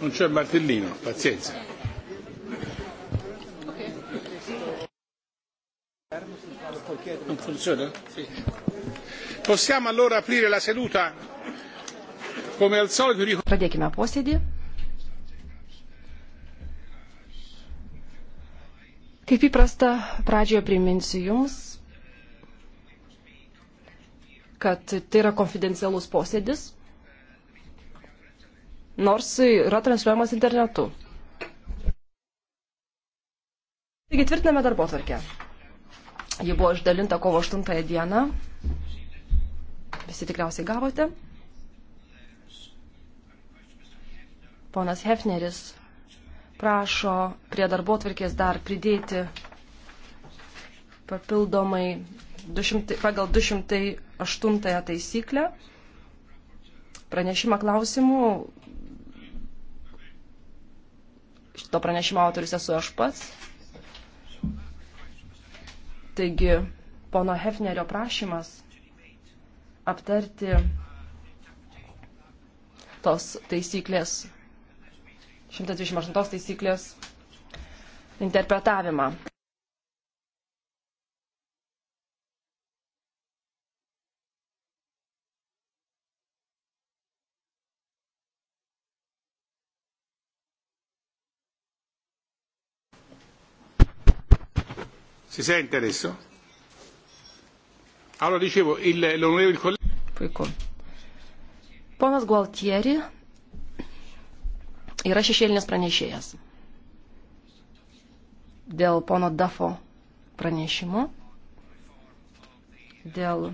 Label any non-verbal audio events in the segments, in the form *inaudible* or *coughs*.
Non c'è il martellino, pazienza. Non funziona? Sì. Possiamo allora aprire la seduta? Come al solito ricordo. Pradėkime posėdį. Kaip įprasta, pradžioje priminsiu Jums, kad tai yra konfidencialus posėdis nors yra transliuojamas internetu. Taigi tvirtiname darbo tvarkę. Ji buvo išdalinta kovo 8 dieną. Visi tikriausiai gavote. Ponas Hefneris prašo prie darbo tvarkės dar pridėti papildomai 200, pagal 208 taisyklę pranešimą klausimų Šito pranešimo autorius esu aš pats. Taigi, pono Hefnerio prašymas aptarti tos taisyklės, 128 taisyklės interpretavimą. Si sente adesso? Allora dicevo, l'onorevole collega. Puiku. Ponas Gualtieri yra šešėlinės pranešėjas. Dėl pono Dafo pranešimo, dėl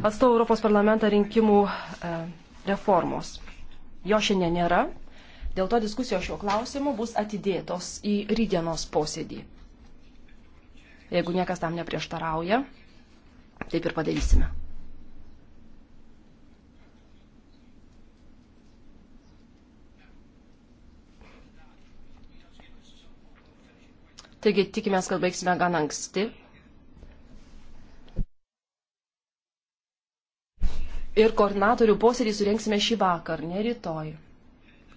atstovų Europos parlamentą rinkimų e, reformos. Jo šiandien nėra, dėl to diskusijos šiuo klausimu bus atidėtos į rydienos posėdį. Jeigu niekas tam neprieštarauja, taip ir padarysime. Taigi tikimės, kad baigsime gan anksti. Ir koordinatorių posėdį surinksime šį vakar, ne rytoj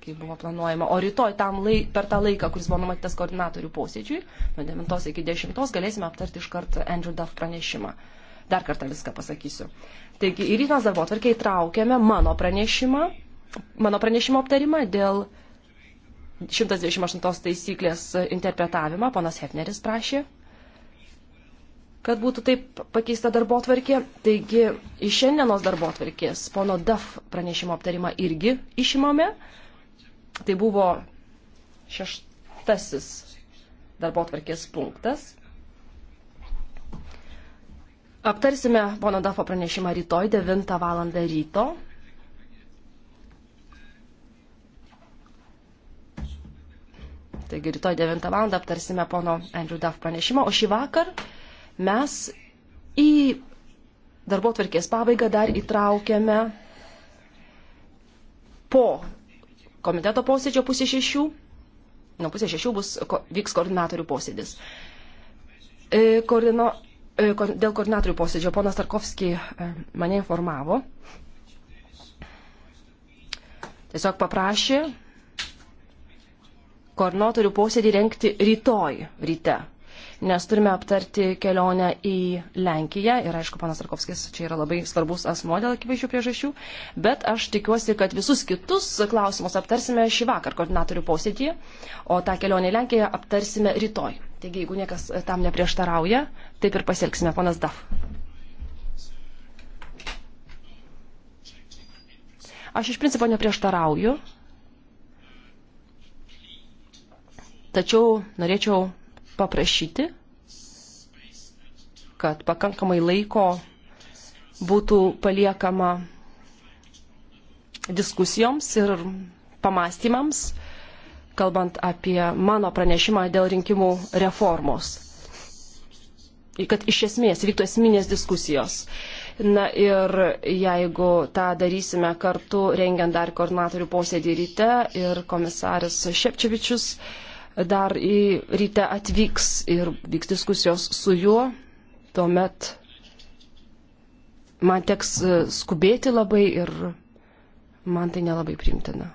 kai buvo planuojama, o rytoj laik, per tą laiką, kuris buvo numatytas koordinatorių posėdžiui, nuo 9 iki 10 galėsime aptarti iš karto Andrew Duff pranešimą. Dar kartą viską pasakysiu. Taigi į rytos darbo atvarkį įtraukėme mano pranešimą, mano pranešimo aptarimą dėl 128 taisyklės interpretavimą, ponas Hefneris prašė kad būtų taip pakeista darbo tvarkė. Taigi iš šiandienos darbo tvarkės pono DAF pranešimo aptarimą irgi išimame. Tai buvo šeštasis darbo tvarkės punktas. Aptarsime pono Dafo pranešimą rytoj 9 val. ryto. Taigi rytoj 9 val. aptarsime pono Andrew Duff pranešimą, o šį vakar mes į darbo tvarkės pabaigą dar įtraukėme po komiteto posėdžio pusė šešių. Nuo pusės šešių bus, ko, vyks koordinatorių posėdis. E, koordino, e, ko, dėl koordinatorių posėdžio ponas Tarkovski e, mane informavo. Tiesiog paprašė koordinatorių posėdį renkti rytoj ryte nes turime aptarti kelionę į Lenkiją ir aišku, panas Tarkovskis čia yra labai svarbus asmo dėl akivaizdžių priežasčių, bet aš tikiuosi, kad visus kitus klausimus aptarsime šį vakar koordinatorių posėdėje, o tą kelionę į Lenkiją aptarsime rytoj. Taigi, jeigu niekas tam neprieštarauja, taip ir pasielgsime, panas Daf. Aš iš principo neprieštarauju, tačiau norėčiau paprašyti, kad pakankamai laiko būtų paliekama diskusijoms ir pamastymams, kalbant apie mano pranešimą dėl rinkimų reformos. Ir kad iš esmės vyktų esminės diskusijos. Na ir jeigu tą darysime kartu, rengiant dar koordinatorių posėdį ryte ir komisaris Šepčevičius, uh, dar į ryte atvyks ir vyks diskusijos su juo. Tuomet man teks e, skubėti labai ir man tai nelabai primtina.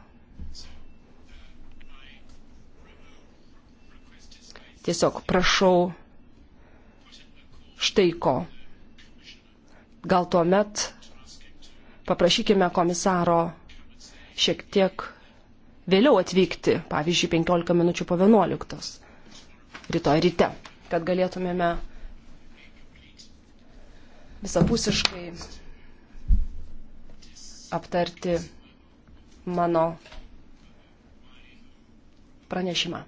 Tiesiog prašau štai ko. Gal tuomet paprašykime komisaro šiek tiek vėliau atvykti, pavyzdžiui, 15 minučių po 11 rytoj ryte, kad galėtumėme visapusiškai aptarti mano pranešimą.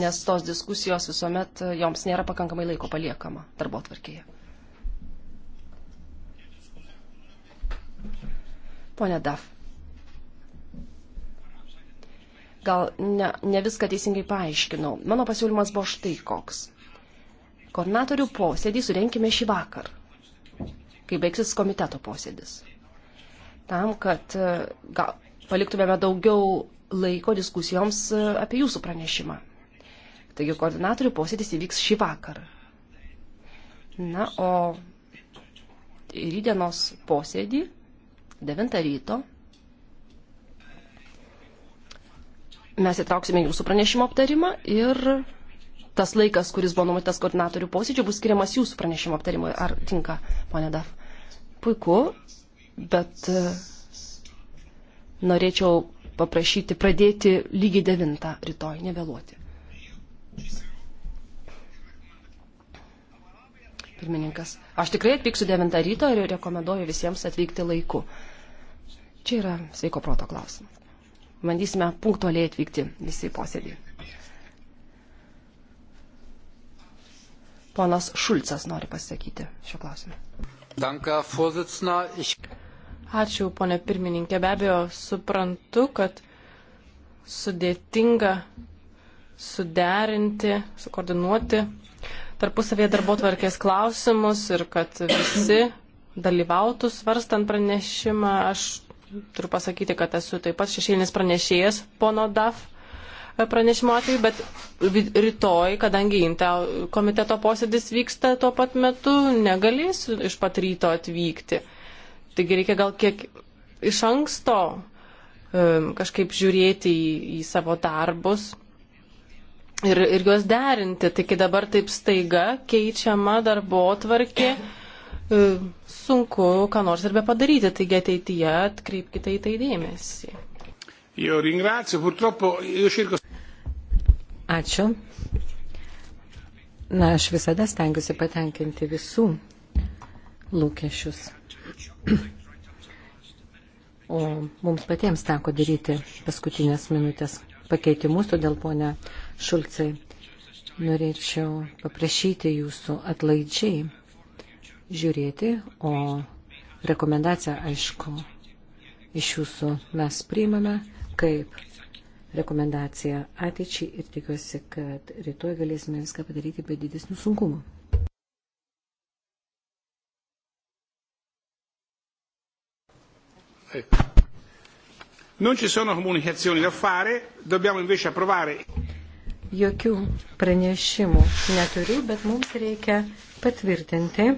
Nes tos diskusijos visuomet joms nėra pakankamai laiko paliekama darbo atvarkėje. Pone Daf. Gal ne, ne viską teisingai paaiškinau. Mano pasiūlymas buvo štai koks. Koordinatorių posėdį surenkime šį vakar, kai baigsis komiteto posėdis. Tam, kad e, gal, paliktumėme daugiau laiko diskusijoms e, apie jūsų pranešimą. Taigi koordinatorių posėdis įvyks šį vakarą. Na, o rydienos posėdį 9 ryto mes įtrauksime jūsų pranešimo aptarimą ir tas laikas, kuris buvo numatytas koordinatorių posėdžio, bus skiriamas jūsų pranešimo aptarimui. Ar tinka, ponė Daf? Puiku, bet e, norėčiau paprašyti pradėti lygiai 9 rytoj, nevėluoti. Pirmininkas, aš tikrai atvyksiu 9 ryto ir rekomenduoju visiems atvykti laiku. Čia yra sveiko proto klausimas. Bandysime punktualiai atvykti visi į posėdį. Ponas Šulcas nori pasakyti šio klausimu. Danka, Fozicna. Ich... Ačiū, ponė pirmininkė. Be abejo, suprantu, kad sudėtinga suderinti, sukoordinuoti tarpusavėje darbo tvarkės klausimus ir kad visi dalyvautų svarstant pranešimą. Aš turiu pasakyti, kad esu taip pat šešėlinis pranešėjas pono DAF e, pranešimo atveju, bet rytoj, kadangi INTA komiteto posėdis vyksta tuo pat metu, negalėsiu iš pat ryto atvykti. Taigi reikia gal kiek iš anksto um, kažkaip žiūrėti į, į savo darbus ir, ir juos derinti. Taigi dabar taip staiga keičiama darbo tvarkė. Um, e, sunku ką nors ir be padaryti, taigi ateityje atkreipkite į tai dėmesį. Ačiū. Na, aš visada stengiuosi patenkinti visų lūkesčius. O mums patiems teko daryti paskutinės minutės pakeitimus, todėl, ponia Šulcai, norėčiau paprašyti jūsų atlaidžiai žiūrėti, o rekomendaciją, aišku, iš jūsų mes priimame kaip rekomendaciją ateičiai ir tikiuosi, kad rytoj galėsime viską padaryti be didesnių sunkumų. Non ci sono comunicazioni da fare, dobbiamo invece approvare. Jokių pranešimų neturiu, bet mums reikia patvirtinti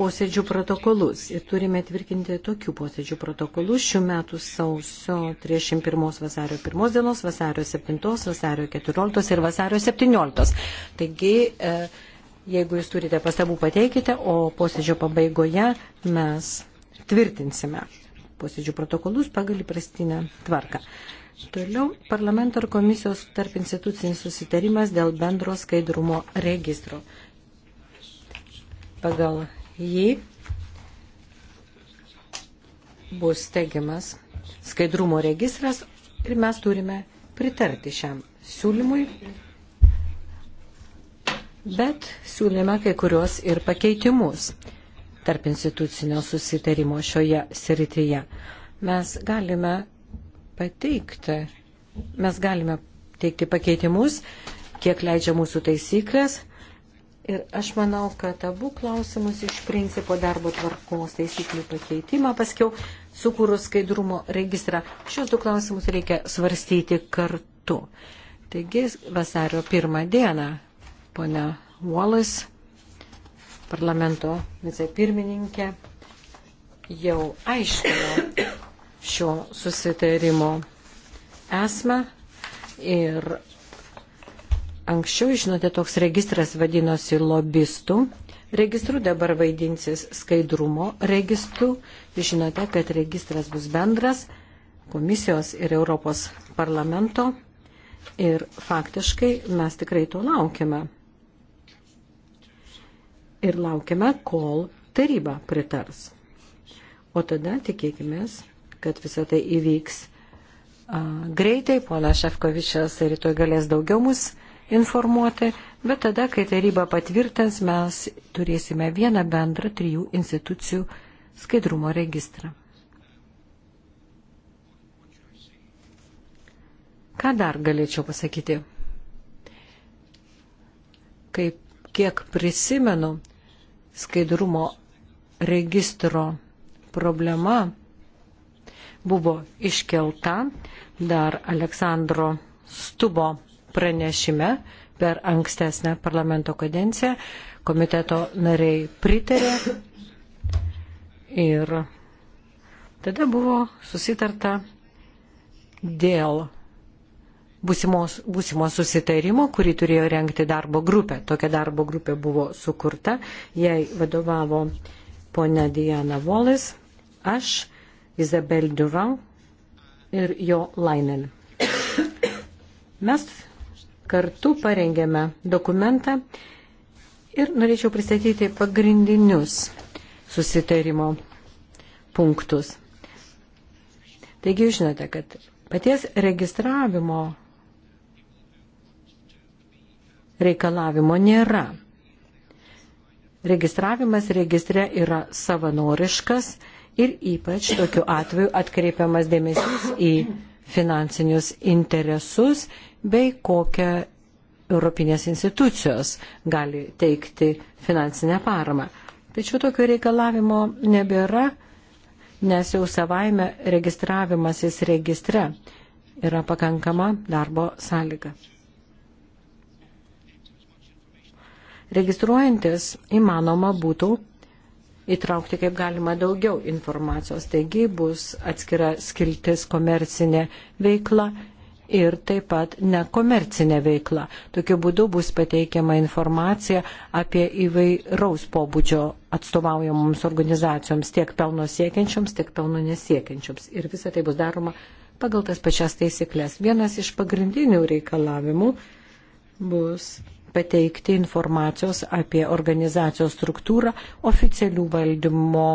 posėdžių protokolus ir turime tvirtinti tokių posėdžių protokolus šių metų sausio 31 vasario 1 dienos, vasario 7, vasario 14 ir vasario 17. Taigi, e, jeigu jūs turite pastabų, pateikite, o posėdžio pabaigoje mes tvirtinsime posėdžių protokolus pagal įprastinę tvarką. Toliau parlamento ir komisijos tarp institucinis susitarimas dėl bendro skaidrumo registro. Pagal Ji bus teigiamas skaidrumo registras ir mes turime pritarti šiam siūlymui, bet siūlėme kai kurios ir pakeitimus tarp institucinio susitarimo šioje srityje. Mes galime pateikti, mes galime teikti pakeitimus, kiek leidžia mūsų taisyklės, Ir aš manau, kad abu klausimus iš principo darbo tvarkos taisyklių pakeitimą paskiau sukūrus skaidrumo registrą. Šios du klausimus reikia svarstyti kartu. Taigi vasario pirmą dieną ponia Uolas, parlamento vicepirmininkė, jau aiškino šio susitarimo esmę ir Anksčiau, žinote, toks registras vadinosi lobistų registru, dabar vaidinsis skaidrumo registru. Jūs žinote, kad registras bus bendras komisijos ir Europos parlamento ir faktiškai mes tikrai to laukime. Ir laukime, kol taryba pritars. O tada tikėkime, kad visą tai įvyks a, greitai. Pona Šefkovičias rytoj galės daugiau mus informuoti, bet tada, kai taryba patvirtins, mes turėsime vieną bendrą trijų institucijų skaidrumo registrą. Ką dar galėčiau pasakyti? Kaip kiek prisimenu, skaidrumo registro problema buvo iškelta dar Aleksandro Stubo pranešime per ankstesnę parlamento kadenciją. Komiteto nariai pritarė ir tada buvo susitarta dėl būsimos, būsimos susitarimo, kurį turėjo renkti darbo grupė. Tokia darbo grupė buvo sukurta, jai vadovavo ponia Diana Volis, aš, Izabel Duran ir jo Lainen. Mes kartu parengėme dokumentą ir norėčiau pristatyti pagrindinius susitarimo punktus. Taigi jūs žinote, kad paties registravimo reikalavimo nėra. Registravimas registre yra savanoriškas ir ypač tokiu atveju atkreipiamas dėmesys į finansinius interesus bei kokią Europinės institucijos gali teikti finansinę paramą. Tačiau tokio reikalavimo nebėra, nes jau savaime registravimasis registre yra pakankama darbo sąlyga. Registruojantis įmanoma būtų įtraukti kaip galima daugiau informacijos. Taigi bus atskira skiltis komercinė veikla ir taip pat nekomercinę veiklą. Tokiu būdu bus pateikiama informacija apie įvairaus pobūdžio atstovaujamoms organizacijoms, tiek pelno siekiančioms, tiek pelno nesiekiančioms. Ir visa tai bus daroma pagal tas pačias taisyklės. Vienas iš pagrindinių reikalavimų bus pateikti informacijos apie organizacijos struktūrą, oficialių valdymo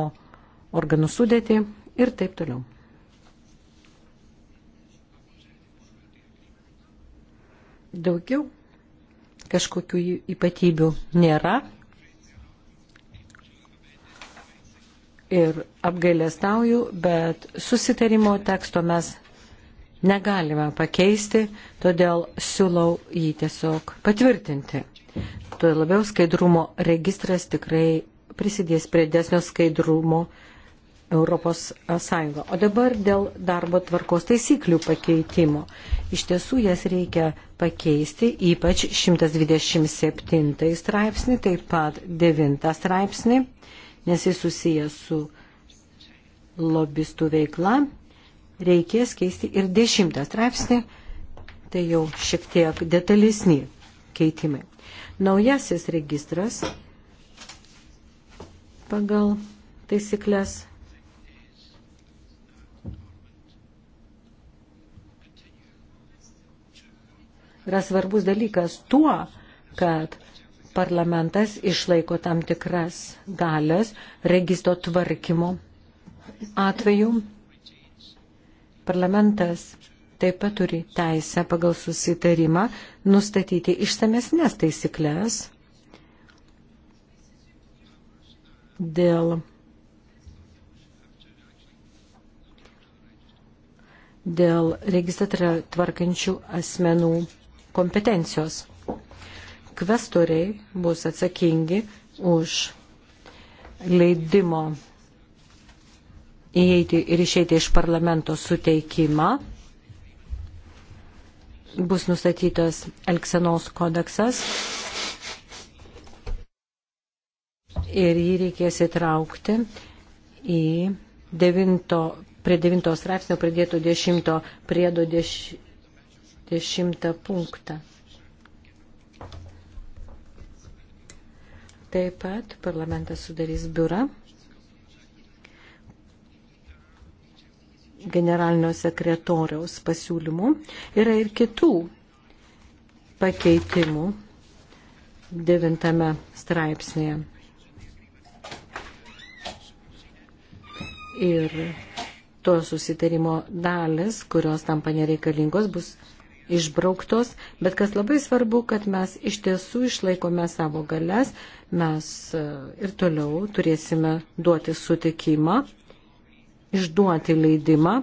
organų sudėtį ir taip toliau. Daugiau kažkokių ypatybių nėra. Ir apgailestauju, bet susitarimo teksto mes negalime pakeisti, todėl siūlau jį tiesiog patvirtinti. Tuo labiau skaidrumo registras tikrai prisidės prie desnio skaidrumo Europos Sąjungą. O dabar dėl darbo tvarkos taisyklių pakeitimo. Iš tiesų jas reikia pakeisti, ypač 127 straipsnį, taip pat 9 straipsnį, nes jis susijęs su lobistų veikla. Reikės keisti ir 10 straipsnį, tai jau šiek tiek detalesni keitimai. Naujasis registras pagal taisyklės yra svarbus dalykas tuo, kad parlamentas išlaiko tam tikras galės registro tvarkymo atveju. Parlamentas taip pat turi teisę pagal susitarimą nustatyti išsamesnės taisyklės dėl, dėl registrą tvarkančių asmenų kompetencijos. Kvestoriai bus atsakingi už leidimo įeiti ir išeiti iš parlamento suteikimą. Bus nustatytas Elksenos kodeksas ir jį reikės įtraukti į devinto, prie 9 straipsnio pridėto 10 priedo deš, dešimtą punktą. Taip pat parlamentas sudarys biurą generalinio sekretoriaus pasiūlymų. Yra ir kitų pakeitimų devintame straipsnėje. Ir to susitarimo dalis, kurios tampa nereikalingos, bus išbrauktos, bet kas labai svarbu, kad mes iš tiesų išlaikome savo galės, mes e, ir toliau turėsime duoti sutikimą, išduoti leidimą,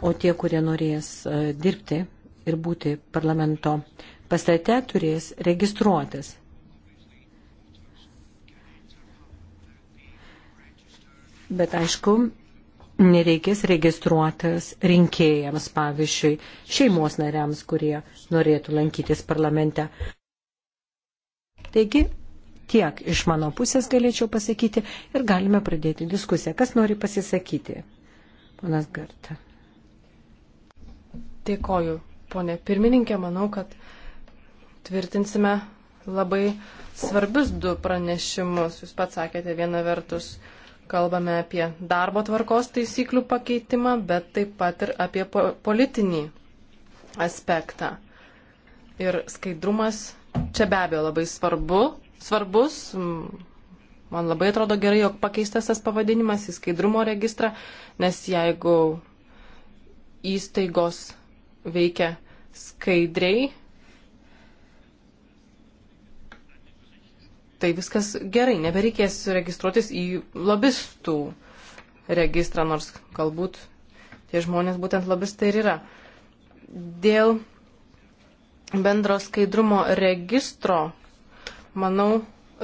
o tie, kurie norės e, dirbti ir būti parlamento pastate, turės registruotis. Bet aišku, nereikės registruotas rinkėjams, pavyzdžiui, šeimos nariams, kurie norėtų lankytis parlamente. Taigi, tiek iš mano pusės galėčiau pasakyti ir galime pradėti diskusiją. Kas nori pasisakyti? Ponas Garta. Dėkoju, ponė pirmininkė. Manau, kad tvirtinsime labai svarbius du pranešimus. Jūs pats sakėte, viena vertus Kalbame apie darbo tvarkos taisyklių pakeitimą, bet taip pat ir apie po politinį aspektą. Ir skaidrumas čia be abejo labai svarbu, svarbus. Man labai atrodo gerai, jog pakeistas tas pavadinimas į skaidrumo registrą, nes jeigu įstaigos veikia skaidriai, tai viskas gerai, nebereikės registruotis į lobistų registrą, nors galbūt tie žmonės būtent lobistai ir yra. Dėl bendro skaidrumo registro, manau,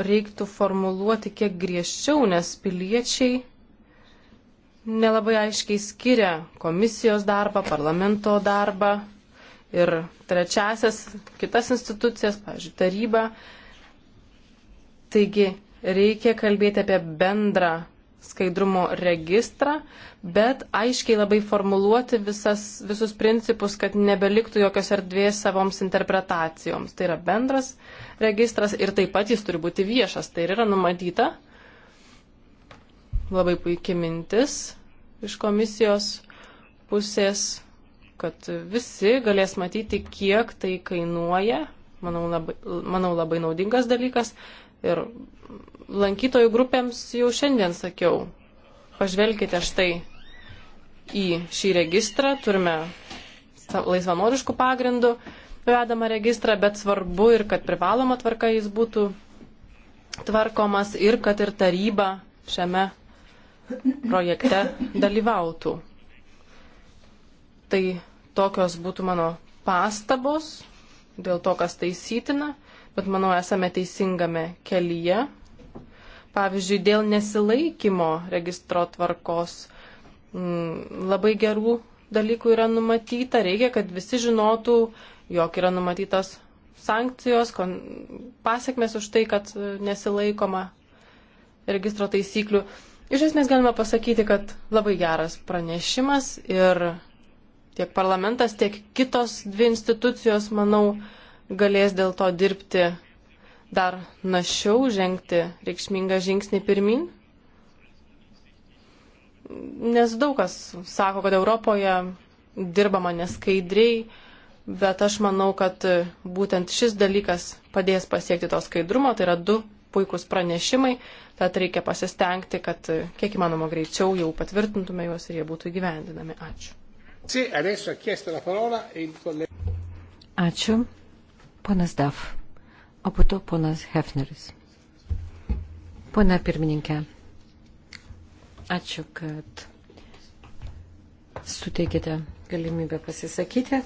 reiktų formuluoti kiek griežčiau, nes piliečiai nelabai aiškiai skiria komisijos darbą, parlamento darbą ir trečiasias kitas institucijas, pavyzdžiui, tarybą. Taigi reikia kalbėti apie bendrą skaidrumo registrą, bet aiškiai labai formuluoti visas, visus principus, kad nebeliktų jokios erdvės savoms interpretacijoms. Tai yra bendras registras ir taip pat jis turi būti viešas. Tai yra numatyta. Labai puikia mintis iš komisijos pusės, kad visi galės matyti, kiek tai kainuoja. Manau labai, manau, labai naudingas dalykas. Ir lankytojų grupėms jau šiandien sakiau, pažvelkite štai į šį registrą, turime laisvanoriškų pagrindų vedamą registrą, bet svarbu ir kad privaloma tvarka jis būtų tvarkomas ir kad ir taryba šiame projekte dalyvautų. Tai tokios būtų mano pastabos dėl to, kas taisytina bet manau esame teisingame kelyje. Pavyzdžiui, dėl nesilaikymo registro tvarkos m, mm, labai gerų dalykų yra numatyta, reikia, kad visi žinotų, jog yra numatytas sankcijos, kon, pasiekmes už tai, kad nesilaikoma registro taisyklių. Iš esmės galime pasakyti, kad labai geras pranešimas ir tiek parlamentas, tiek kitos dvi institucijos, manau, galės dėl to dirbti dar našiau, žengti reikšmingą žingsnį pirmin. Nes daug kas sako, kad Europoje dirbama neskaidriai, bet aš manau, kad būtent šis dalykas padės pasiekti to skaidrumo. Tai yra du puikūs pranešimai, tad reikia pasistengti, kad kiek įmanoma greičiau jau patvirtintume juos ir jie būtų įgyvendinami. Ačiū. Ačiū. Ponas Daf, o po to ponas Hefneris. Pone pirmininkė, ačiū, kad suteikite galimybę pasisakyti.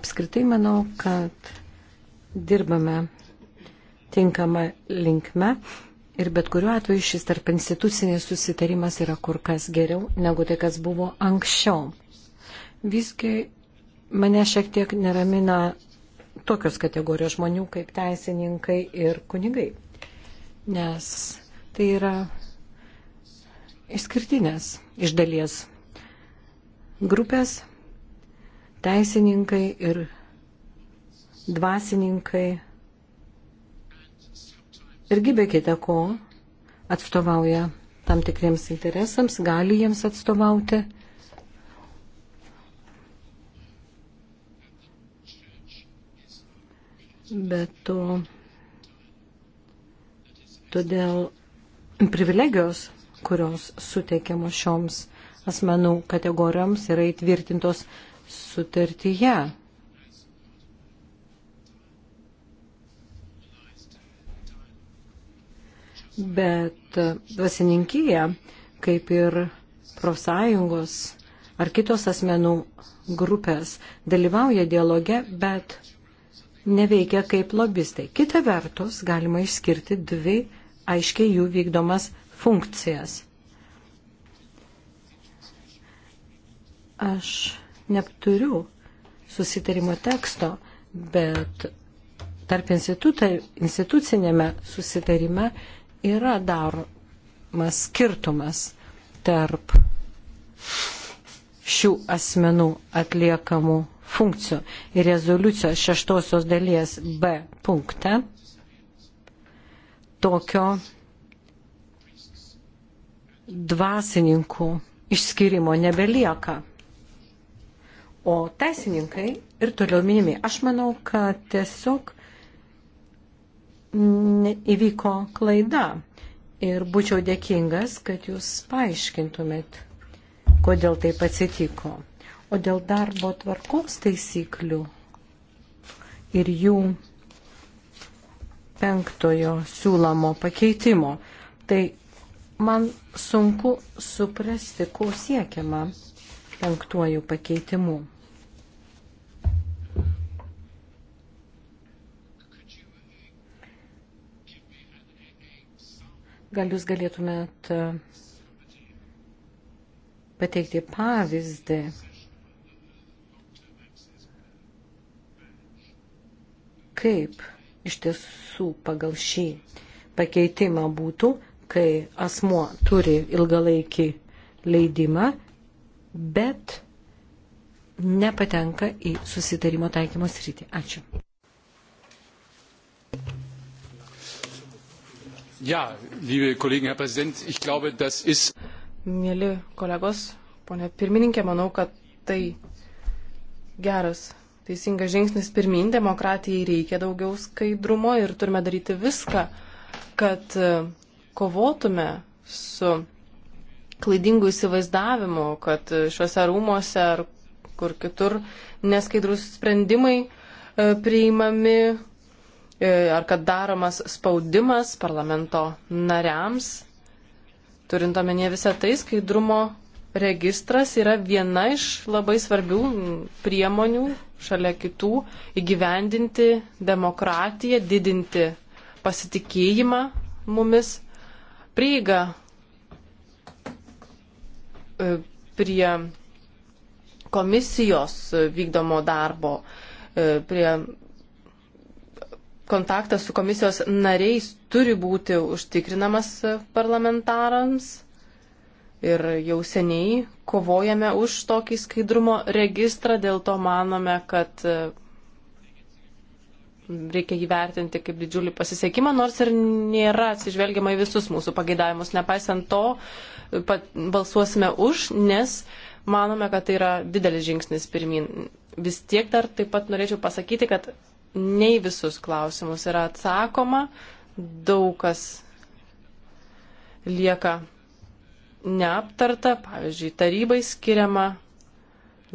Apskritai manau, kad dirbame tinkamą linkmę ir bet kuriuo atveju šis tarp institucinis susitarimas yra kur kas geriau negu tai, kas buvo anksčiau. Visgi Mane šiek tiek neramina tokios kategorijos žmonių kaip teisininkai ir kunigai, nes tai yra išskirtinės iš dalies grupės, teisininkai ir dvasininkai irgi be kita ko atstovauja tam tikriems interesams, gali jiems atstovauti Bet to, todėl privilegijos, kurios suteikiamos šioms asmenų kategorijoms, yra įtvirtintos sutartyje. Bet dvasininkyje, kaip ir profsąjungos ar kitos asmenų grupės, dalyvauja dialoge, bet neveikia kaip lobistai. Kita vertus, galima išskirti dvi aiškiai jų vykdomas funkcijas. Aš neturiu susitarimo teksto, bet tarp institucinėme susitarime yra daromas skirtumas tarp šių asmenų atliekamų funkcijų ir rezoliucijos šeštosios dalies B punktą tokio dvasininkų išskirimo nebelieka. O teisininkai ir toliau minimi. Aš manau, kad tiesiog įvyko klaida ir būčiau dėkingas, kad jūs paaiškintumėt, kodėl taip atsitiko. O dėl darbo tvarkos taisyklių ir jų penktojo siūlamo pakeitimo, tai man sunku suprasti, ko siekiama penktuoju pakeitimu. Gal jūs galėtumėt uh, pateikti pavyzdį, kaip iš tiesų pagal šį pakeitimą būtų, kai asmuo turi ilgalaikį leidimą, bet nepatenka į susitarimo taikymo sritį. Ačiū. Ja, liebe Kollegen, Herr Präsident, ich glaube, das ist. Mėly kolegos, ponė pirmininkė, manau, kad tai geras teisingas žingsnis pirmin, demokratijai reikia daugiau skaidrumo ir turime daryti viską, kad e, kovotume su klaidingu įsivaizdavimu, kad e, šiuose rūmose ar kur kitur neskaidrus sprendimai e, priimami ar kad daromas spaudimas parlamento nariams. Turint omenyje visą tai, skaidrumo registras yra viena iš labai svarbių priemonių šalia kitų įgyvendinti demokratiją, didinti pasitikėjimą mumis, prieigą e, prie komisijos vykdomo darbo, e, prie kontaktas su komisijos nariais turi būti užtikrinamas parlamentarams ir jau seniai kovojame už tokį skaidrumo registrą, dėl to manome, kad e, reikia įvertinti kaip didžiulį pasisekimą, nors ir nėra atsižvelgiama į visus mūsų pageidavimus. Nepaisant to, balsuosime už, nes manome, kad tai yra didelis žingsnis pirmin. Vis tiek dar taip pat norėčiau pasakyti, kad nei visus klausimus yra atsakoma, daug kas lieka neaptarta, pavyzdžiui, tarybai skiriama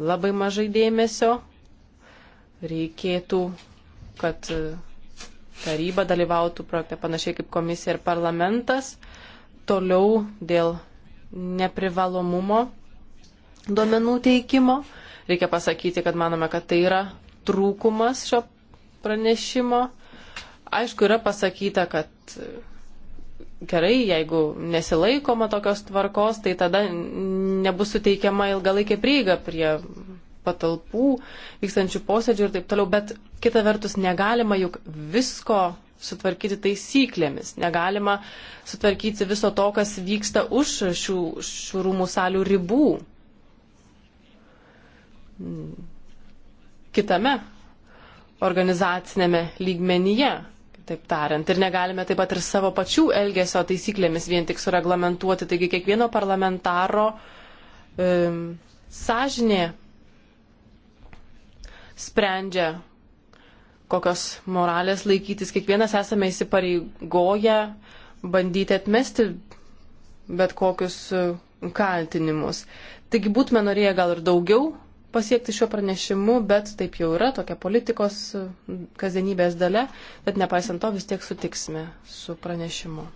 labai mažai dėmesio. Reikėtų, kad taryba dalyvautų projekte panašiai kaip komisija ir parlamentas. Toliau dėl neprivalomumo duomenų teikimo. Reikia pasakyti, kad manome, kad tai yra trūkumas šio pranešimo. Aišku, yra pasakyta, kad gerai, jeigu nesilaikoma tokios tvarkos, tai tada nebus suteikiama ilgalaikė prieiga prie patalpų, vykstančių posėdžių ir taip toliau. Bet kita vertus, negalima juk visko sutvarkyti taisyklėmis, negalima sutvarkyti viso to, kas vyksta už šių, šių rūmų salių ribų. Kitame organizacinėme lygmenyje taip tariant. Ir negalime taip pat ir savo pačių elgesio taisyklėmis vien tik sureglamentuoti. Taigi kiekvieno parlamentaro e, sąžinė sprendžia, kokios moralės laikytis. Kiekvienas esame įsipareigoję bandyti atmesti bet kokius kaltinimus. Taigi būtume norėję gal ir daugiau pasiekti šio pranešimu, bet taip jau yra, tokia politikos kasdienybės dalė, bet nepaisant to vis tiek sutiksime su pranešimu.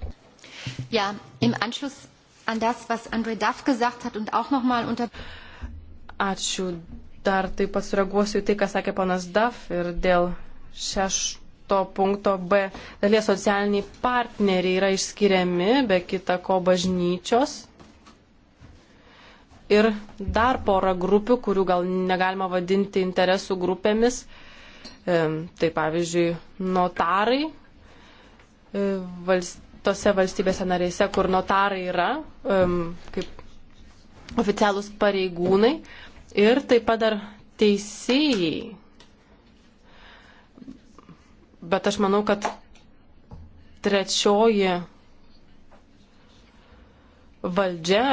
Ja, im Anschluss an das, was André Duff gesagt hat und auch nochmal unter. Ačiū. Dar taip pat sureaguosiu į tai, ką sakė panas Duff ir dėl šešto punkto B dalies socialiniai partneriai yra išskiriami, be kita ko bažnyčios ir dar porą grupių, kurių gal negalima vadinti interesų grupėmis. E, tai pavyzdžiui, notarai e, tose valstybėse narėse, kur notarai yra e, kaip oficialūs pareigūnai ir taip pat dar teisėjai. Bet aš manau, kad trečioji valdžia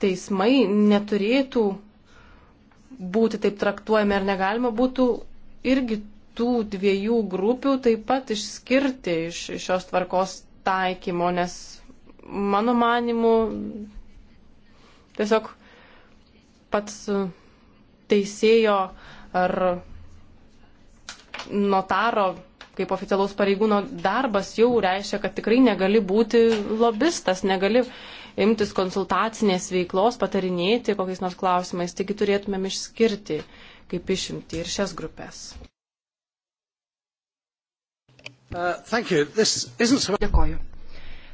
teismai neturėtų būti taip traktuojami, ar negalima būtų irgi tų dviejų grupių taip pat išskirti iš šios tvarkos taikymo, nes mano manimu tiesiog pats teisėjo ar notaro kaip oficialaus pareigūno darbas jau reiškia, kad tikrai negali būti lobistas, negali imtis konsultacinės veiklos, patarinėti kokiais nors klausimais, taigi turėtumėm išskirti kaip išimti ir šias grupės. Uh, so... Dėkoju.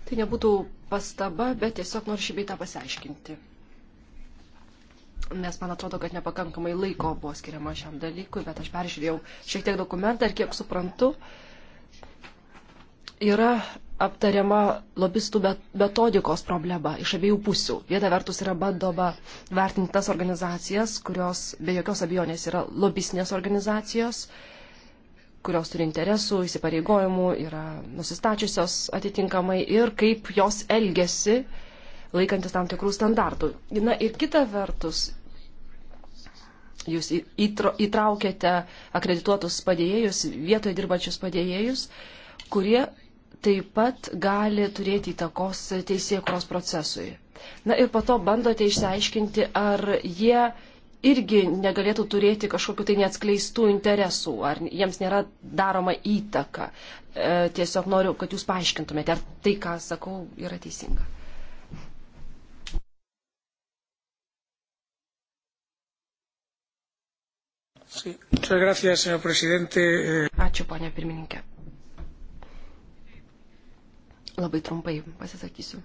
Tai nebūtų pastaba, bet tiesiog noriu šį beitą pasiaiškinti. Nes man atrodo, kad nepakankamai laiko buvo skiriama šiam dalykui, bet aš peržiūrėjau šiek tiek dokumentą ir kiek suprantu, yra aptariama lobistų metodikos problema iš abiejų pusių. Viena vertus yra bandoma vertinti tas organizacijas, kurios be jokios abejonės yra lobistinės organizacijos, kurios turi interesų, įsipareigojimų, yra nusistačiusios atitinkamai ir kaip jos elgesi laikantis tam tikrų standartų. Na ir kita vertus, jūs įtraukėte akredituotus padėjėjus, vietoje dirbančius padėjėjus, kurie taip pat gali turėti įtakos teisėkros procesui. Na ir po to bandote išsiaiškinti, ar jie irgi negalėtų turėti kažkokiu tai neatskleistų interesų, ar jiems nėra daroma įtaka. E, tiesiog noriu, kad jūs paaiškintumėte, ar tai, ką sakau, yra teisinga. Ačiū, ponė pirmininkė. Labai trumpai pasisakysiu.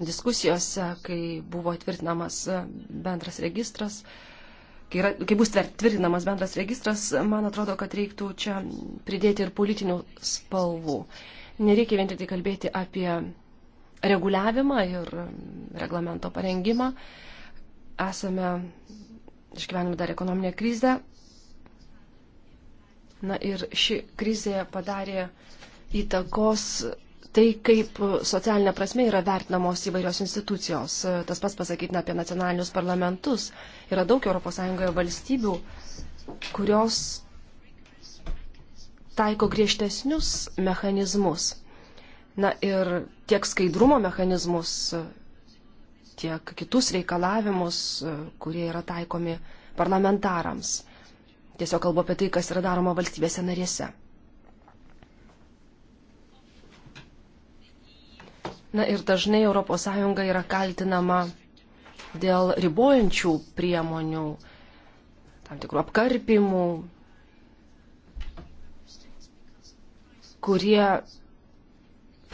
Diskusijose, kai buvo tvirtinamas bendras registras, kai, yra, kai bus tvirtinamas bendras registras, man atrodo, kad reiktų čia pridėti ir politinių spalvų. Nereikia vien tik tai kalbėti apie reguliavimą ir reglamento parengimą. Esame išgyvename dar ekonominę krizę. Na ir ši krizė padarė įtakos tai, kaip socialinė prasme yra vertinamos įvairios institucijos. Tas pats pasakytina apie nacionalinius parlamentus. Yra daug ES valstybių, kurios taiko griežtesnius mechanizmus. Na ir tiek skaidrumo mechanizmus tiek kitus reikalavimus, e, kurie yra taikomi parlamentarams. Tiesiog kalbu apie tai, kas yra daroma valstybėse narėse. Na ir dažnai ES yra kaltinama dėl ribojančių priemonių, tam tikrų apkarpimų, kurie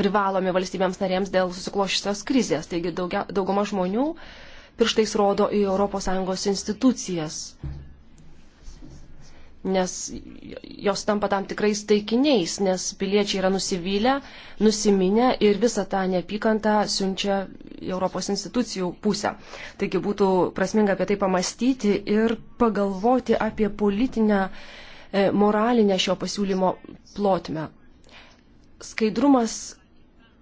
privalomi valstybėms narėms dėl susiklošusios krizės. Taigi daugia, dauguma žmonių pirštais rodo į ES institucijas, nes jos tampa tam tikrais taikiniais, nes piliečiai yra nusivylę, nusiminę ir visą tą neapykantą siunčia Europos institucijų pusę. Taigi būtų prasminga apie tai pamastyti ir pagalvoti apie politinę, e, moralinę šio pasiūlymo plotmę. Skaidrumas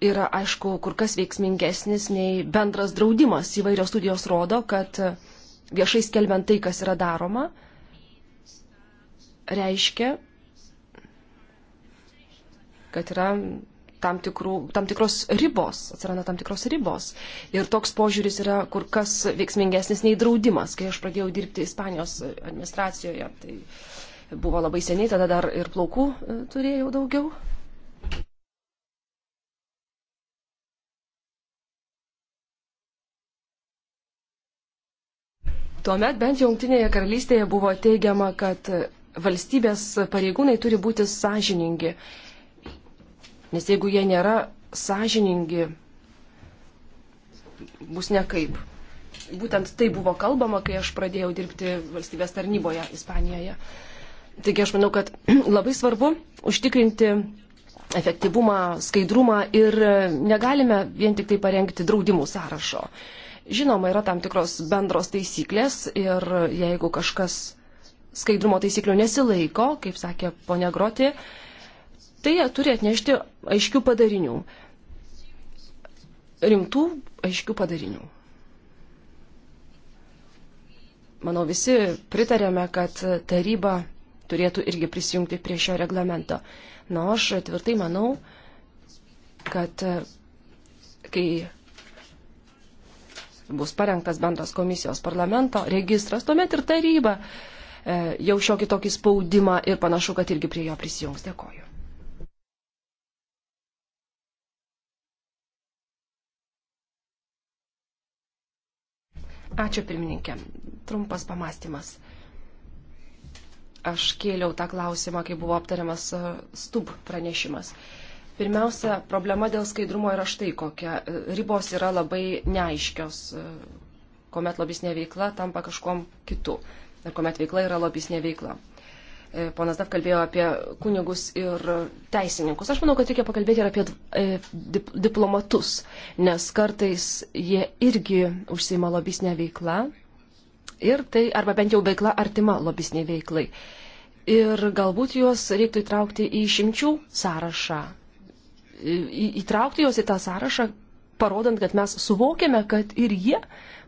yra, aišku, kur kas veiksmingesnis nei bendras draudimas. Įvairios studijos rodo, kad viešai skelbiant tai, kas yra daroma, reiškia, kad yra tam, tikrų, tam tikros ribos, atsiranda tam tikros ribos. Ir toks požiūris yra kur kas veiksmingesnis nei draudimas. Kai aš pradėjau dirbti Ispanijos administracijoje, tai buvo labai seniai, tada dar ir plaukų e, turėjau daugiau. Tuomet bent jau Junktinėje karalystėje buvo teigiama, kad valstybės pareigūnai turi būti sąžiningi. Nes jeigu jie nėra sąžiningi, bus nekaip. Būtent tai buvo kalbama, kai aš pradėjau dirbti valstybės tarnyboje Ispanijoje. Taigi aš manau, kad *clears throat* labai svarbu užtikrinti efektyvumą, skaidrumą ir negalime vien tik tai parengti draudimų sąrašo. Uh, Žinoma, yra tam tikros bendros taisyklės ir jeigu kažkas skaidrumo taisyklių nesilaiko, kaip sakė ponia Groti, tai jie turi atnešti aiškių padarinių. Rimtų aiškių padarinių. Manau, visi pritarėme, kad taryba turėtų irgi prisijungti prie šio reglamento. Na, aš tvirtai manau, kad kai bus parengtas bendras komisijos parlamento registras, tuomet ir taryba e, jau šiokį tokį spaudimą ir panašu, kad irgi prie jo prisijungs. Dėkoju. Ačiū pirmininkė. Trumpas pamastymas. Aš kėliau tą klausimą, kai buvo aptariamas e, stub pranešimas. Uh, Pirmiausia, problema dėl skaidrumo yra štai kokia. Ribos yra labai neaiškios, kuomet lobisnė veikla tampa kažkom kitu ir kuomet veikla yra lobisnė veikla. E, ponas Dav kalbėjo apie kunigus ir teisininkus. Aš manau, kad reikia pakalbėti ir apie e, dip diplomatus, nes kartais jie irgi užsima lobisnė veikla ir tai, arba bent jau veikla artima lobisnė veiklai. Ir galbūt juos reiktų įtraukti į šimčių sąrašą, įtraukti juos į tą sąrašą, parodant, kad mes suvokiame, kad ir jie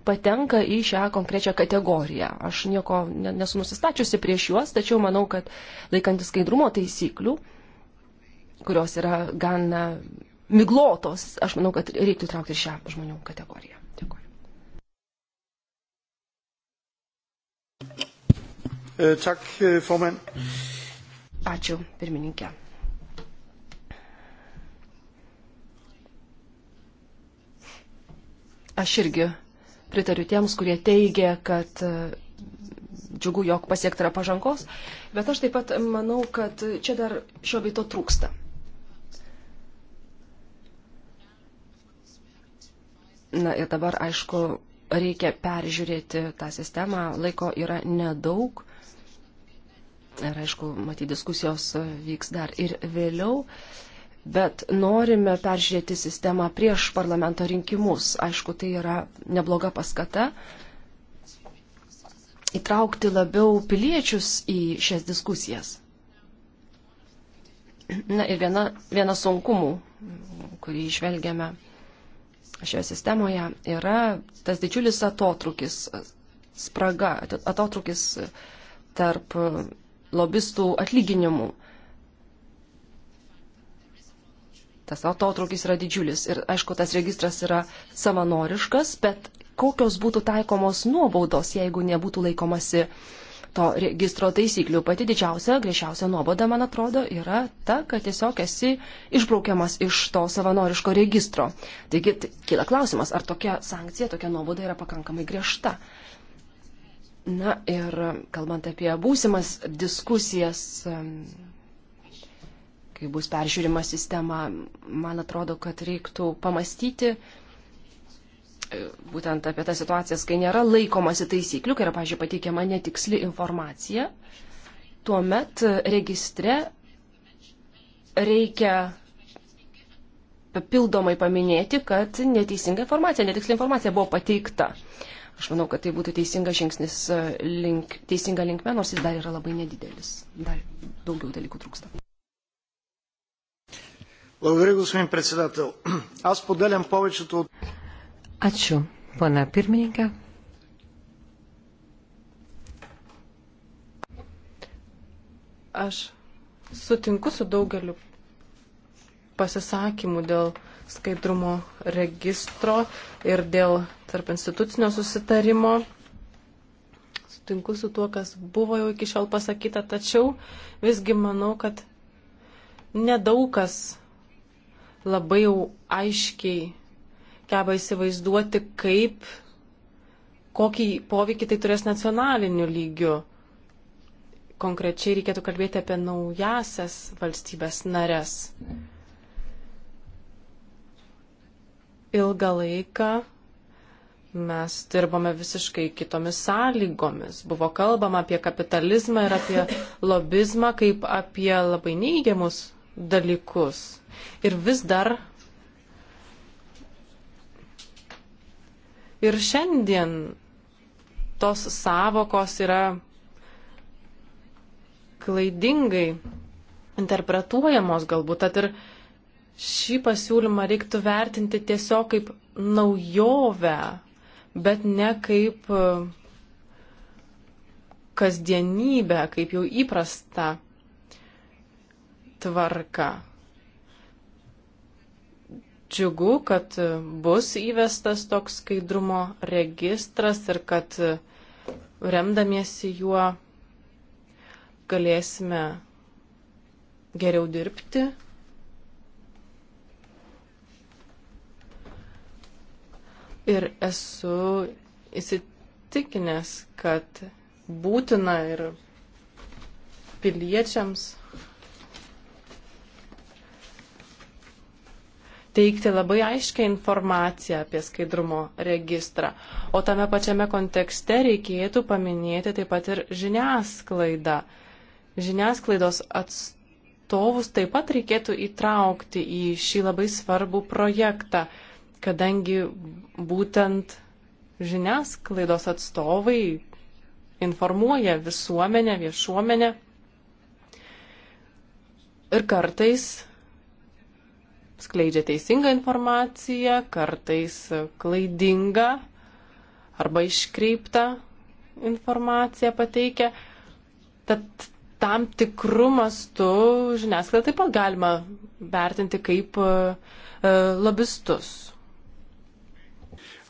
patenka į šią konkrečią kategoriją. Aš nieko nesu nusistačiusi prieš juos, tačiau manau, kad laikantis skaidrumo taisyklių, kurios yra gan miglotos, aš manau, kad reiktų įtraukti ir šią žmonių kategoriją. Dėkuoju. Eh, tak, eh, formand. Ačiū, pirmininkė. Aš irgi pritariu tiems, kurie teigia, kad e, džiugu, jog pasiekta yra pažangos, bet aš taip pat manau, kad čia dar šio beito trūksta. Na ir dabar, aišku, reikia peržiūrėti tą sistemą, laiko yra nedaug. Ir aišku, matyti diskusijos e, vyks dar ir vėliau. Uh, bet norime peržiūrėti sistemą prieš parlamento rinkimus. Aišku, tai yra nebloga paskata įtraukti labiau piliečius į šias diskusijas. Na ir viena, viena sunkumų, kurį išvelgiame šioje sistemoje, yra tas didžiulis atotrukis, spraga, atotrukis tarp lobistų atlyginimų. tas atotraukis yra didžiulis. Ir aišku, tas registras yra savanoriškas, bet kokios būtų taikomos nuobaudos, jeigu nebūtų laikomasi to registro taisyklių. Pati didžiausia, griežčiausia nuoboda, man atrodo, yra ta, kad tiesiog esi išbraukiamas iš to savanoriško registro. Taigi kyla klausimas, ar tokia sankcija, tokia nuoboda yra pakankamai griežta. Na ir kalbant apie būsimas diskusijas kai bus peržiūrima sistema, man atrodo, kad reiktų pamastyti e, būtent apie tas situacijas, kai nėra laikomasi taisyklių, kai yra, pažiūrėjau, pateikiama netiksli informacija, tuomet registre reikia papildomai paminėti, kad neteisinga informacija, netiksli informacija buvo pateikta. Aš manau, kad tai būtų teisingas žingsnis e, link, teisinga linkme, nors jis dar yra labai nedidelis. Dar daugiau dalykų trūksta. Благодаря, господин председател. Аз поделям повечето от... Ačiū, pana pirmininkė. Aš sutinku su daugeliu pasisakymų dėl skaidrumo registro ir dėl tarp institucinio susitarimo. Sutinku su tuo, kas buvo jau iki šiol pasakyta, tačiau visgi manau, kad nedaug kas labai jau aiškiai geba įsivaizduoti, kaip, kokį poveikį tai turės nacionaliniu lygiu. Konkrečiai reikėtų kalbėti apie naujasias valstybės nares. Ilgą laiką mes dirbome visiškai kitomis sąlygomis. Buvo kalbama apie kapitalizmą ir apie lobizmą kaip apie labai neįgiamus dalykus Ir vis dar ir šiandien tos savokos yra klaidingai interpretuojamos galbūt, tad ir šį pasiūlymą reiktų vertinti tiesiog kaip naujovę, bet ne kaip e, kasdienybę, kaip jau įprasta tvarka džiugu, kad bus įvestas toks skaidrumo registras ir kad remdamiesi juo galėsime geriau dirbti. Ir esu įsitikinęs, kad būtina ir piliečiams teikti labai aiškę informaciją apie skaidrumo registrą. O tame pačiame kontekste reikėtų paminėti taip pat ir žiniasklaidą. Žiniasklaidos atstovus taip pat reikėtų įtraukti į šį labai svarbų projektą, kadangi būtent žiniasklaidos atstovai informuoja visuomenę, viešuomenę. Ir kartais skleidžia teisingą informaciją, kartais klaidingą arba iškreiptą informaciją pateikia. Tad tam tikrų mastų žiniasklaidą taip pat galima vertinti kaip uh, lobistus.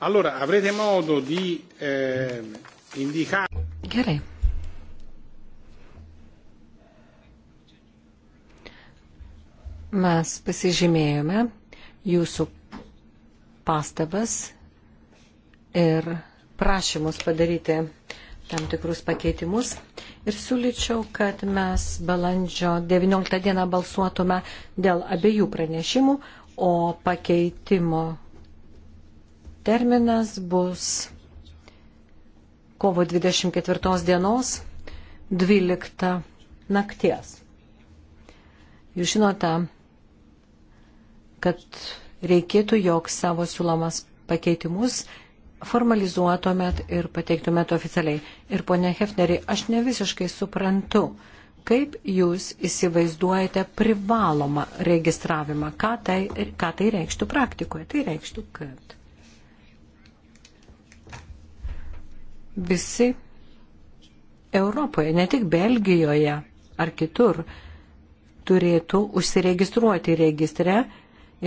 Allora, avrete modo di eh, indicare. Gerai. Mes pasižymėjome jūsų pastabas ir prašymus padaryti tam tikrus pakeitimus ir siūlyčiau, kad mes balandžio 19 dieną balsuotume dėl abiejų pranešimų, o pakeitimo terminas bus kovo 24 dienos 12 nakties. Jūs žinote, kad reikėtų, jog savo siūlomas pakeitimus formalizuotumėt ir pateiktumėt oficialiai. Ir ponia Hefneri, aš ne visiškai suprantu, kaip jūs įsivaizduojate privalomą registravimą, ką tai, ką tai reikštų praktikoje. Tai reikštų, kad visi Europoje, ne tik Belgijoje ar kitur, turėtų užsiregistruoti registre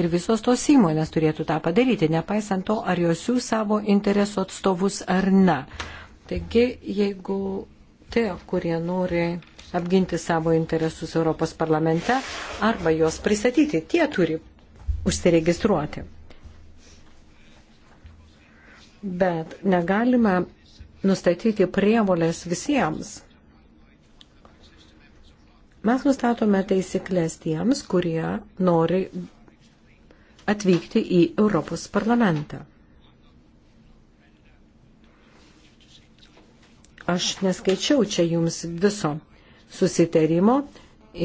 Ir visos tos įmonės turėtų tą padaryti, nepaisant to, ar jos jų savo interesų atstovus ar ne. Taigi, jeigu tie, kurie nori apginti savo interesus Europos parlamente arba juos pristatyti, tie turi užsiregistruoti. Bet negalime nustatyti prievolės visiems. Mes nustatome taisyklės tiems, kurie nori atvykti į Europos parlamentą. Aš neskaičiau čia jums viso susitarimo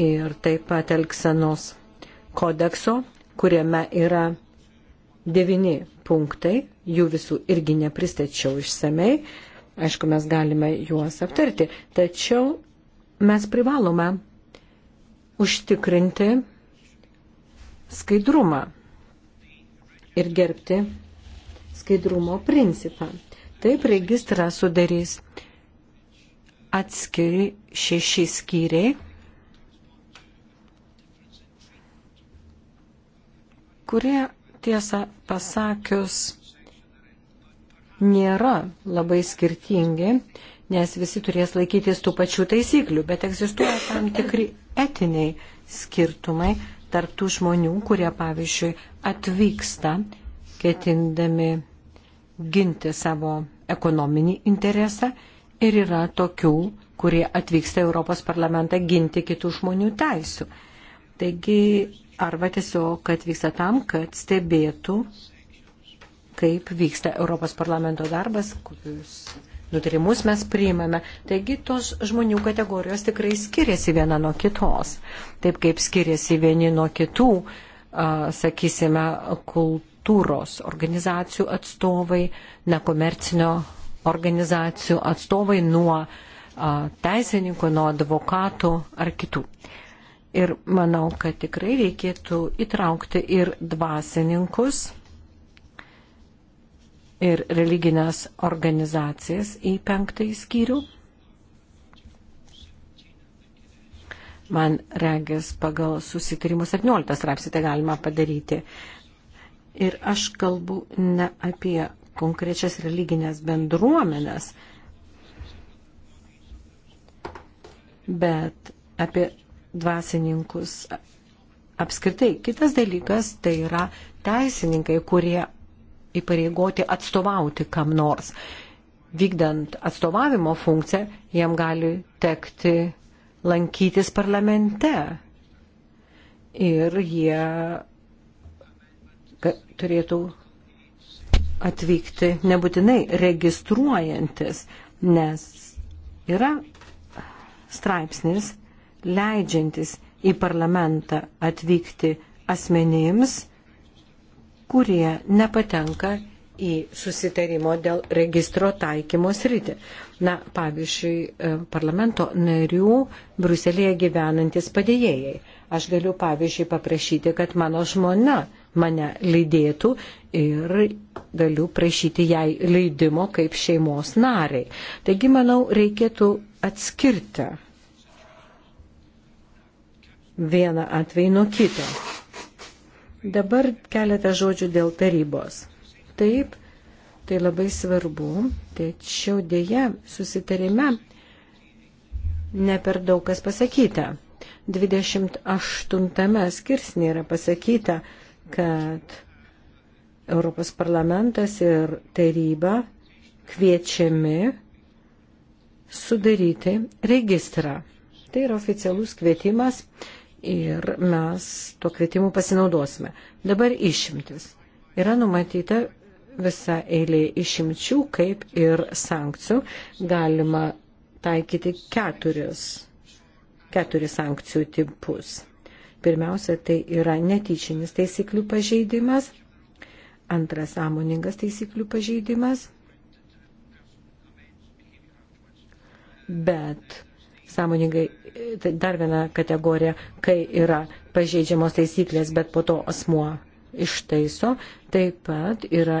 ir taip pat Elksenos kodekso, kuriame yra devini punktai, jų visų irgi nepristačiau išsamei, aišku, mes galime juos aptarti, tačiau mes privalome užtikrinti skaidrumą ir gerbti skaidrumo principą. Taip registrą sudarys atskiri šeši skyriai, kurie tiesą pasakius nėra labai skirtingi, nes visi turės laikytis tų pačių taisyklių, bet egzistuoja tam tikri etiniai skirtumai tarptų žmonių, kurie, pavyzdžiui, atvyksta ketindami ginti savo ekonominį interesą ir yra tokių, kurie atvyksta Europos parlamentą ginti kitų žmonių teisų. Taigi, arba tiesiog atvyksta tam, kad stebėtų, kaip vyksta Europos parlamento darbas, kokius nutarimus mes priimame. Taigi tos žmonių kategorijos tikrai skiriasi viena nuo kitos. Taip kaip skiriasi vieni nuo kitų, sakysime, kultūros organizacijų atstovai, nekomercinio organizacijų atstovai nuo teisininkų, nuo advokatų ar kitų. Ir manau, kad tikrai reikėtų įtraukti ir dvasininkus ir religinės organizacijas į penktąjį skyrių. Man regis pagal susitarimų 17 straipsnį tai galima padaryti. Ir aš kalbu ne apie konkrečias religinės bendruomenės, bet apie dvasininkus apskritai. Kitas dalykas tai yra teisininkai, kurie įpareigoti atstovauti kam nors. Vykdant atstovavimo funkciją, jam gali tekti lankytis parlamente. Ir jie turėtų atvykti nebūtinai registruojantis, nes yra straipsnis leidžiantis į parlamentą atvykti asmenims, kurie nepatenka į susitarimo dėl registro taikymo sritį. Na, pavyzdžiui, e, parlamento narių Bruselėje gyvenantis padėjėjai. Aš galiu, pavyzdžiui, paprašyti, kad mano žmona mane lydėtų ir galiu prašyti jai leidimo kaip šeimos nariai. Taigi, manau, reikėtų atskirti vieną atvejį nuo kito. Dabar keletą žodžių dėl tarybos. Taip, tai labai svarbu, tačiau dėja susitarime ne per daug kas pasakyta. 28 skirsnė yra pasakyta, kad Europos parlamentas ir taryba kviečiami sudaryti registrą. Tai yra oficialus kvietimas ir mes tuo kvietimu pasinaudosime. Dabar išimtis. Yra numatyta visa eilė išimčių, kaip ir sankcijų. Galima taikyti keturis, keturis sankcijų tipus. Pirmiausia, tai yra netyčinis taisyklių pažeidimas. Antras, sąmoningas taisyklių pažeidimas. Bet sąmoningai e, tai dar viena kategorija, kai yra pažeidžiamos taisyklės, bet po to asmuo ištaiso, taip pat yra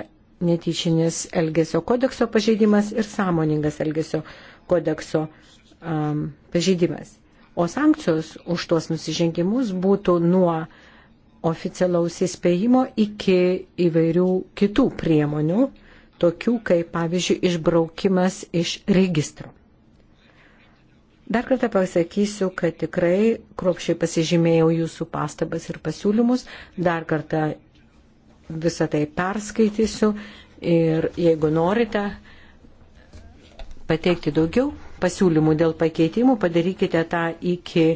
netyčinis elgesio kodekso pažeidimas ir sąmoningas elgesio kodekso um, pažeidimas. O sankcijos už tuos nusižengimus būtų nuo oficialaus įspėjimo iki įvairių kitų priemonių, tokių kaip, pavyzdžiui, išbraukimas iš registro. Dar kartą pasakysiu, kad tikrai kruopšiai pasižymėjau jūsų pastabas ir pasiūlymus. Dar kartą visą tai perskaitysiu ir jeigu norite pateikti daugiau pasiūlymų dėl pakeitimų, padarykite tą iki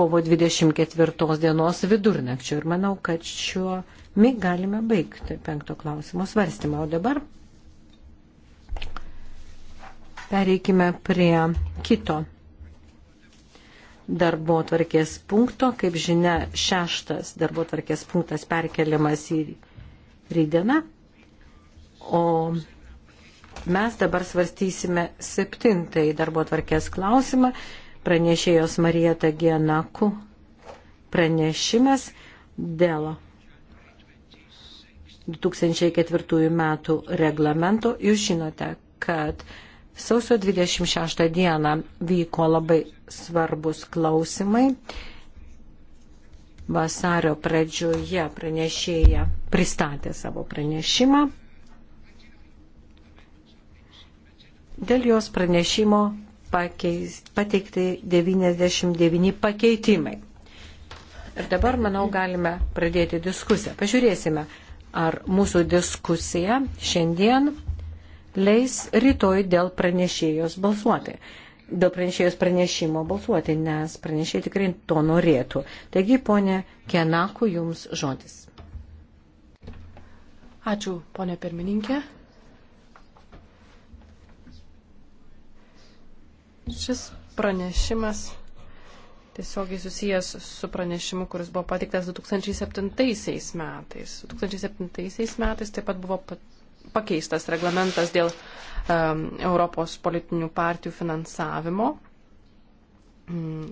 kovo 24 dienos vidurnakčio. Ir manau, kad šiuo mi galime baigti penkto klausimo svarstymą. O dabar pereikime prie kito darbo tvarkės punkto. Kaip žinia, šeštas darbo tvarkės punktas perkeliamas į rydieną. O mes dabar svarstysime septintąjį darbo tvarkės klausimą. Pranešėjos Marijata Gienaku pranešimas dėl 2004 metų reglamento. Jūs žinote, kad Sausio 26 dieną vyko labai svarbus klausimai. Vasario pradžioje pranešėja pristatė savo pranešimą. Dėl jos pranešimo pakeis, pateikti 99 pakeitimai. Ir dabar, manau, galime pradėti diskusiją. Pažiūrėsime, ar mūsų diskusija šiandien leis rytoj dėl pranešėjos balsuoti. Dėl pranešėjos pranešimo balsuoti, nes pranešėjai tikrai to norėtų. Taigi, ponė Kenaku, jums žodis. Ačiū, ponė pirmininkė. Šis pranešimas tiesiogiai susijęs su pranešimu, kuris buvo patiktas 2007 metais. 2007 metais taip pat buvo pat pakeistas reglamentas dėl um, Europos politinių partijų finansavimo. Mm,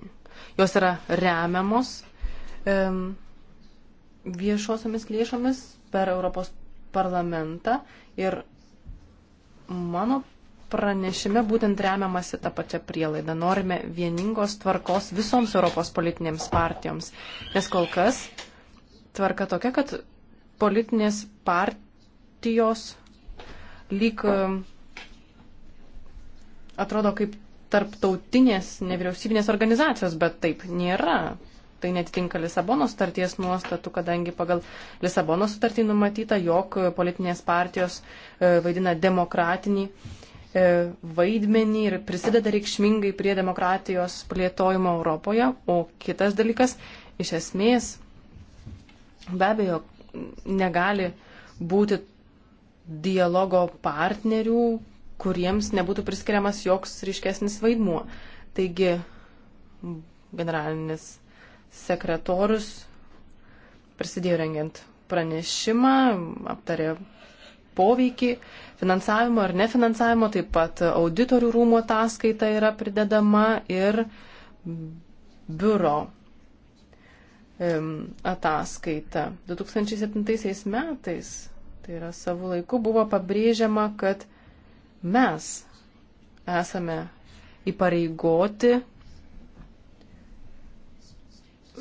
jos yra remiamos um, viešosiomis lėšomis per Europos parlamentą ir mano pranešime būtent remiamasi tą pačią prielaidą. Norime vieningos tvarkos visoms Europos politinėms partijoms. Nes kol kas tvarka tokia, kad politinės partijos lyg e, atrodo kaip tarptautinės nevyriausybinės organizacijos, bet taip nėra. Tai netitinka Lisabonos starties nuostatų, kadangi pagal Lisabonos sutartį numatyta, jog politinės partijos e, vaidina demokratinį e, vaidmenį ir prisideda reikšmingai prie demokratijos plėtojimo Europoje. O kitas dalykas, iš esmės, be abejo, negali būti dialogo partnerių, kuriems nebūtų priskiriamas joks ryškesnis vaidmuo. Taigi, generalinis sekretorius prisidėjo rengiant pranešimą, aptarė poveikį finansavimo ar nefinansavimo, taip pat auditorių rūmų ataskaita yra pridedama ir biuro ataskaita. 2007 metais Tai yra savo laiku buvo pabrėžiama, kad mes esame įpareigoti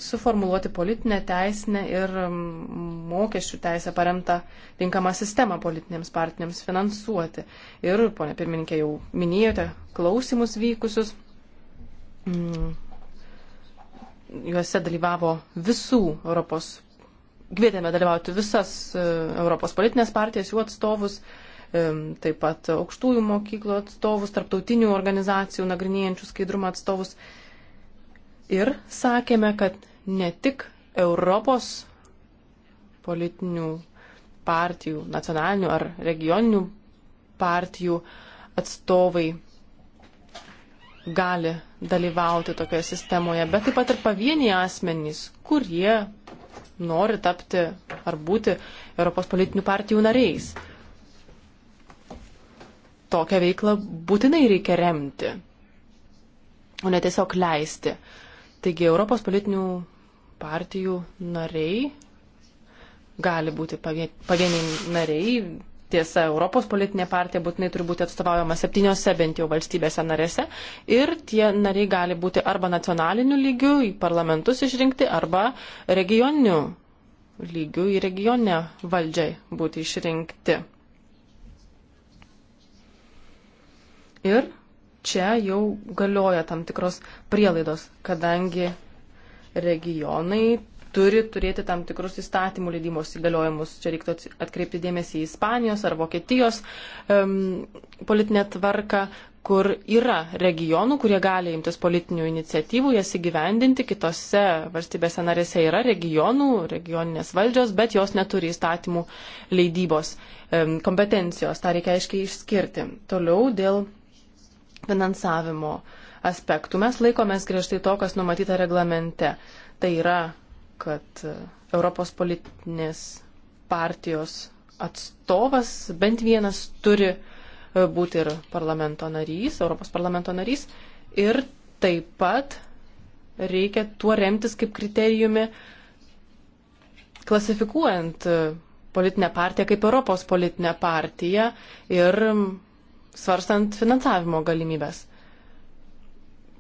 suformuluoti politinę teisinę ir mokesčių teisę paremtą tinkamą sistemą politinėms partijams finansuoti. Ir, ponė pirmininkė, jau minėjote klausimus vykusius. Mm. Juose dalyvavo visų Europos kvietėme dalyvauti visas e, Europos politinės partijas, jų atstovus, e, taip pat aukštųjų mokyklų atstovus, tarptautinių organizacijų nagrinėjančių skaidrumą atstovus. Ir sakėme, kad ne tik Europos politinių partijų, nacionalinių ar regioninių partijų atstovai gali dalyvauti tokioje sistemoje, bet taip pat ir pavieniai asmenys, kurie nori tapti ar būti Europos politinių partijų nariais. Tokią veiklą būtinai reikia remti, o ne tiesiog leisti. Taigi Europos politinių partijų nariai gali būti pavieniai nariai, Tiesa, Europos politinė partija būtinai turi būti atstovaujama septyniose bent jau valstybėse narėse ir tie nariai gali būti arba nacionaliniu lygiu į parlamentus išrinkti, arba regioniniu lygiu į regioninę valdžiai būti išrinkti. Ir čia jau galioja tam tikros prielaidos, kadangi regionai turi turėti tam tikrus įstatymų leidimos įgaliojimus. Čia reiktų atkreipti dėmesį į Ispanijos ar Vokietijos um, politinę tvarką, kur yra regionų, kurie gali imtis politinių iniciatyvų, jas įgyvendinti. Kitose valstybėse narėse yra regionų, regioninės valdžios, bet jos neturi įstatymų leidybos um, kompetencijos. Ta reikia aiškiai išskirti. Toliau dėl finansavimo aspektų. Mes laikomės griežtai to, kas numatyta reglamente. Tai yra kad e, Europos politinės partijos atstovas bent vienas turi e, būti ir parlamento narys, Europos parlamento narys. Ir taip pat reikia tuo remtis kaip kriterijumi klasifikuojant e, politinę partiją kaip Europos politinę partiją ir svarstant finansavimo galimybės.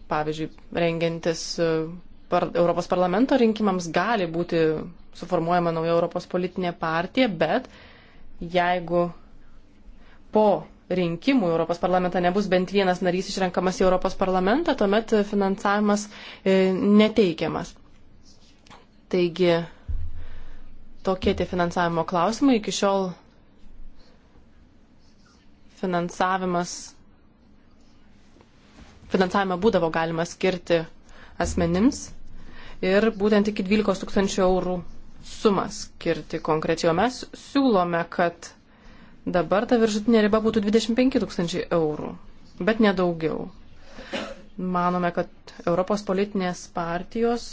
Pavyzdžiui, rengiantis par, Europos parlamento rinkimams gali būti suformuojama nauja Europos politinė partija, bet jeigu po rinkimų Europos parlamentą nebus bent vienas narys išrenkamas į Europos parlamentą, tuomet finansavimas e, neteikiamas. Taigi tokie tie finansavimo klausimai iki šiol finansavimas. Finansavimą būdavo galima skirti asmenims ir būtent iki 12 tūkstančių eurų sumą skirti konkrečiai. O mes siūlome, kad dabar ta viršutinė riba būtų 25 tūkstančiai eurų, bet nedaugiau. Manome, kad Europos politinės partijos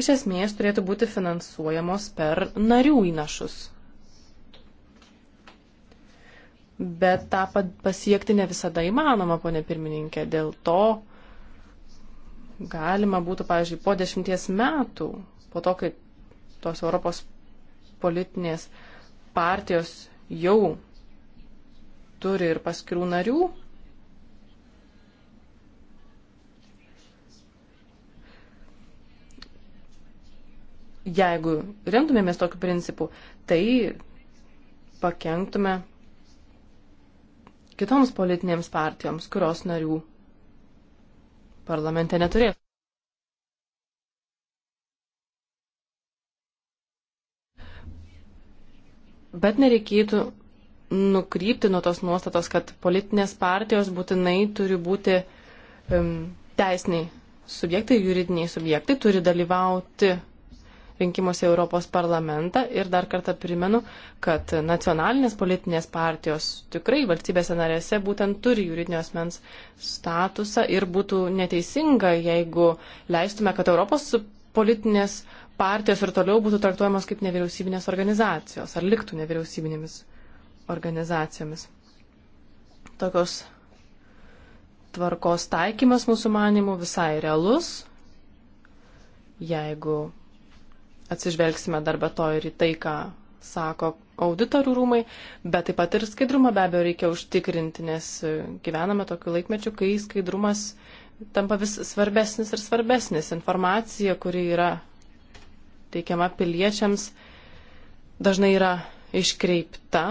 iš esmės turėtų būti finansuojamos per narių įnašus bet tą pasiekti ne visada įmanoma, ponė pirmininkė. Dėl to galima būtų, pavyzdžiui, po dešimties metų, po to, kai tos Europos politinės partijos jau turi ir paskirų narių, jeigu remtumėmės tokiu principu, tai pakenktume kitoms politinėms partijoms, kurios narių parlamente neturės. Bet nereikėtų nukrypti nuo tos nuostatos, kad politinės partijos būtinai turi būti um, teisiniai subjektai, juridiniai subjektai, turi dalyvauti rinkimuose Europos parlamentą ir dar kartą primenu, kad nacionalinės politinės partijos tikrai valstybėse narėse būtent turi juridinio asmens statusą ir būtų neteisinga, jeigu leistume, kad Europos politinės partijos ir toliau būtų traktuojamos kaip nevyriausybinės organizacijos ar liktų nevyriausybinėmis organizacijomis. Tokios tvarkos taikymas mūsų manimų visai realus, jeigu atsižvelgsime darbę to ir į tai, ką sako auditorų rūmai, bet taip pat ir skaidrumą be abejo reikia užtikrinti, nes gyvename tokiu laikmečiu, kai skaidrumas tampa vis svarbesnis ir svarbesnis. Informacija, kuri yra teikiama piliečiams, dažnai yra iškreipta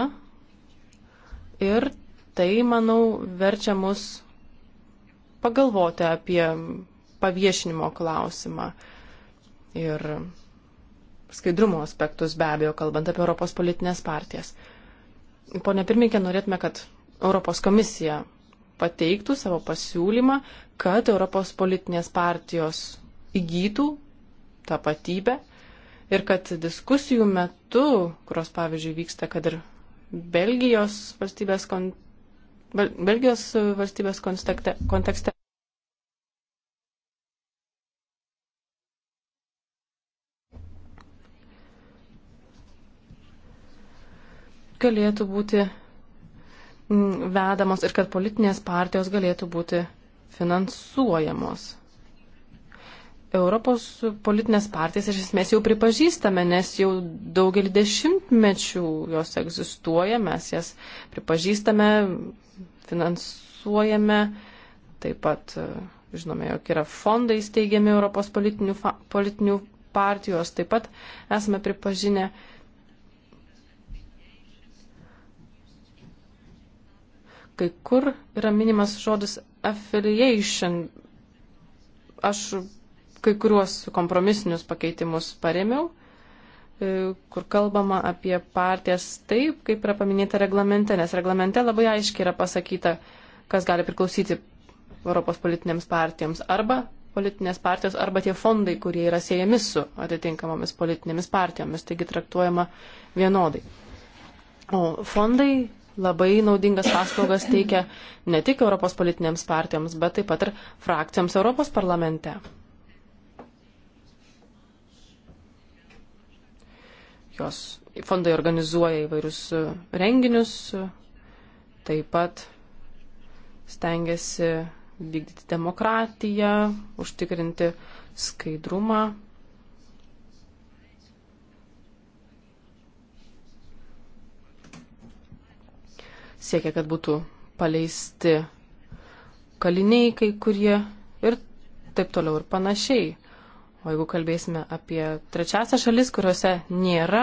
ir tai, manau, verčia mus pagalvoti apie paviešinimo klausimą. Ir skaidrumo aspektus be abejo, kalbant apie Europos politinės partijas. Pone pirmininkė, norėtume, kad Europos komisija pateiktų savo pasiūlymą, kad Europos politinės partijos įgytų tapatybę ir kad diskusijų metu, kurios pavyzdžiui vyksta, kad ir Belgijos valstybės, kon, Belgijos valstybės kontekste, kontekste, galėtų būti mm, vedamos ir kad politinės partijos galėtų būti finansuojamos. Europos politinės partijas iš esmės jau pripažįstame, nes jau daugelį dešimtmečių jos egzistuoja, mes jas pripažįstame, finansuojame, taip pat e, žinome, jog yra fondai steigiami Europos politinių, politinių partijos, taip pat esame pripažinę kai kur yra minimas žodis affiliation. Aš kai kuriuos kompromisinius pakeitimus paremiau, e, kur kalbama apie partijas taip, kaip yra paminėta reglamente, nes reglamente labai aiškiai yra pasakyta, kas gali priklausyti Europos politinėms partijoms arba politinės partijos arba tie fondai, kurie yra siejami su atitinkamomis politinėmis partijomis, taigi traktuojama vienodai. O fondai labai naudingas paslaugas teikia ne tik Europos politinėms partijoms, bet taip pat ir frakcijoms Europos parlamente. Jos fondai organizuoja įvairius renginius, taip pat stengiasi vykdyti demokratiją, užtikrinti skaidrumą siekia, kad būtų paleisti kaliniai kai kurie ir taip toliau ir panašiai. O jeigu kalbėsime apie trečiasią šalis, kuriuose nėra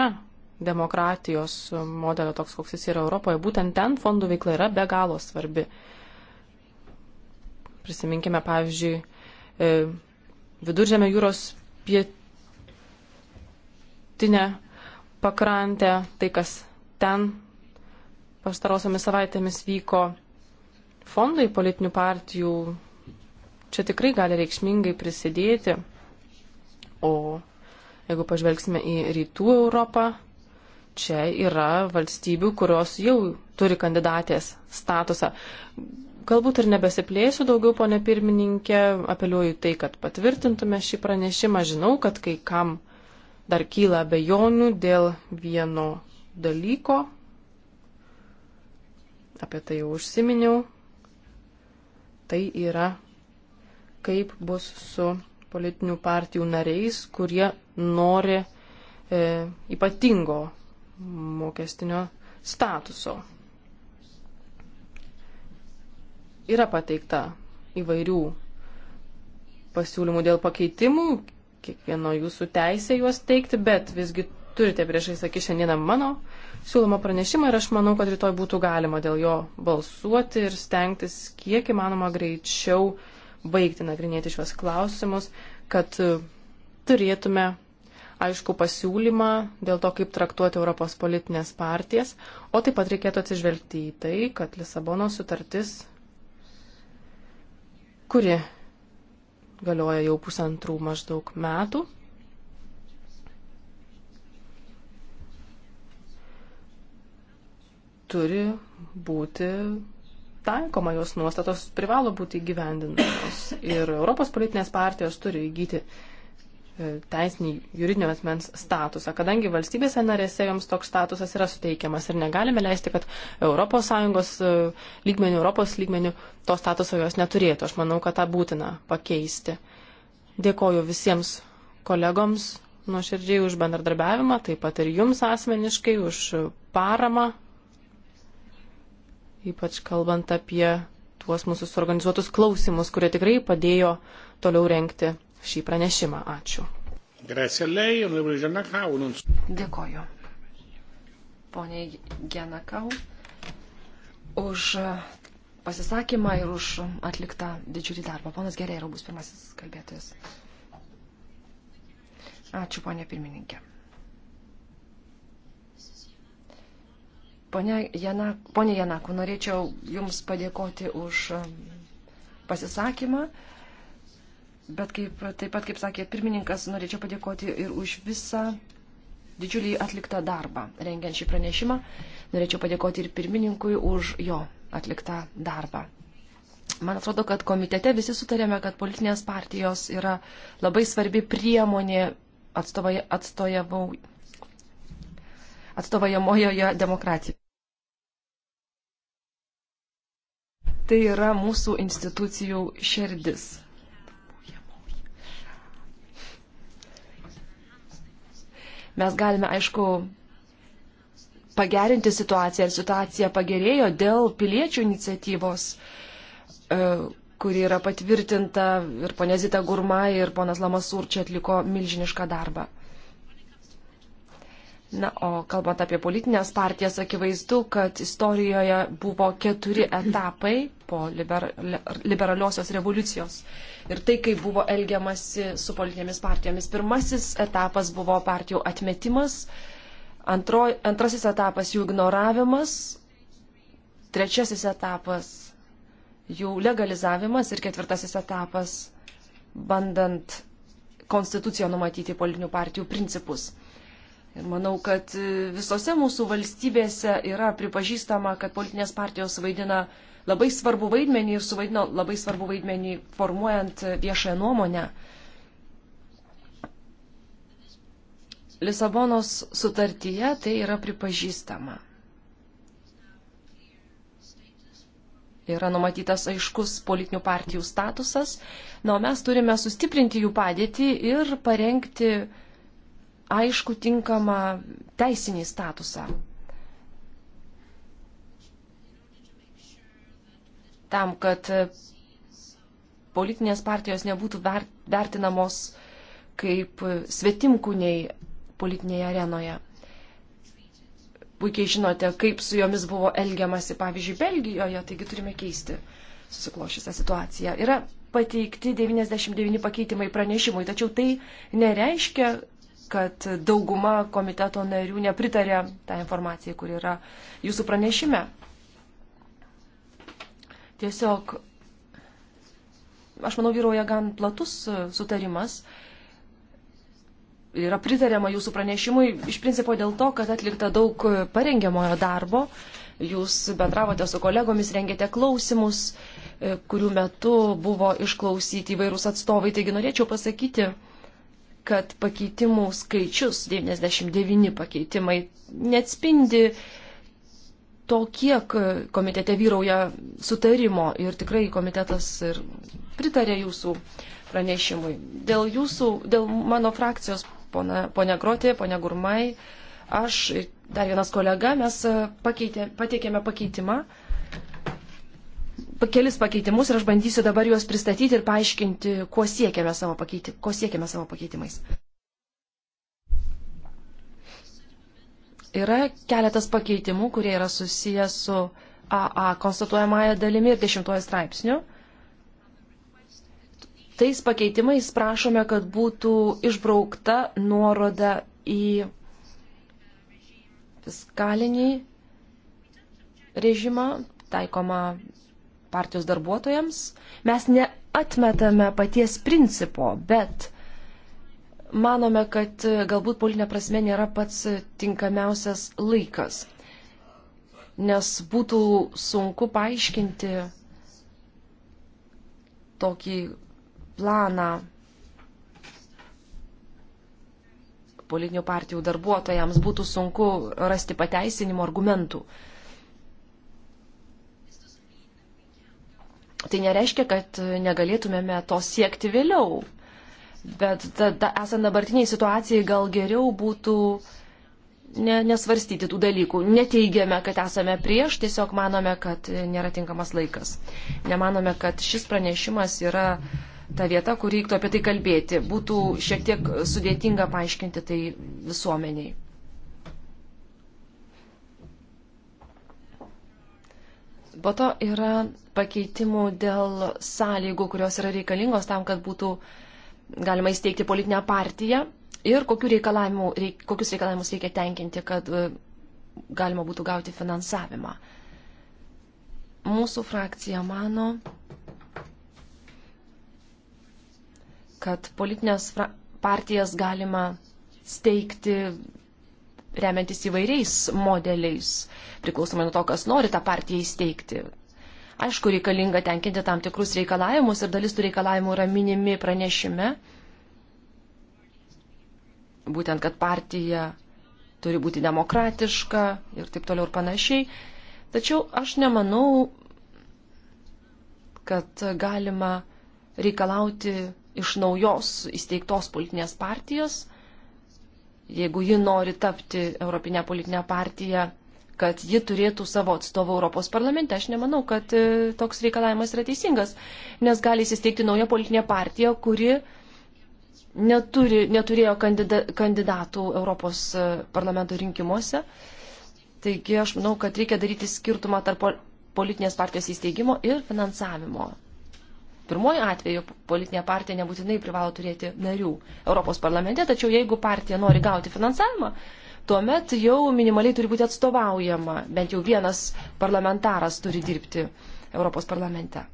demokratijos modelio toks, koks jis yra Europoje, būtent ten fondų veikla yra be galo svarbi. Prisiminkime, pavyzdžiui, e, viduržėme jūros pietinę pakrantę, tai kas ten pastarosiamis savaitėmis vyko fondai politinių partijų čia tikrai gali reikšmingai prisidėti. O jeigu pažvelgsime į rytų Europą, čia yra valstybių, kurios jau turi kandidatės statusą. Galbūt ir nebesiplėsiu daugiau, ponė pirmininkė, apeliuoju tai, kad patvirtintume šį pranešimą. Žinau, kad kai kam dar kyla abejonių dėl vieno dalyko, apie tai jau užsiminiau. Tai yra, kaip bus su politinių partijų nariais, kurie nori e, ypatingo mokestinio statuso. Yra pateikta įvairių pasiūlymų dėl pakeitimų, kiekvieno jūsų teisė juos teikti, bet visgi turite priešais akį šiandieną mano siūlomą pranešimą ir aš manau, kad rytoj būtų galima dėl jo balsuoti ir stengtis kiek įmanoma greičiau baigti nagrinėti šios klausimus, kad e, turėtume aišku pasiūlymą dėl to, kaip traktuoti Europos politinės partijas, o taip pat reikėtų atsižvelgti į tai, kad Lisabono sutartis, kuri galioja jau pusantrų maždaug metų, turi būti taikoma, jos nuostatos privalo būti įgyvendinamos. Ir Europos politinės partijos turi įgyti e, teisinį juridinio asmens statusą, kadangi valstybėse narėse joms toks statusas yra suteikiamas ir negalime leisti, kad ES e, lygmenių, Europos lygmenių to statuso jos neturėtų. Aš manau, kad tą būtina pakeisti. Dėkoju visiems kolegoms nuoširdžiai už bendradarbiavimą, taip pat ir jums asmeniškai už paramą ypač kalbant apie tuos mūsų suorganizuotus klausimus, kurie tikrai padėjo toliau renkti šį pranešimą. Ačiū. Dėkoju. Pone Genakau, už pasisakymą ir už atliktą didžiulį darbą. Ponas Gerėro bus pirmasis kalbėtojas. Ačiū, ponė pirmininkė. Pone Janaku, Pone Janaku, norėčiau Jums padėkoti už um, pasisakymą, bet kaip, taip pat, kaip sakė pirmininkas, norėčiau padėkoti ir už visą didžiulį atliktą darbą rengiant šį pranešimą. Norėčiau padėkoti ir pirmininkui už jo atliktą darbą. Man atrodo, kad komitete visi sutarėme, kad politinės partijos yra labai svarbi priemonė atstovai, atstojavau atstovajamojoje demokratijoje. Tai yra mūsų institucijų širdis. Mes galime, aišku, pagerinti situaciją ir situacija pagerėjo dėl piliečių iniciatyvos, e, kuri yra patvirtinta ir ponė Zita Gurma ir ponas Lamasur čia atliko milžinišką darbą. Na, o kalbant apie politinės partijas, akivaizdu, kad istorijoje buvo keturi etapai po liber, liberaliosios revoliucijos. Ir tai, kaip buvo elgiamasi su politinėmis partijomis. Pirmasis etapas buvo partijų atmetimas, antro, antrasis etapas jų ignoravimas, trečiasis etapas jų legalizavimas ir ketvirtasis etapas bandant konstituciją numatyti politinių partijų principus. Ir manau, kad visose mūsų valstybėse yra pripažįstama, kad politinės partijos vaidina labai svarbu vaidmenį ir suvaidino labai svarbu vaidmenį formuojant viešąją nuomonę. Lisabonos sutartyje tai yra pripažįstama. Yra numatytas aiškus politinių partijų statusas, na, o mes turime sustiprinti jų padėtį ir parengti uh, aišku tinkamą teisinį statusą. Tam, kad politinės partijos nebūtų vertinamos kaip svetimkūniai politinėje arenoje. Puikiai žinote, kaip su jomis buvo elgiamasi, pavyzdžiui, Belgijoje, taigi turime keisti susiklošysią situaciją. Yra pateikti 99 pakeitimai pranešimui, tačiau tai nereiškia, kad dauguma komiteto narių nepritarė tą informaciją, kur yra jūsų pranešime. Tiesiog, aš manau, vyroja gan platus sutarimas. Yra pritariama jūsų pranešimui iš principo dėl to, kad atlikta daug parengiamojo darbo. Jūs bendravote su kolegomis, rengėte klausimus, e, kurių metu buvo išklausyti įvairūs atstovai. Taigi norėčiau pasakyti, kad pakeitimų skaičius, 99 pakeitimai, neatspindi to, kiek komitete vyrauja sutarimo ir tikrai komitetas ir pritarė jūsų pranešimui. Dėl jūsų, dėl mano frakcijos, pone, pone Grotė, pone Gurmai, aš ir dar vienas kolega, mes pakeitė, pateikėme pakeitimą, kelis pakeitimus ir aš bandysiu dabar juos pristatyti ir paaiškinti, ko siekiame savo, pakeiti, ko siekiame savo pakeitimais. Yra keletas pakeitimų, kurie yra susiję su AA konstatuojamąją dalimi ir dešimtuoju straipsniu. Tais pakeitimais prašome, kad būtų išbraukta nuoroda į fiskalinį režimą, taikoma partijos darbuotojams. Mes neatmetame paties principo, bet manome, kad galbūt politinė prasme nėra pats tinkamiausias laikas, nes būtų sunku paaiškinti tokį planą politinių partijų darbuotojams būtų sunku rasti pateisinimo argumentų. tai nereiškia, kad negalėtumėme to siekti vėliau. Bet tada, esant dabartiniai situacijai, gal geriau būtų ne, nesvarstyti tų dalykų. Neteigiame, kad esame prieš, tiesiog manome, kad nėra tinkamas laikas. Nemanome, kad šis pranešimas yra ta vieta, kur reiktų apie tai kalbėti. Būtų šiek tiek sudėtinga paaiškinti tai visuomeniai. Po to yra pakeitimų dėl sąlygų, kurios yra reikalingos tam, kad būtų galima įsteigti politinę partiją ir kokiu reikalavimu, reik, kokius reikalavimus reikia tenkinti, kad e, galima būtų gauti finansavimą. Mūsų frakcija mano, kad politinės partijas galima steigti remiantis įvairiais modeliais, priklausomai nuo to, kas nori tą partiją įsteigti. Aišku, reikalinga tenkinti tam tikrus reikalavimus ir dalis tų reikalavimų yra minimi pranešime. Būtent, kad partija turi būti demokratiška ir taip toliau ir panašiai. Tačiau aš nemanau, kad galima reikalauti iš naujos įsteigtos politinės partijos jeigu ji nori tapti Europinę politinę partiją, kad ji turėtų savo atstovą Europos parlamente. Aš nemanau, kad e, toks reikalavimas yra teisingas, nes gali įsisteigti nauja politinė partija, kuri neturi, neturėjo kandida, kandidatų Europos e, parlamento rinkimuose. Taigi aš manau, kad reikia daryti skirtumą tarp politinės partijos įsteigimo ir finansavimo. Pirmoji atveju politinė partija nebūtinai privalo turėti narių Europos parlamente, tačiau jeigu partija nori gauti finansavimą, tuomet jau minimaliai turi būti atstovaujama, bent jau vienas parlamentaras turi dirbti Europos parlamente.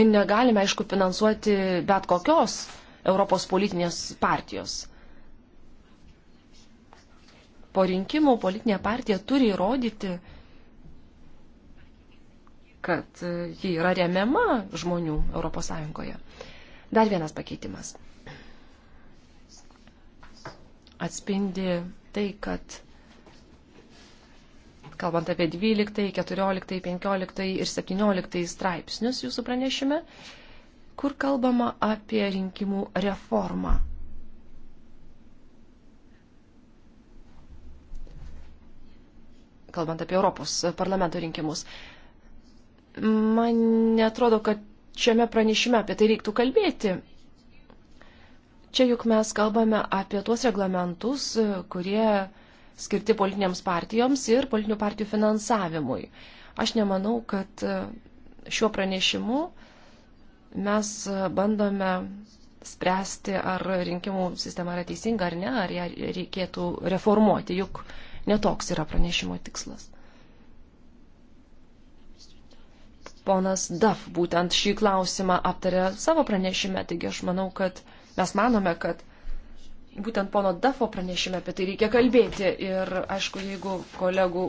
Ir negalime, aišku, finansuoti bet kokios Europos politinės partijos. Po rinkimų politinė partija turi įrodyti, kad e, ji yra remiama žmonių ES. Dar vienas pakeitimas. Atspindi tai, kad kalbant apie 12, 14, 15 ir 17 straipsnius jūsų pranešime, kur kalbama apie rinkimų reformą. Kalbant apie Europos parlamento rinkimus man netrodo, kad šiame pranešime apie tai reiktų kalbėti. Čia juk mes kalbame apie tuos reglamentus, kurie skirti politinėms partijoms ir politinių partijų finansavimui. Aš nemanau, kad e, šiuo pranešimu mes e, bandome spręsti, ar rinkimų sistema yra teisinga ar ne, ar ją reikėtų reformuoti, juk netoks yra pranešimo tikslas. ponas Daf būtent šį klausimą aptarė savo pranešime, taigi aš manau, kad mes manome, kad būtent pono Dafo pranešime apie tai reikia kalbėti ir aišku, jeigu kolegų,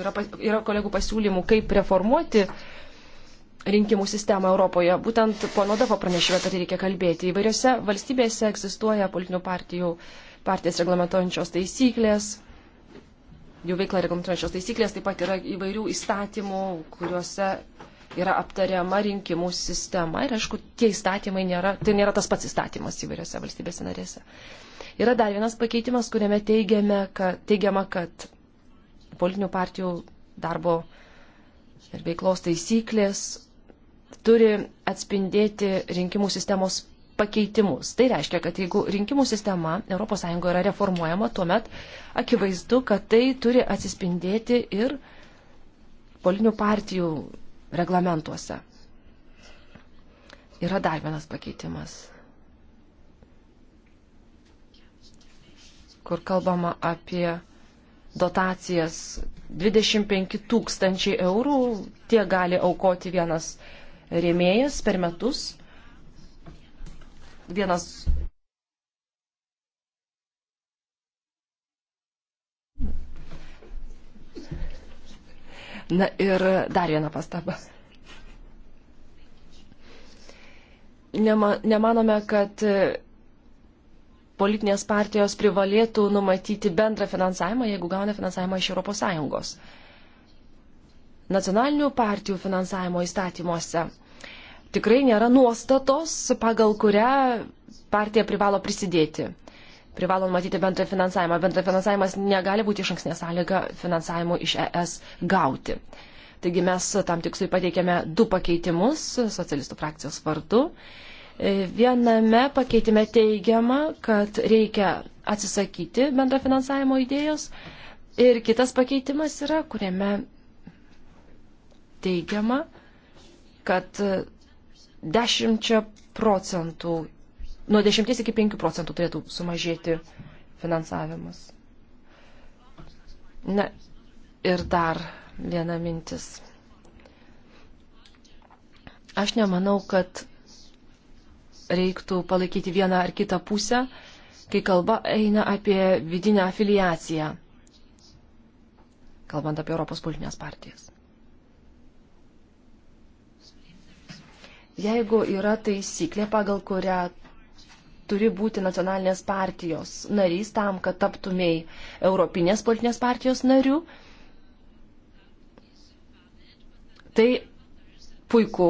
yra, yra kolegų pasiūlymų, kaip reformuoti rinkimų sistemą Europoje, būtent pono Dafo pranešime apie tai reikia kalbėti. Įvairiose valstybėse egzistuoja politinių partijų partijas reglamentuojančios taisyklės, jų veiklą reglamentuojančios taisyklės, taip pat yra įvairių įstatymų, kuriuose yra aptariama rinkimų sistema ir, aišku, tie įstatymai nėra, tai nėra tas pats įstatymas įvairiose valstybėse narėse. Yra dar vienas pakeitimas, kuriame teigiame, kad, teigiama, kad politinių partijų darbo ir veiklos taisyklės turi atspindėti rinkimų sistemos pakeitimus. Tai reiškia, kad jeigu rinkimų sistema ES yra reformuojama, tuomet akivaizdu, kad tai turi atsispindėti ir politinių partijų reglamentuose. Yra dar vienas pakeitimas, kur kalbama apie dotacijas 25 tūkstančiai eurų, tie gali aukoti vienas rėmėjas per metus. Vienas Na ir dar viena pastaba. Nema, nemanome, kad politinės partijos privalėtų numatyti bendrą finansavimą, jeigu gauna finansavimą iš ES. Nacionalinių partijų finansavimo įstatymuose tikrai nėra nuostatos, pagal kurią partija privalo prisidėti privalom matyti bendrą finansavimą. Bendrą finansavimas negali būti iš anksnės sąlyga finansavimu iš ES gauti. Taigi mes tam tikslui pateikėme du pakeitimus socialistų frakcijos vardu. E, viename pakeitime teigiama, kad reikia atsisakyti bendro finansavimo idėjos. Ir kitas pakeitimas yra, kuriame teigiama, kad 10 procentų nuo 10 iki 5 procentų turėtų sumažėti finansavimas. Na ir dar viena mintis. Aš nemanau, kad reiktų palaikyti vieną ar kitą pusę, kai kalba eina apie vidinę afiliaciją, kalbant apie Europos politinės partijas. Jeigu yra taisyklė, pagal kurią turi būti nacionalinės partijos narys tam, kad taptumėj Europinės politinės partijos nariu. Tai puiku,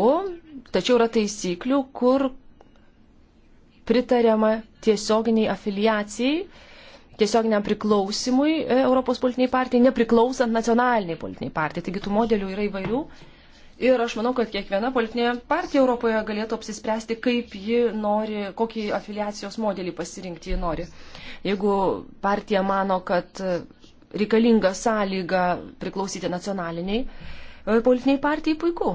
tačiau yra taisyklių, kur pritariama tiesioginiai afiliacijai, tiesioginiam priklausimui e, Europos politiniai partijai, nepriklausant nacionaliniai politiniai partijai. Taigi tų modelių yra įvairių Ir aš manau, kad kiekviena politinė partija Europoje galėtų apsispręsti, kaip ji nori, kokį afiliacijos modelį pasirinkti ji nori. Jeigu partija mano, kad reikalinga sąlyga priklausyti nacionaliniai e, politiniai partijai, puiku.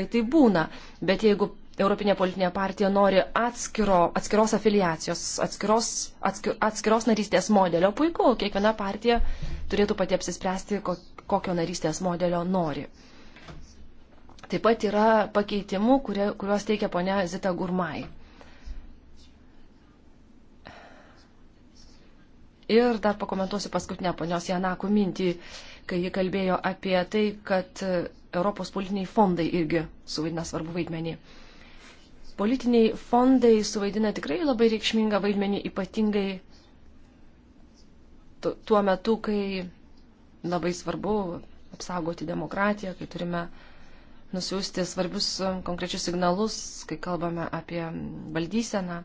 Lai tai būna. Bet jeigu Europinė politinė partija nori atskiro, atskiros afiliacijos, atskiros, atskir, atskiros narystės modelio, puiku. Kiekviena partija turėtų pati apsispręsti, kokio narystės modelio nori. Taip pat yra pakeitimų, kurie, kuriuos teikia ponia Zita Gurmai. Ir dar pakomentuosiu paskutinę ponios Janakų mintį, kai ji kalbėjo apie tai, kad Europos politiniai fondai irgi suvaidina svarbu vaidmenį. Politiniai fondai suvaidina tikrai labai reikšmingą vaidmenį, ypatingai tuo metu, kai labai svarbu apsaugoti demokratiją, kai turime uh, nusiųsti svarbius e, konkrečius signalus, kai kalbame apie valdyseną.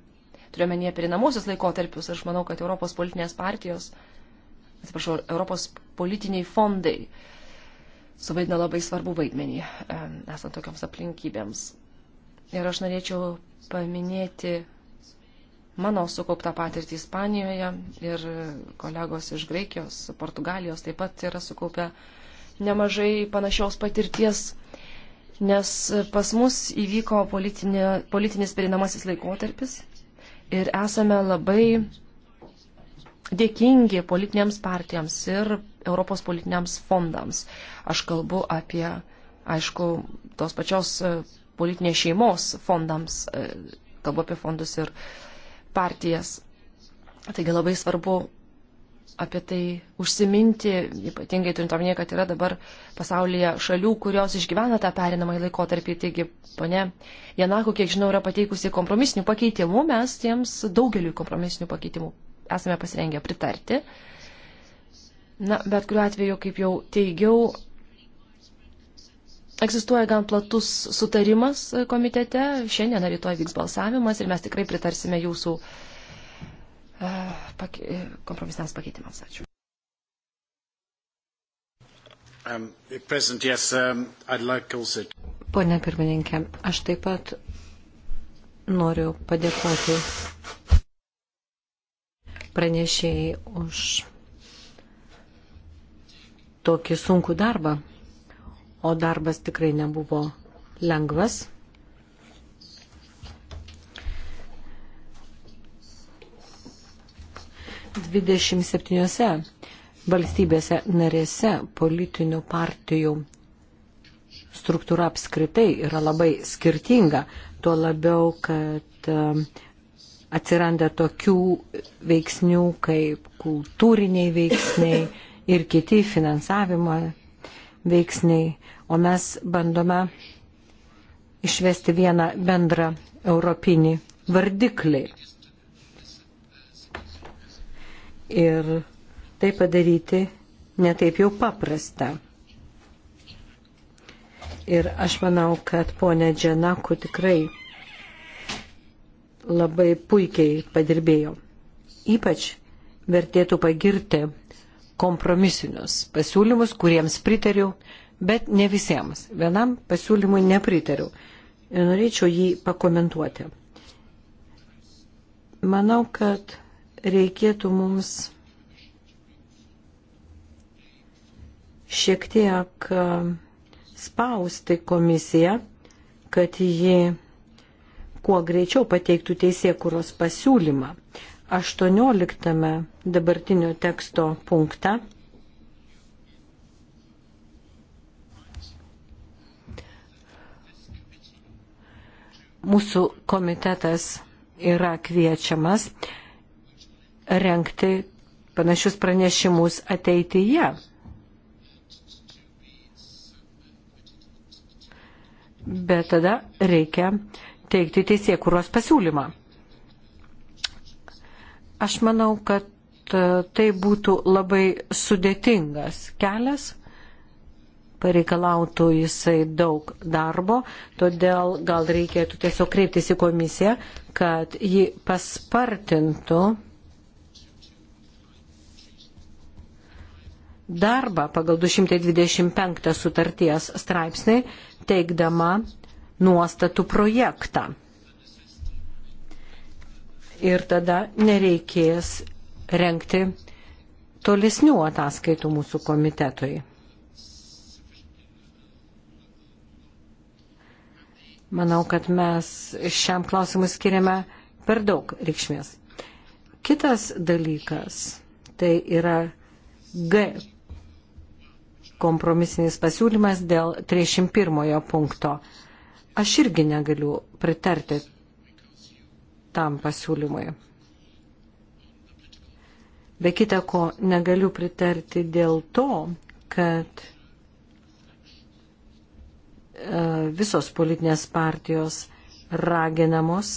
Turiuomenėje perinamosius laikotarpius, aš manau, kad Europos politinės partijos, atsiprašau, Europos politiniai fondai suvaidina labai svarbu vaidmenį, e, esant tokiams aplinkybėms. Ir aš norėčiau paminėti mano sukauptą patirtį Ispanijoje ir kolegos iš Graikijos, Portugalijos taip pat yra sukaupę nemažai panašios patirties nes pas mus įvyko politinė, politinis perinamasis laikotarpis ir esame labai dėkingi politinėms partijoms ir Europos politiniams fondams. Aš kalbu apie, aišku, tos pačios e, politinės šeimos fondams, e, kalbu apie fondus ir partijas. Taigi labai svarbu apie tai užsiminti, ypatingai turint omenyje, kad yra dabar pasaulyje šalių, kurios išgyvena tą perinamąjį laikotarpį. Taigi, ponė Janaku, kiek žinau, yra pateikusi kompromisinių pakeitimų, mes tiems daugeliu kompromisinių pakeitimų esame pasirengę pritarti. Na, bet kuriuo atveju, kaip jau teigiau, egzistuoja gan platus sutarimas komitete. Šiandien ar rytoj vyks balsavimas ir mes tikrai pritarsime jūsų uh, kompromisiniams pakeitimams. Ačiū. Um, yes, um, like also... Pone pirmininkė, aš taip pat noriu padėkoti pranešėjai už tokį sunkų darbą, o darbas tikrai nebuvo lengvas. 27 valstybėse narėse politinių partijų struktūra apskritai yra labai skirtinga, tuo labiau, kad um, atsiranda tokių veiksnių kaip kultūriniai veiksniai ir kiti finansavimo veiksniai, o mes bandome išvesti vieną bendrą europinį vardiklį Ir tai padaryti netaip jau paprasta. Ir aš manau, kad ponė Džanaku tikrai labai puikiai padirbėjo. Ypač vertėtų pagirti kompromisinius pasiūlymus, kuriems pritariu, bet ne visiems. Vienam pasiūlymui nepritariu. Ir norėčiau jį pakomentuoti. Manau, kad reikėtų mums šiek tiek e, spausti komisiją, kad ji kuo greičiau pateiktų teisėkuros pasiūlymą. 18 dabartinio teksto punktą mūsų komitetas yra kviečiamas renkti panašius pranešimus ateityje. Bet tada reikia teikti teisėkuros pasiūlymą. Aš manau, kad e, tai būtų labai sudėtingas kelias, pareikalautų jisai daug darbo, todėl gal reikėtų tiesiog kreiptis į komisiją, kad ji paspartintų uh, darbą pagal 225 sutarties straipsnį, teikdama nuostatų projektą. Ir tada nereikės renkti tolesnių ataskaitų mūsų komitetui. Manau, kad mes šiam klausimui skiriame per daug reikšmės. Kitas dalykas tai yra G kompromisinis pasiūlymas dėl 31 punkto. Aš irgi negaliu pritarti tam pasiūlymui. Be kita ko, negaliu pritarti dėl to, kad e, visos politinės partijos raginamos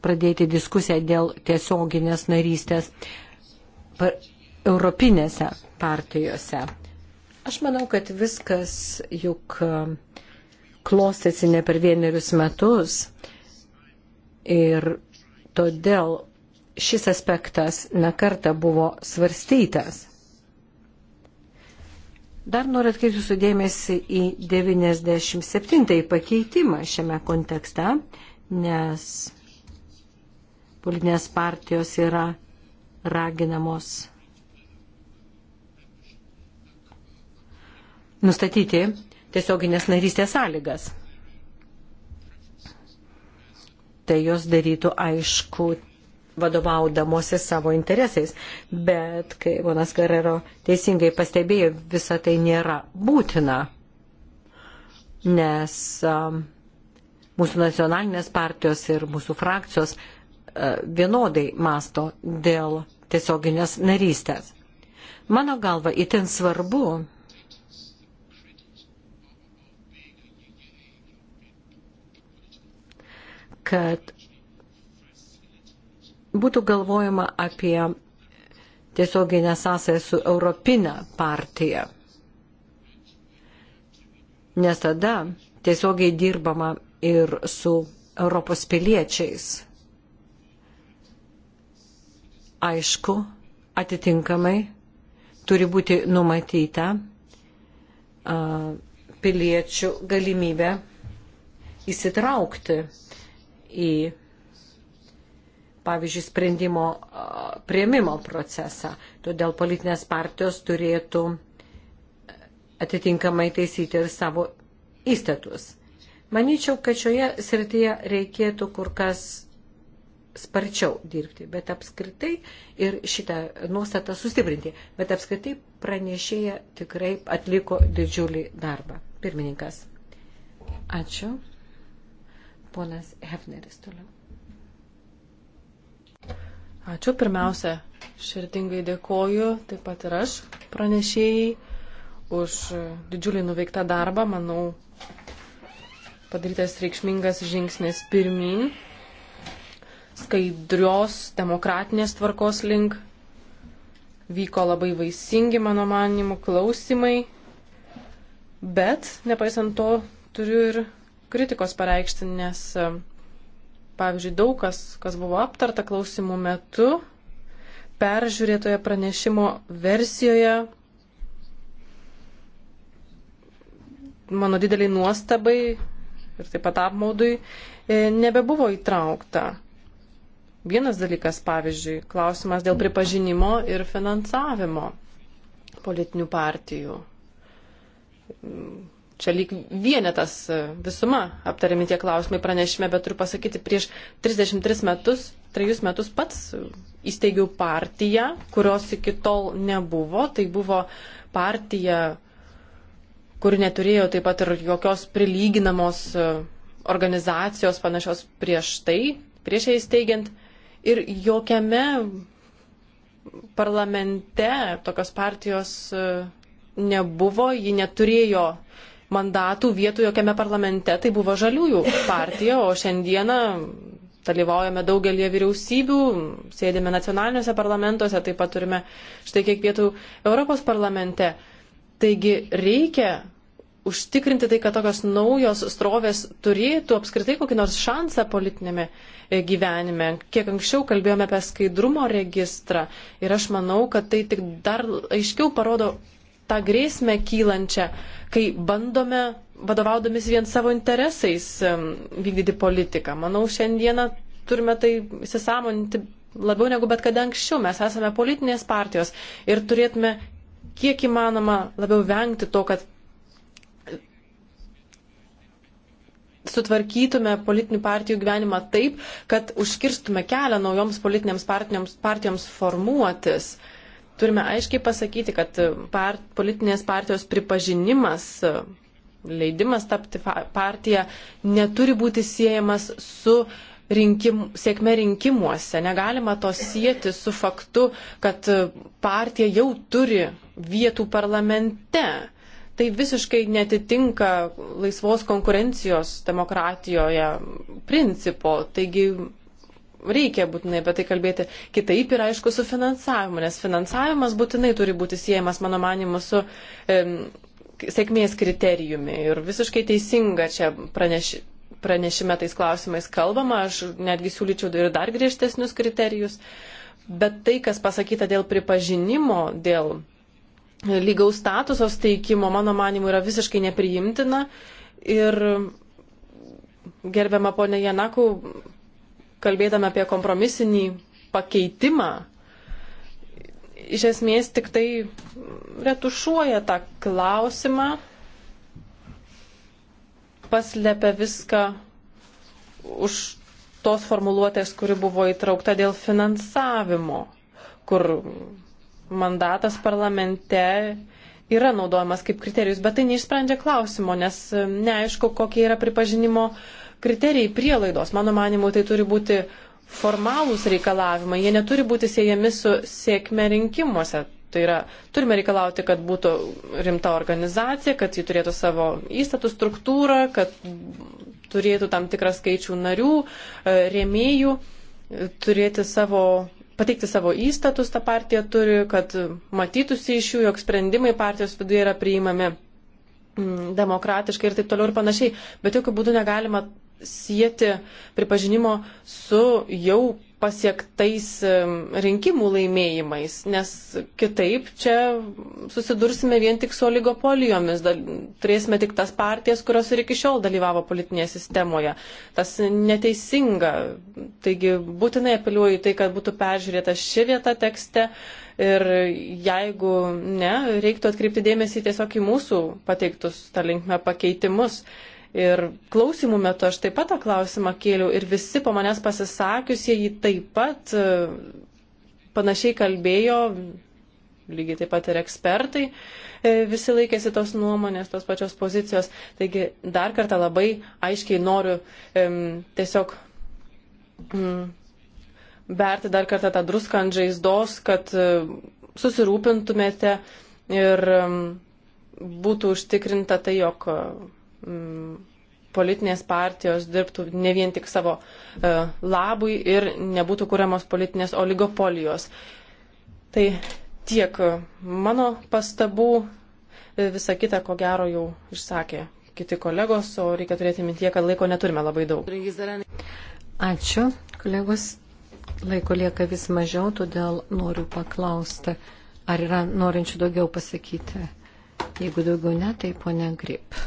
pradėti diskusiją dėl tiesioginės narystės europinėse partijose. Aš manau, kad viskas juk e, klostėsi ne per vienerius metus ir todėl šis aspektas nekarta buvo svarstytas. Dar noriu atkreipti sudėmėsi į 97 pakeitimą šiame kontekste, nes politinės partijos yra raginamos nustatyti tiesioginės narystės sąlygas. Tai jos darytų aišku vadovaudamosi savo interesais. Bet, kai Vonas Garero teisingai pastebėjo, visa tai nėra būtina, nes um, mūsų nacionalinės partijos ir mūsų frakcijos uh, vienodai masto dėl tiesioginės narystės. Mano galva, itin svarbu kad būtų galvojama apie tiesioginę sąsąją su Europinė partija. Nes tada tiesiogiai dirbama ir su Europos piliečiais. Aišku, atitinkamai turi būti numatyta piliečių galimybė įsitraukti į, pavyzdžiui, sprendimo prieimimo procesą. Todėl politinės partijos turėtų atitinkamai taisyti ir savo įstatus. Manyčiau, kad šioje srityje reikėtų kur kas sparčiau dirbti, bet apskritai ir šitą nuostatą sustiprinti, bet apskritai pranešėja tikrai atliko didžiulį darbą. Pirmininkas. Ačiū. Ponas Hefneris toliau. Ačiū pirmiausia, širdingai dėkoju taip pat ir aš pranešėjai už didžiulį nuveiktą darbą. Manau, padarytas reikšmingas žingsnis pirmin, skaidrios demokratinės tvarkos link. Vyko labai vaisingi, mano manimu, klausimai, bet nepaisant to turiu ir kritikos pareikšti, nes, pavyzdžiui, daug kas, kas buvo aptarta klausimų metu, peržiūrėtoje pranešimo versijoje, mano dideliai nuostabai ir taip pat apmaudui, e, nebebuvo įtraukta. Vienas dalykas, pavyzdžiui, klausimas dėl pripažinimo ir finansavimo politinių partijų Čia lyg vienetas e, visuma aptariami tie klausimai pranešime, bet turiu pasakyti, prieš 33 metus, 3 metus pats įsteigiau partiją, kurios iki tol nebuvo. Tai buvo partija, kuri neturėjo taip pat ir jokios prilyginamos e, organizacijos panašios prieš tai, prieš ją įsteigiant. Ir jokiame parlamente tokios partijos e, nebuvo, ji neturėjo mandatų vietų jokiame parlamente, tai buvo žaliųjų partija, o šiandieną dalyvaujame daugelie vyriausybių, sėdėme nacionaliniuose parlamentuose, taip pat turime štai kiek vietų Europos parlamente. Taigi reikia užtikrinti tai, kad tokios naujos strovės turėtų apskritai kokį nors šansą politinėme e, gyvenime. Kiek anksčiau kalbėjome apie skaidrumo registrą ir aš manau, kad tai tik dar aiškiau parodo, tą grėsmę kylančią, kai bandome vadovaudomis vien savo interesais vykdyti politiką. Manau, šiandieną turime tai įsisamoninti labiau negu bet kada anksčiau. Mes esame politinės partijos ir turėtume kiek įmanoma labiau vengti to, kad sutvarkytume politinių partijų gyvenimą taip, kad užkirstume kelią naujoms politinėms partijoms, partijoms formuotis. Uh, Turime aiškiai pasakyti, kad part, politinės partijos pripažinimas, leidimas tapti partiją neturi būti siejamas su rinkim, sėkme rinkimuose. Negalima to sieti su faktu, kad partija jau turi vietų parlamente. Tai visiškai netitinka laisvos konkurencijos demokratijoje principo. Taigi reikia būtinai apie tai kalbėti. Kitaip ir aišku su finansavimu, nes finansavimas būtinai turi būti siejamas, mano manimu, su um, e, sėkmės kriterijumi. Ir visiškai teisinga čia praneši, pranešime tais klausimais kalbama, aš netgi siūlyčiau ir dar griežtesnius kriterijus. Bet tai, kas pasakyta dėl pripažinimo, dėl lygaus statuso steikimo, mano manimu, yra visiškai nepriimtina. Ir gerbiama ponė Janakų, kalbėdami apie kompromisinį pakeitimą, iš esmės tik tai retušuoja tą klausimą, paslepia viską už tos formuluotės, kuri buvo įtraukta dėl finansavimo, kur mandatas parlamente yra naudojamas kaip kriterijus, bet tai neišsprendžia klausimo, nes neaišku, kokie yra pripažinimo uh, kriterijai prielaidos. Mano manimu, tai turi būti formalūs reikalavimai, jie neturi būti siejami su sėkme rinkimuose. Tai yra, turime reikalauti, kad būtų rimta organizacija, kad ji turėtų savo įstatų struktūrą, kad turėtų tam tikrą skaičių narių, e, rėmėjų, e, turėti savo, pateikti savo įstatus tą partiją turi, kad matytųsi iš jų, jog sprendimai partijos viduje yra priimami demokratiškai ir taip toliau ir panašiai. Bet jokių būdų negalima sieti pripažinimo su jau pasiektais rinkimų laimėjimais, nes kitaip čia susidursime vien tik su oligopolijomis, turėsime tik tas partijas, kurios ir iki šiol dalyvavo politinėje sistemoje. Tas neteisinga, taigi būtinai apeliuoju tai, kad būtų peržiūrėta ši vieta tekste ir jeigu ne, reiktų atkreipti dėmesį tiesiog į mūsų pateiktus tą linkmę pakeitimus Ir klausimų metu aš taip pat tą klausimą kėliau ir visi po manęs pasisakiusieji taip pat e, panašiai kalbėjo, lygiai taip pat ir ekspertai, e, visi laikėsi tos nuomonės, tos pačios pozicijos. Taigi dar kartą labai aiškiai noriu um, tiesiog um, berti dar kartą tą druską ant žaizdos, kad um, susirūpintumėte ir um, būtų užtikrinta tai, jog. Um, Mm, politinės partijos dirbtų ne vien tik savo e, labui ir nebūtų kuriamos politinės oligopolijos. Tai tiek e, mano pastabų, e, visa kita, ko gero, jau išsakė kiti kolegos, o reikia turėti mintie, kad laiko neturime labai daug. Ačiū, kolegos. Laiko lieka vis mažiau, todėl noriu paklausti, ar yra norinčių daugiau pasakyti. Jeigu daugiau ne, tai ponia Grip.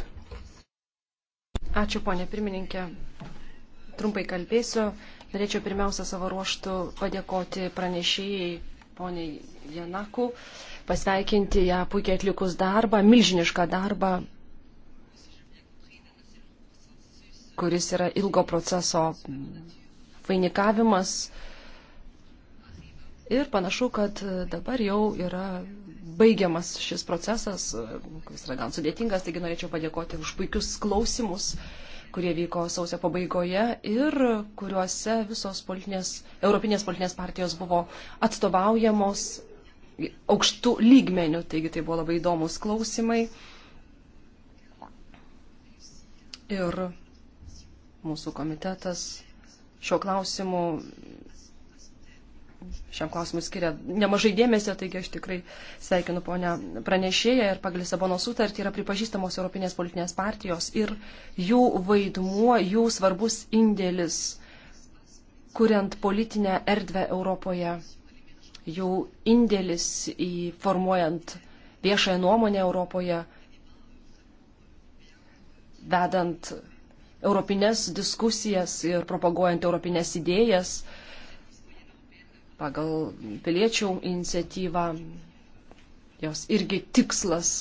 Ačiū, ponė pirmininkė. Trumpai kalbėsiu. Norėčiau pirmiausia savo ruoštų padėkoti pranešėjai poniai Janaku, pasveikinti ją puikiai atlikus darbą, milžinišką darbą, kuris yra ilgo proceso vainikavimas. Ir panašu, kad dabar jau yra baigiamas šis procesas, kuris yra gan sudėtingas, taigi norėčiau padėkoti už puikius klausimus kurie vyko sausio pabaigoje ir kuriuose visos politinės, europinės politinės partijos buvo atstovaujamos aukštų lygmenių. Taigi tai buvo labai įdomus klausimai. Ir mūsų komitetas šiuo klausimu šiam klausimui skiria nemažai dėmesio, taigi aš tikrai sveikinu ponę pranešėją ir pagal Lisabono sutartį yra pripažįstamos Europinės politinės partijos ir jų vaidmuo, jų svarbus indėlis, kuriant politinę erdvę Europoje, jų indėlis į formuojant viešąją nuomonę Europoje, vedant europinės diskusijas ir propaguojant europinės idėjas pagal piliečių iniciatyvą. Jos irgi tikslas.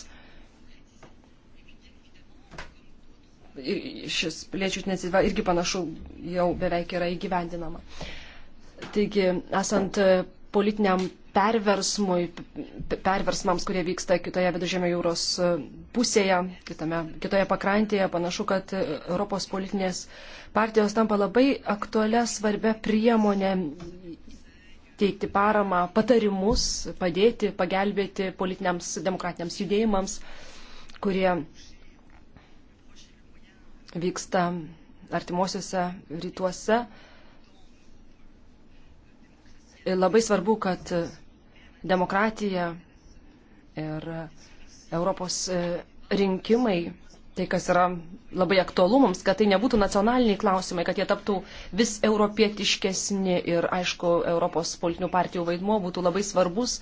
Ir šis piliečių iniciatyva irgi panašu jau beveik yra įgyvendinama. Taigi, esant politiniam perversmui, perversmams, kurie vyksta kitoje viduržėmio jūros pusėje, kitame, kitoje pakrantėje, panašu, kad Europos politinės partijos tampa labai aktualia svarbia priemonė teikti paramą, patarimus, padėti, pagelbėti politiniams demokratiniams judėjimams, kurie vyksta artimuosiuose rytuose. Ir labai svarbu, kad demokratija ir Europos rinkimai tai, kas yra labai aktualu mums, kad tai nebūtų nacionaliniai klausimai, kad jie taptų vis europietiškesni ir, aišku, Europos politinių partijų vaidmuo būtų labai svarbus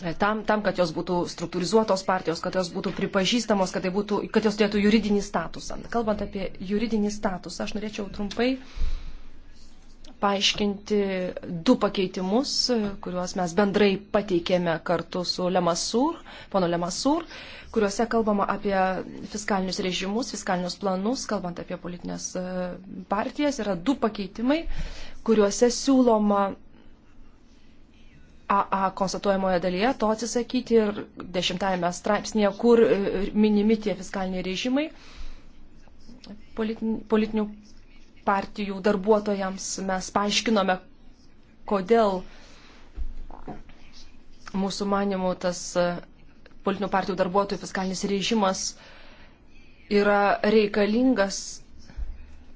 e, tam, tam kad jos būtų struktūrizuotos partijos, kad jos būtų pripažįstamos, kad, tai būtų, kad jos turėtų juridinį statusą. Kalbant apie juridinį statusą, aš norėčiau trumpai paaiškinti du pakeitimus, kuriuos mes bendrai pateikėme kartu su Lemasur, pono Lemasur, kuriuose kalbama apie fiskalinius režimus, fiskalinius planus, kalbant apie politinės e, partijas. Yra du pakeitimai, kuriuose siūloma AA konstatuojamoje dalyje to atsisakyti ir dešimtajame straipsnėje, kur e, minimi tie fiskaliniai režimai politinių partijų darbuotojams mes paaiškinome, kodėl mūsų manimų tas e, politinių partijų darbuotojų fiskalinis režimas yra reikalingas,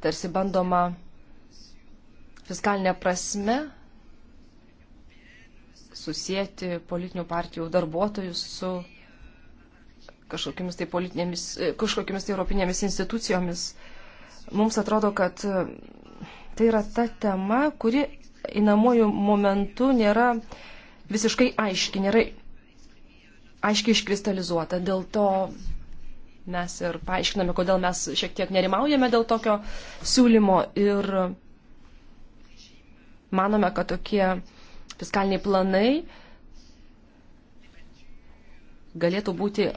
tarsi bandoma fiskalinė prasme susijęti politinių partijų darbuotojus su kažkokiamis tai politinėmis, e, kažkokiamis tai europinėmis institucijomis. Mums atrodo, kad e, tai yra ta tema, kuri įnamuoju momentu nėra visiškai aiški, nėra aiškiai iškristalizuota. Dėl to mes ir paaiškiname, kodėl mes šiek tiek nerimaujame dėl tokio siūlymo ir manome, kad tokie fiskaliniai planai galėtų būti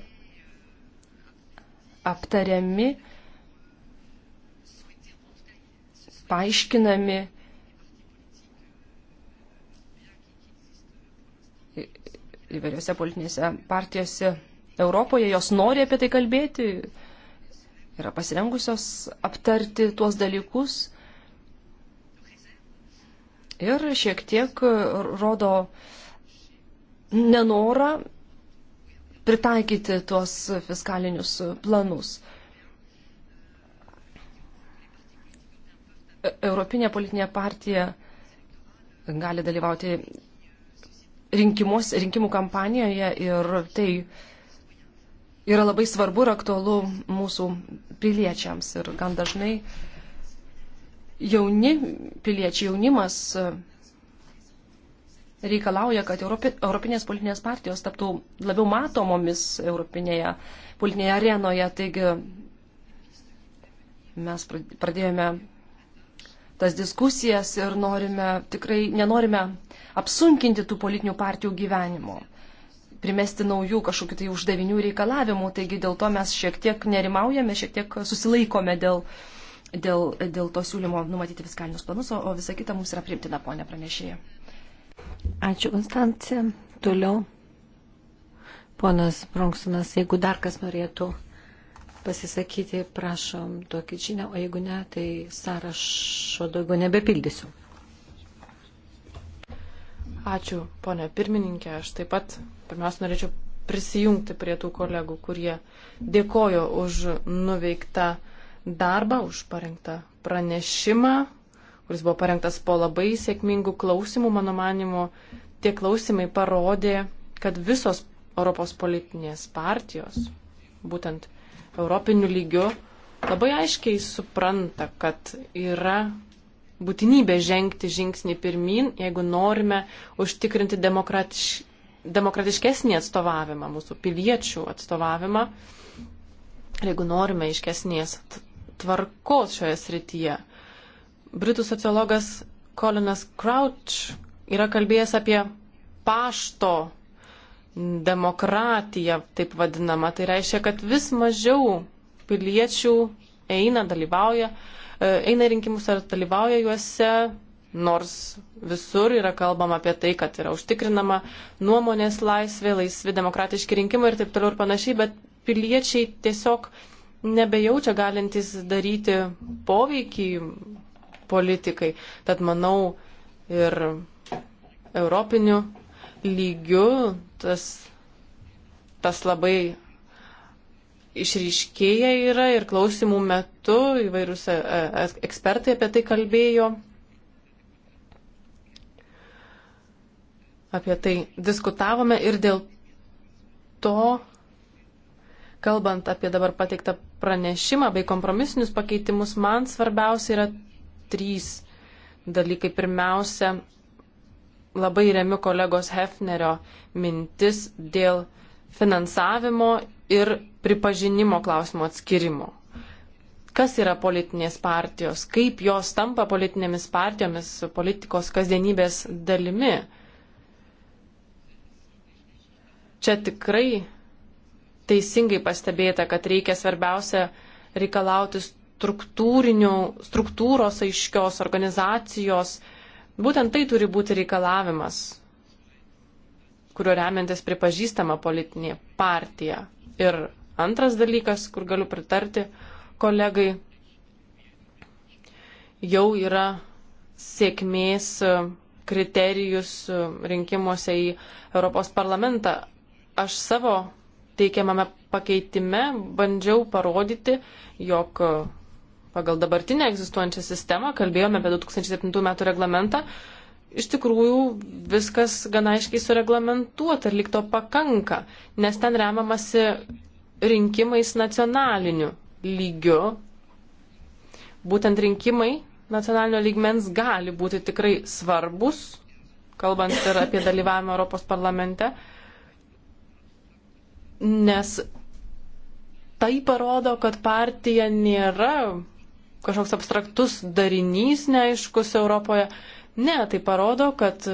aptariami paaiškinami įvairiose politinėse partijose Europoje, jos nori apie tai kalbėti, yra pasirengusios aptarti tuos dalykus. Ir šiek tiek rodo nenorą pritaikyti tuos fiskalinius planus. Europinė politinė partija gali dalyvauti rinkimus, rinkimų kampanijoje ir tai yra labai svarbu ir aktualu mūsų piliečiams. Ir gan dažnai jauni piliečiai, jaunimas reikalauja, kad Europi, Europinės politinės partijos taptų labiau matomomis Europinėje politinėje arenoje. Taigi mes pradėjome tas diskusijas ir norime, tikrai nenorime apsunkinti tų politinių partijų gyvenimo, primesti naujų kažkokių tai uždavinių reikalavimų, taigi dėl to mes šiek tiek nerimaujame, šiek tiek susilaikome dėl, dėl, dėl to siūlymo numatyti fiskalinius planus, o, o visa kita mums yra primtina, ponė pranešėja. Ačiū, Konstancija. Toliau. Ponas Bronksonas, jeigu dar kas norėtų pasisakyti, prašom tokį žinią, o jeigu ne, tai sąrašo daugiau nebepildysiu. Ačiū, ponė pirmininkė. Aš taip pat pirmiausia norėčiau prisijungti prie tų kolegų, kurie dėkojo už nuveiktą darbą, už parengtą pranešimą, kuris buvo parengtas po labai sėkmingų klausimų, mano manimu. Tie klausimai parodė, kad visos Europos politinės partijos, būtent europiniu lygiu labai aiškiai supranta, kad yra būtinybė žengti žingsnį pirmin, jeigu norime užtikrinti demokratiš, demokratiškesnį atstovavimą, mūsų piliečių atstovavimą, ir jeigu norime iškesnės tvarkos šioje srityje. Britų sociologas Colinas Crouch yra kalbėjęs apie pašto demokratija, taip vadinama. Tai reiškia, kad vis mažiau piliečių eina, dalyvauja, e, eina rinkimus ar dalyvauja juose, nors visur yra kalbama apie tai, kad yra užtikrinama nuomonės laisvė, laisvi demokratiški rinkimai ir taip toliau ir panašiai, bet piliečiai tiesiog nebejaučia galintys daryti poveikį politikai. Tad manau ir europiniu lygiu tas, tas labai išryškėję yra ir klausimų metu įvairius e, e, ekspertai apie tai kalbėjo. Apie tai diskutavome ir dėl to, kalbant apie dabar pateiktą pranešimą bei kompromisinius pakeitimus, man svarbiausia yra trys dalykai. Pirmiausia, labai remiu kolegos Hefnerio mintis dėl finansavimo ir pripažinimo klausimo atskirimo. Kas yra politinės partijos, kaip jos tampa politinėmis partijomis politikos kasdienybės dalimi. Čia tikrai teisingai pastebėta, kad reikia svarbiausia reikalauti struktūros aiškios organizacijos, Būtent tai turi būti reikalavimas, kuriuo remiantis pripažįstama politinė partija. Ir antras dalykas, kur galiu pritarti kolegai, jau yra sėkmės kriterijus rinkimuose į Europos parlamentą. Aš savo teikiamame pakeitime bandžiau parodyti, jog pagal dabartinę egzistuojančią sistemą, kalbėjome apie 2007 metų reglamentą, iš tikrųjų viskas gana aiškiai sureglamentuota ir likto pakanka, nes ten remamasi rinkimais nacionaliniu lygiu. Būtent rinkimai nacionalinio lygmens gali būti tikrai svarbus, kalbant ir apie dalyvavimą Europos parlamente, nes tai parodo, kad partija nėra kažkoks abstraktus darinys neaiškus Europoje. Ne, tai parodo, kad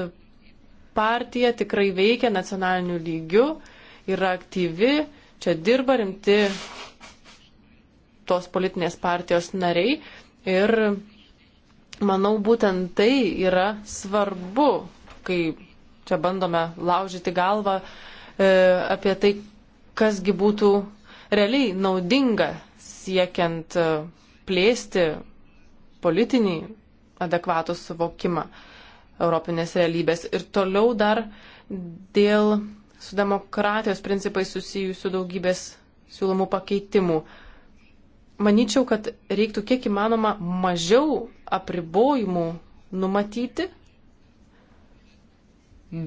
partija tikrai veikia nacionaliniu lygiu, yra aktyvi, čia dirba rimti tos politinės partijos nariai ir manau būtent tai yra svarbu, kai čia bandome laužyti galvą e, apie tai, kasgi būtų realiai naudinga siekiant e, plėsti politinį adekvatų suvokimą Europinės realybės. Ir toliau dar dėl su demokratijos principais susijusių daugybės siūlomų pakeitimų. Maničiau, kad reiktų kiek įmanoma mažiau apribojimų numatyti,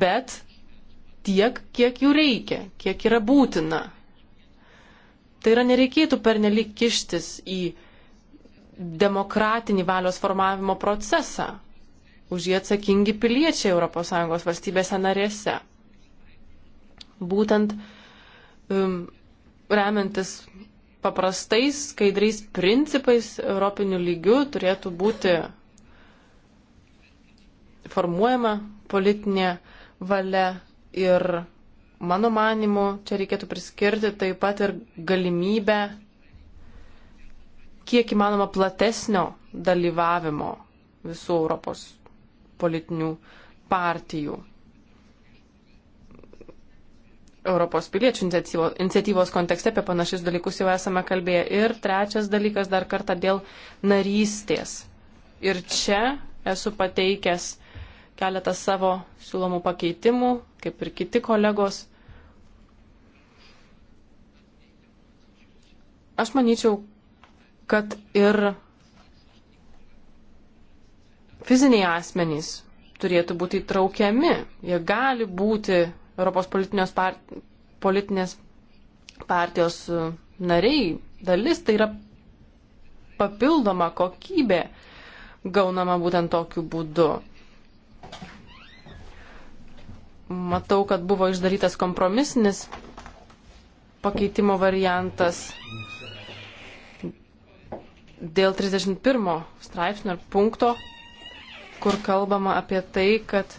bet tiek, kiek jų reikia, kiek yra būtina. Tai yra nereikėtų pernelyg kištis į demokratinį valios formavimo procesą. Už jį atsakingi piliečiai ES valstybėse narėse. Būtent um, remiantis paprastais, skaidriais principais europinių lygių turėtų būti formuojama politinė valia ir mano manimu čia reikėtų priskirti taip pat ir galimybę kiek įmanoma platesnio dalyvavimo visų Europos politinių partijų. Europos piliečių iniciatyvos kontekste apie panašius dalykus jau esame kalbėję. Ir trečias dalykas dar kartą dėl narystės. Ir čia esu pateikęs keletą savo siūlomų pakeitimų, kaip ir kiti kolegos. Aš manyčiau, kad ir fiziniai asmenys turėtų būti įtraukiami. Jie gali būti Europos part... politinės partijos e, nariai, dalis, tai yra papildoma kokybė gaunama būtent tokiu būdu. Matau, kad buvo išdarytas kompromisinis pakeitimo variantas dėl 31 straipsnio ir punkto, kur kalbama apie tai, kad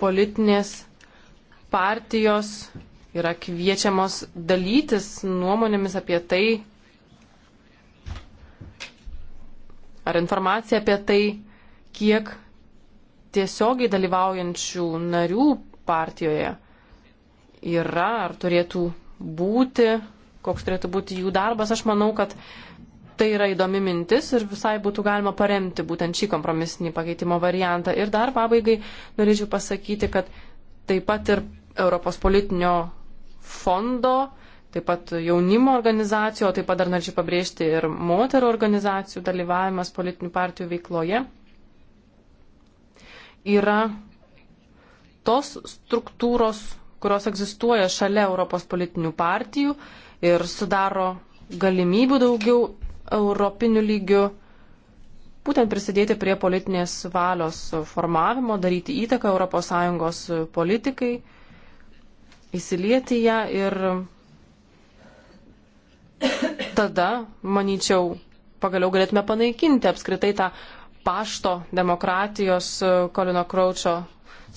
politinės partijos yra kviečiamos dalytis nuomonėmis apie tai, ar informacija apie tai, kiek tiesiogiai dalyvaujančių narių partijoje yra, ar turėtų būti, koks turėtų būti jų darbas. Aš manau, kad tai yra įdomi mintis ir visai būtų galima paremti būtent šį kompromisinį pakeitimo variantą. Ir dar pabaigai norėčiau pasakyti, kad taip pat ir Europos politinio fondo, taip pat jaunimo organizacijų, o taip pat dar norėčiau pabrėžti ir moterų organizacijų dalyvavimas politinių partijų veikloje yra tos struktūros, kurios egzistuoja šalia Europos politinių partijų ir sudaro galimybių daugiau europiniu lygiu būtent prisidėti prie politinės valios formavimo, daryti įtaką ES politikai, įsilieti ją ir tada, manyčiau, pagaliau galėtume panaikinti apskritai tą pašto demokratijos Kolino Kraučio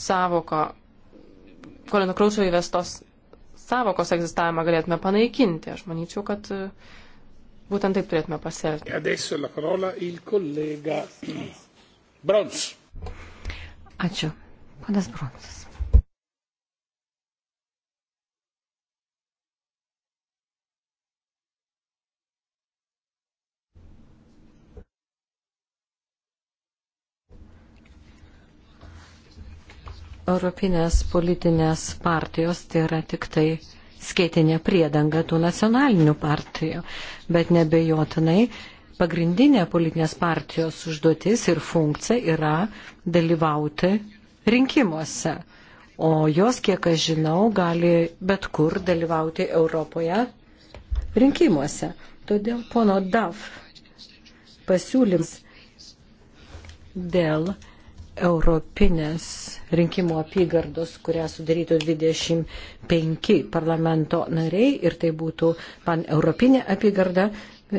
savoką, Kolino Kraučio įvestos savokos egzistavimą galėtume panaikinti. Aš manyčiau, kad Būtent taip turėtume pasielgti. E adesso la parola il collega Brons. Ačiū. Panas Bronsas. Europinės politinės partijos tai yra tik tai skėtinė priedanga tų nacionalinių partijų, bet nebejotinai pagrindinė politinės partijos užduotis ir funkcija yra dalyvauti rinkimuose. O jos, kiek aš žinau, gali bet kur dalyvauti Europoje rinkimuose. Todėl pono DAF pasiūlyms dėl Europinės rinkimų apygardos, kurią sudarytų 25 parlamento nariai ir tai būtų pan Europinė apygarda,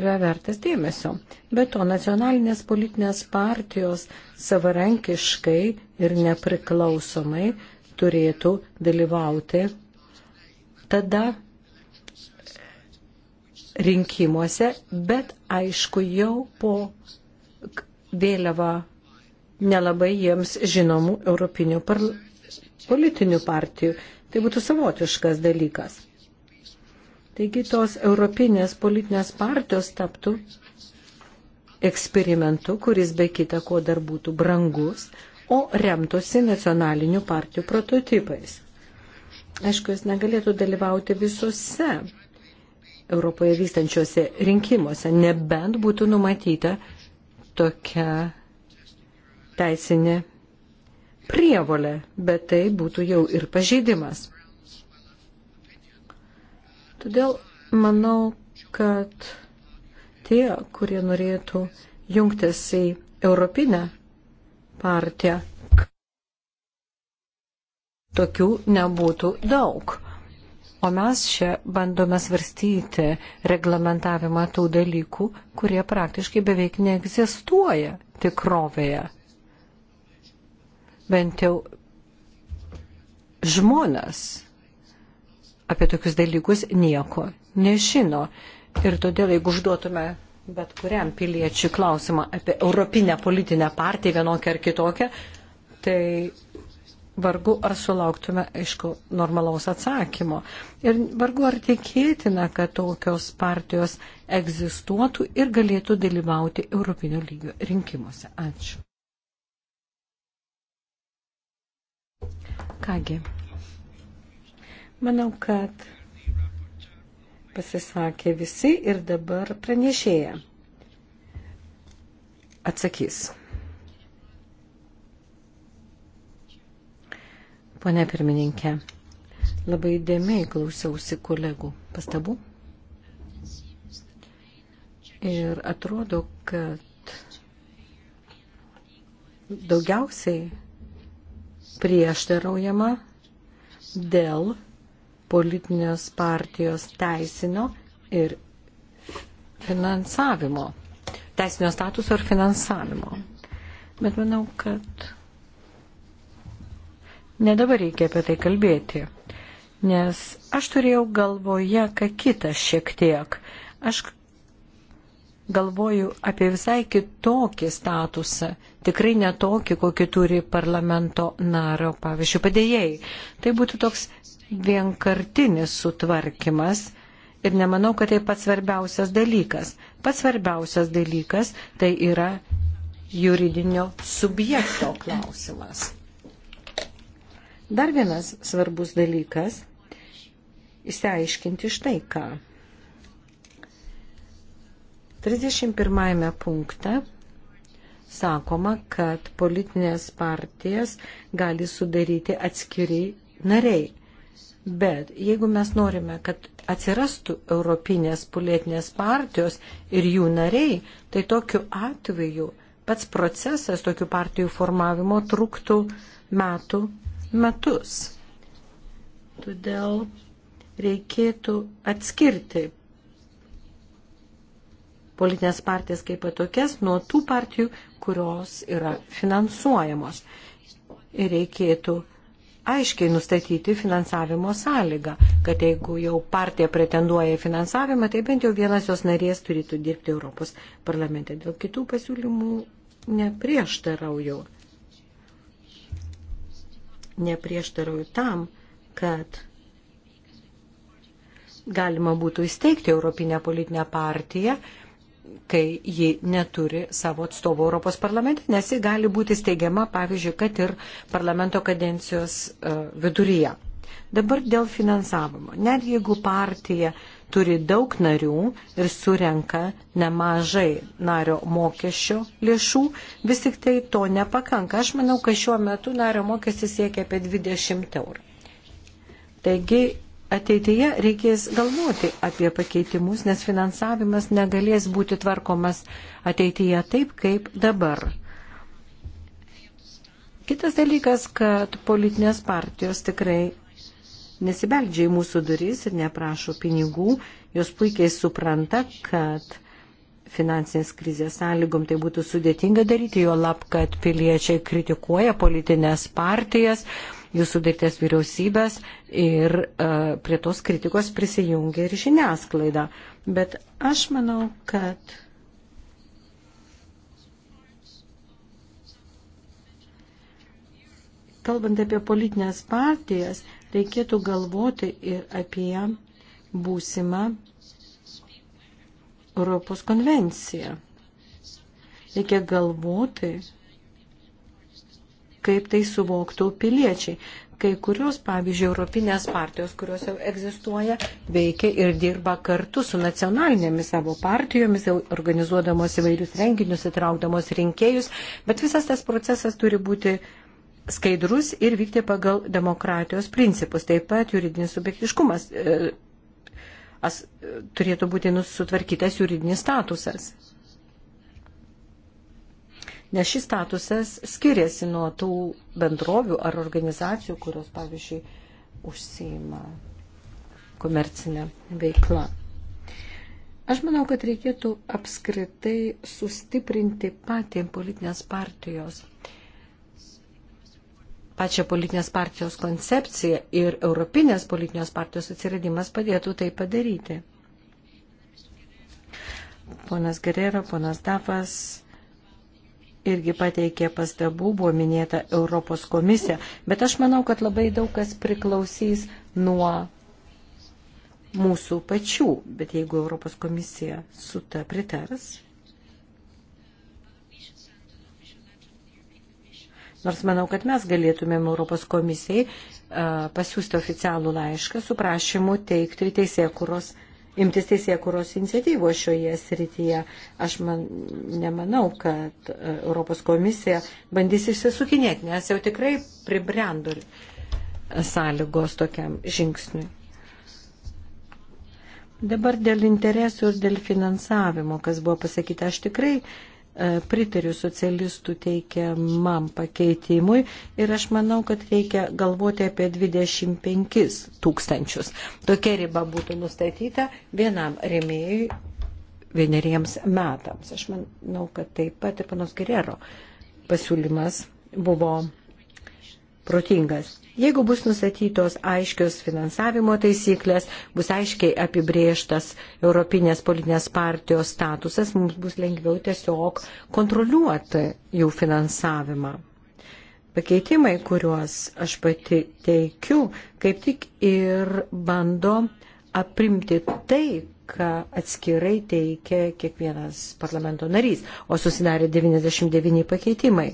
yra vertas dėmesio. Be to, nacionalinės politinės partijos savarankiškai ir nepriklausomai turėtų dalyvauti tada rinkimuose, bet aišku jau po vėliava nelabai jiems žinomų europinių par... politinių partijų. Tai būtų savotiškas dalykas. Taigi tos europinės politinės partijos taptų eksperimentu, kuris be kita ko dar būtų brangus, o remtųsi nacionalinių partijų prototipais. Aišku, jis negalėtų dalyvauti visose Europoje vykstančiuose rinkimuose, nebent būtų numatyta tokia teisinė prievolė, bet tai būtų jau ir pažeidimas. Todėl manau, kad tie, kurie norėtų jungtis į Europinę partiją, tokių nebūtų daug. O mes čia bandome svarstyti reglamentavimą tų dalykų, kurie praktiškai beveik neegzistuoja tikrovėje bent jau žmonės apie tokius dalykus nieko nežino. Ir todėl, jeigu užduotume bet kuriam piliečiui klausimą apie Europinę politinę partiją vienokią ar kitokią, tai vargu ar sulauktume, aišku, normalaus atsakymo. Ir vargu ar tikėtina, kad tokios partijos egzistuotų ir galėtų dalyvauti Europinio lygio rinkimuose. Ačiū. Kągi, manau, kad pasisakė visi ir dabar pranešėja atsakys. Pone pirmininkė, labai dėmiai klausiausi kolegų pastabų. Ir atrodo, kad daugiausiai prieštaraujama dėl politinės partijos teisinio ir finansavimo. Teisinio statuso ir finansavimo. Bet manau, kad ne dabar reikia apie tai kalbėti. Nes aš turėjau galvoje ką kitą šiek tiek. Aš galvoju apie visai kitokį statusą, tikrai netokį, kokį turi parlamento naro, pavyzdžiui, padėjėjai. Tai būtų toks vienkartinis sutvarkymas ir nemanau, kad tai pats svarbiausias dalykas. Pats svarbiausias dalykas tai yra juridinio subjekto klausimas. Dar vienas svarbus dalykas - įsiaiškinti štai ką 31 punkte sakoma, kad politinės partijas gali sudaryti atskiriai nariai. Bet jeigu mes norime, kad atsirastų europinės politinės partijos ir jų nariai, tai tokiu atveju pats procesas tokių partijų formavimo truktų metų metus. Todėl reikėtų atskirti politinės partijas kaip tokias nuo tų partijų, kurios yra finansuojamos. Ir reikėtų aiškiai nustatyti finansavimo sąlygą, kad jeigu jau partija pretenduoja į finansavimą, tai bent jau vienas jos narės turėtų dirbti Europos parlamente. Dėl kitų pasiūlymų neprieštarauju. Neprieštarauju tam, kad galima būtų įsteigti Europinę politinę partiją, kai ji neturi savo atstovų Europos parlamente, nes ji gali būti steigiama, pavyzdžiui, kad ir parlamento kadencijos e, viduryje. Dabar dėl finansavimo. Net jeigu partija turi daug narių ir surenka nemažai nario mokesčio lėšų, vis tik tai to nepakanka. Aš manau, kad šiuo metu nario mokestis siekia apie 20 eurų. Taigi ateityje reikės galvoti apie pakeitimus, nes finansavimas negalės būti tvarkomas ateityje taip, kaip dabar. Kitas dalykas, kad politinės partijos tikrai nesibeldžia į mūsų duris ir neprašo pinigų, jos puikiai supranta, kad finansinės krizės sąlygom tai būtų sudėtinga daryti, jo lab, kad piliečiai kritikuoja politinės partijas, jūsų daikties vyriausybės ir uh, prie tos kritikos prisijungia ir žiniasklaida. Bet aš manau, kad kalbant apie politinės partijas, reikėtų galvoti ir apie būsimą Europos konvenciją. Reikia galvoti kaip tai suvoktų piliečiai. Kai kurios, pavyzdžiui, europinės partijos, kurios jau egzistuoja, veikia ir dirba kartu su nacionalinėmis savo partijomis, organizuodamos įvairius renginius, įtraukdamos rinkėjus, bet visas tas procesas turi būti skaidrus ir vykti pagal demokratijos principus. Taip pat juridinis subjektiškumas e, as, turėtų būti nu, sutvarkytas juridinis statusas nes šis statusas skiriasi nuo tų bendrovių ar organizacijų, kurios, pavyzdžiui, užsima komercinę veiklą. Aš manau, kad reikėtų apskritai sustiprinti patį politinės partijos, pačią politinės partijos koncepciją ir Europinės politinės partijos atsiradimas padėtų tai padaryti. Ponas Gerero, ponas Dafas irgi pateikė pastabų, buvo minėta Europos komisija, bet aš manau, kad labai daug kas priklausys nuo mūsų pačių, bet jeigu Europos komisija su ta pritars. Nors manau, kad mes galėtumėm Europos komisijai uh, pasiūsti oficialų laišką su prašymu teikti teisėkuros kuros imtis teisėkuros iniciatyvos šioje srityje. Aš man, nemanau, kad e, Europos komisija bandys išsisukinėti, nes jau tikrai pribrendo e, sąlygos tokiam žingsniui. Dabar dėl interesų ir dėl finansavimo, kas buvo pasakyta, aš tikrai E, pritariu socialistų teikiamam pakeitimui ir aš manau, kad reikia galvoti apie 25 tūkstančius. Tokia riba būtų nustatyta vienam remėjui vieneriems metams. Aš manau, kad taip pat ir panos Gerero pasiūlymas buvo protingas. Jeigu bus nustatytos aiškios finansavimo taisyklės, bus aiškiai apibrieštas Europinės politinės partijos statusas, mums bus lengviau tiesiog kontroliuoti jų finansavimą. Pakeitimai, kuriuos aš pati teikiu, kaip tik ir bando aprimti tai, ką atskirai teikia kiekvienas parlamento narys, o susidarė 99 pakeitimai.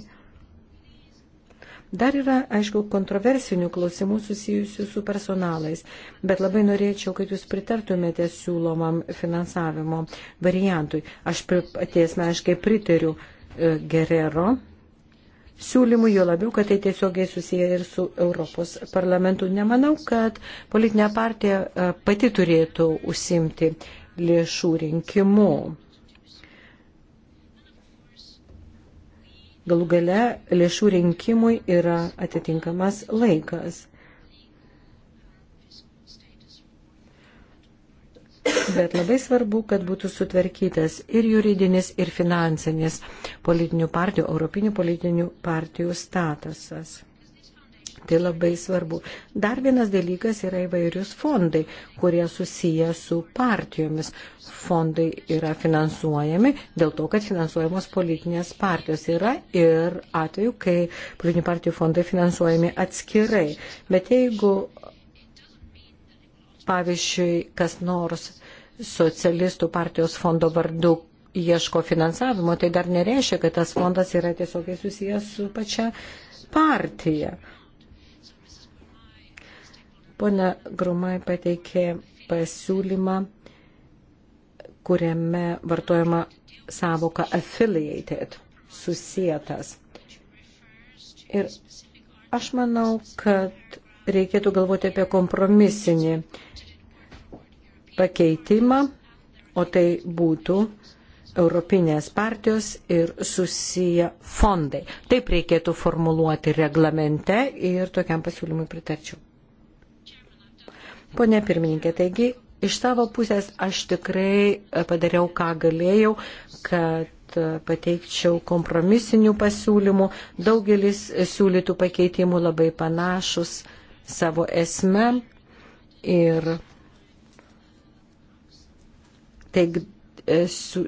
Dar yra, aišku, kontroversinių klausimų susijusių su personalais, bet labai norėčiau, kad jūs pritartumėte siūlomam finansavimo variantui. Aš pati asmeniškai pritariu e, Gerero siūlymų, jo labiau, kad tai tiesiogiai susiję ir su Europos parlamentu. Nemanau, kad politinė partija e, pati turėtų užsimti lėšų rinkimu. Galų gale lėšų rinkimui yra atitinkamas laikas. Bet labai svarbu, kad būtų sutvarkytas ir juridinis, ir finansinis politinių partijų, europinių politinių partijų statusas. Tai labai svarbu. Dar vienas dalykas yra įvairius fondai, kurie susiję su partijomis. Fondai yra finansuojami dėl to, kad finansuojamos politinės partijos. Yra ir atveju, kai politinių partijų fondai finansuojami atskirai. Bet jeigu, pavyzdžiui, kas nors socialistų partijos fondo vardu ieško finansavimo, tai dar nereiškia, kad tas fondas yra tiesiogiai susijęs su pačia partija. Pone Grumai pateikė pasiūlymą, kuriame vartojama savoka affiliated, susietas. Ir aš manau, kad reikėtų galvoti apie kompromisinį pakeitimą, o tai būtų Europinės partijos ir susiję fondai. Taip reikėtų formuluoti reglamente ir tokiam pasiūlymui pritarčiau. Pone pirmininkė, taigi iš savo pusės aš tikrai e, padariau, ką galėjau, kad e, pateikčiau kompromisinių pasiūlymų. Daugelis siūlytų pakeitimų labai panašus savo esme ir taip e, su,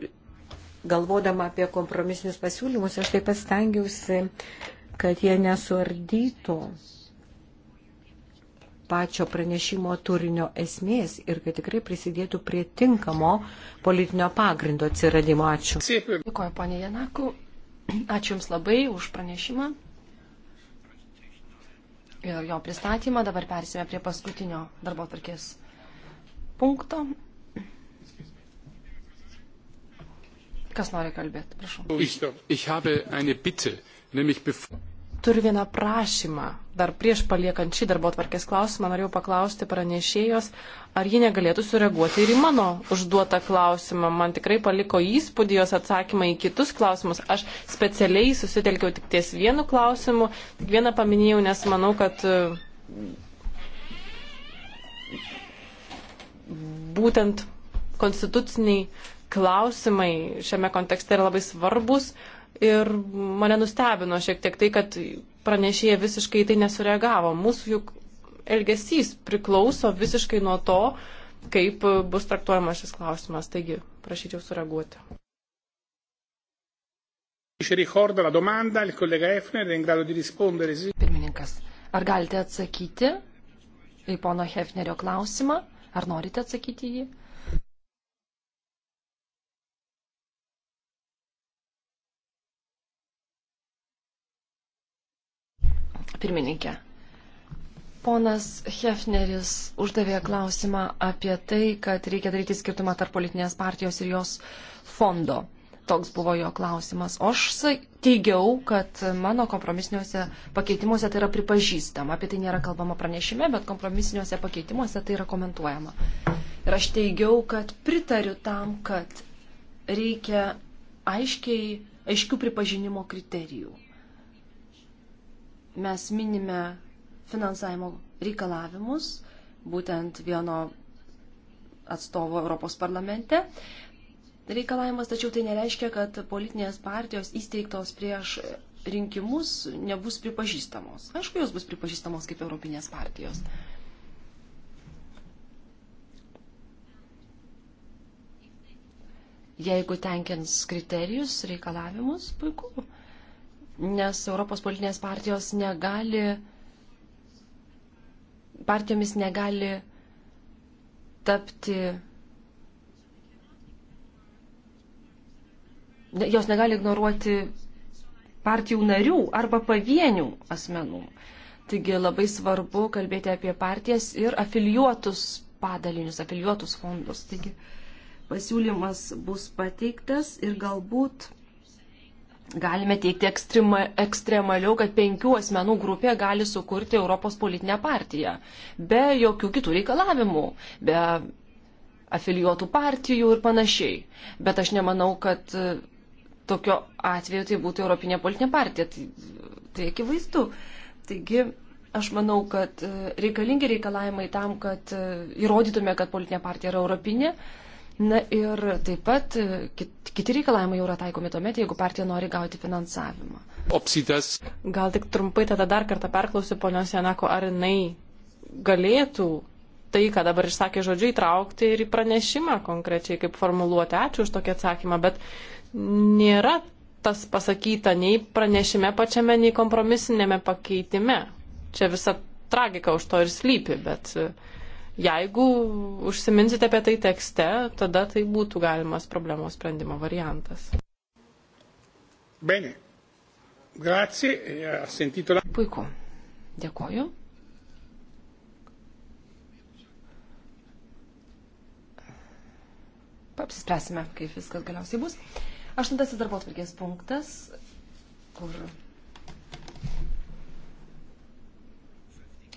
galvodama apie kompromisinius pasiūlymus, aš taip pat stengiausi, kad jie nesuardytų pačio pranešimo turinio esmės ir kad tikrai prisidėtų prie tinkamo politinio pagrindo atsiradimo. Ačiū. Dėkuoju, ponė Janaku. Ačiū Jums labai už pranešimą ir jo pristatymą. Dabar persime prie paskutinio darbo tvarkės punkto. Kas nori kalbėti? Prašau. Ich, ich habe eine Bitte, nämlich bevor... Turiu vieną prašymą. Dar prieš paliekant šį darbo tvarkės klausimą norėjau paklausti pranešėjos, ar ji negalėtų sureaguoti ir į mano užduotą klausimą. Man tikrai paliko įspūdį jos atsakymą į kitus klausimus. Aš specialiai susitelkiau tik ties vienu klausimu, tik vieną paminėjau, nes manau, kad e, būtent konstituciniai klausimai šiame kontekste yra labai svarbus. Uh, ir mane nustebino šiek tiek tai, kad pranešėja visiškai tai nesureagavo. Mūsų juk elgesys priklauso visiškai nuo to, kaip bus traktuojamas šis klausimas. Taigi, prašyčiau sureaguoti. Pirmininkas, ar galite atsakyti į pono Hefnerio klausimą? Ar norite atsakyti jį? Pirmininkė, ponas Hefneris uždavė klausimą apie tai, kad reikia daryti skirtumą tarp politinės partijos ir jos fondo. Toks buvo jo klausimas. O aš teigiau, kad mano kompromisiniuose pakeitimuose tai yra pripažįstama. Apie tai nėra kalbama pranešime, bet kompromisiniuose pakeitimuose tai yra komentuojama. Ir aš teigiau, kad pritariu tam, kad reikia aiškiai, aiškių pripažinimo kriterijų mes minime finansavimo reikalavimus, būtent vieno atstovo Europos parlamente reikalavimas, tačiau tai nereiškia, kad politinės partijos įsteigtos prieš rinkimus nebus pripažįstamos. Aišku, jos bus pripažįstamos kaip Europinės partijos. Jeigu tenkins kriterijus, reikalavimus, puiku nes Europos politinės partijos negali, partijomis negali tapti, jos negali ignoruoti partijų narių arba pavienių asmenų. Taigi labai svarbu kalbėti apie partijas ir afilijuotus padalinius, afilijuotus fondus. Taigi pasiūlymas bus pateiktas ir galbūt galime teikti ekstrema, ekstremaliau, kad penkių asmenų grupė gali sukurti Europos politinę partiją be jokių kitų reikalavimų, be afilijuotų partijų ir panašiai. Bet aš nemanau, kad e, tokio atveju tai būtų Europinė politinė partija. Tai, tai akivaizdu. Taigi, aš manau, kad e, reikalingi reikalavimai tam, kad e, įrodytume, kad politinė partija yra Europinė. Uh, Na ir taip pat e, kit, kiti reikalavimai jau yra taikomi tuomet, jeigu partija nori gauti finansavimą. Opsitas. Gal tik trumpai tada dar kartą perklausiu ponios Janako, ar jinai galėtų tai, ką dabar išsakė žodžiu, įtraukti ir į pranešimą konkrečiai, kaip formuluoti. Ačiū už tokį atsakymą, bet nėra tas pasakyta nei pranešime pačiame, nei kompromisinėme pakeitime. Čia visa tragika už to ir slypi, bet uh, Jeigu užsiminsite apie tai tekste, tada tai būtų galimas problemos sprendimo variantas. Bene. Grazie. Eh, sentito la... Puiku. Dėkoju. Apsispręsime, kaip viskas galiausiai bus. Aštuntasis darbo atvarkės punktas, kur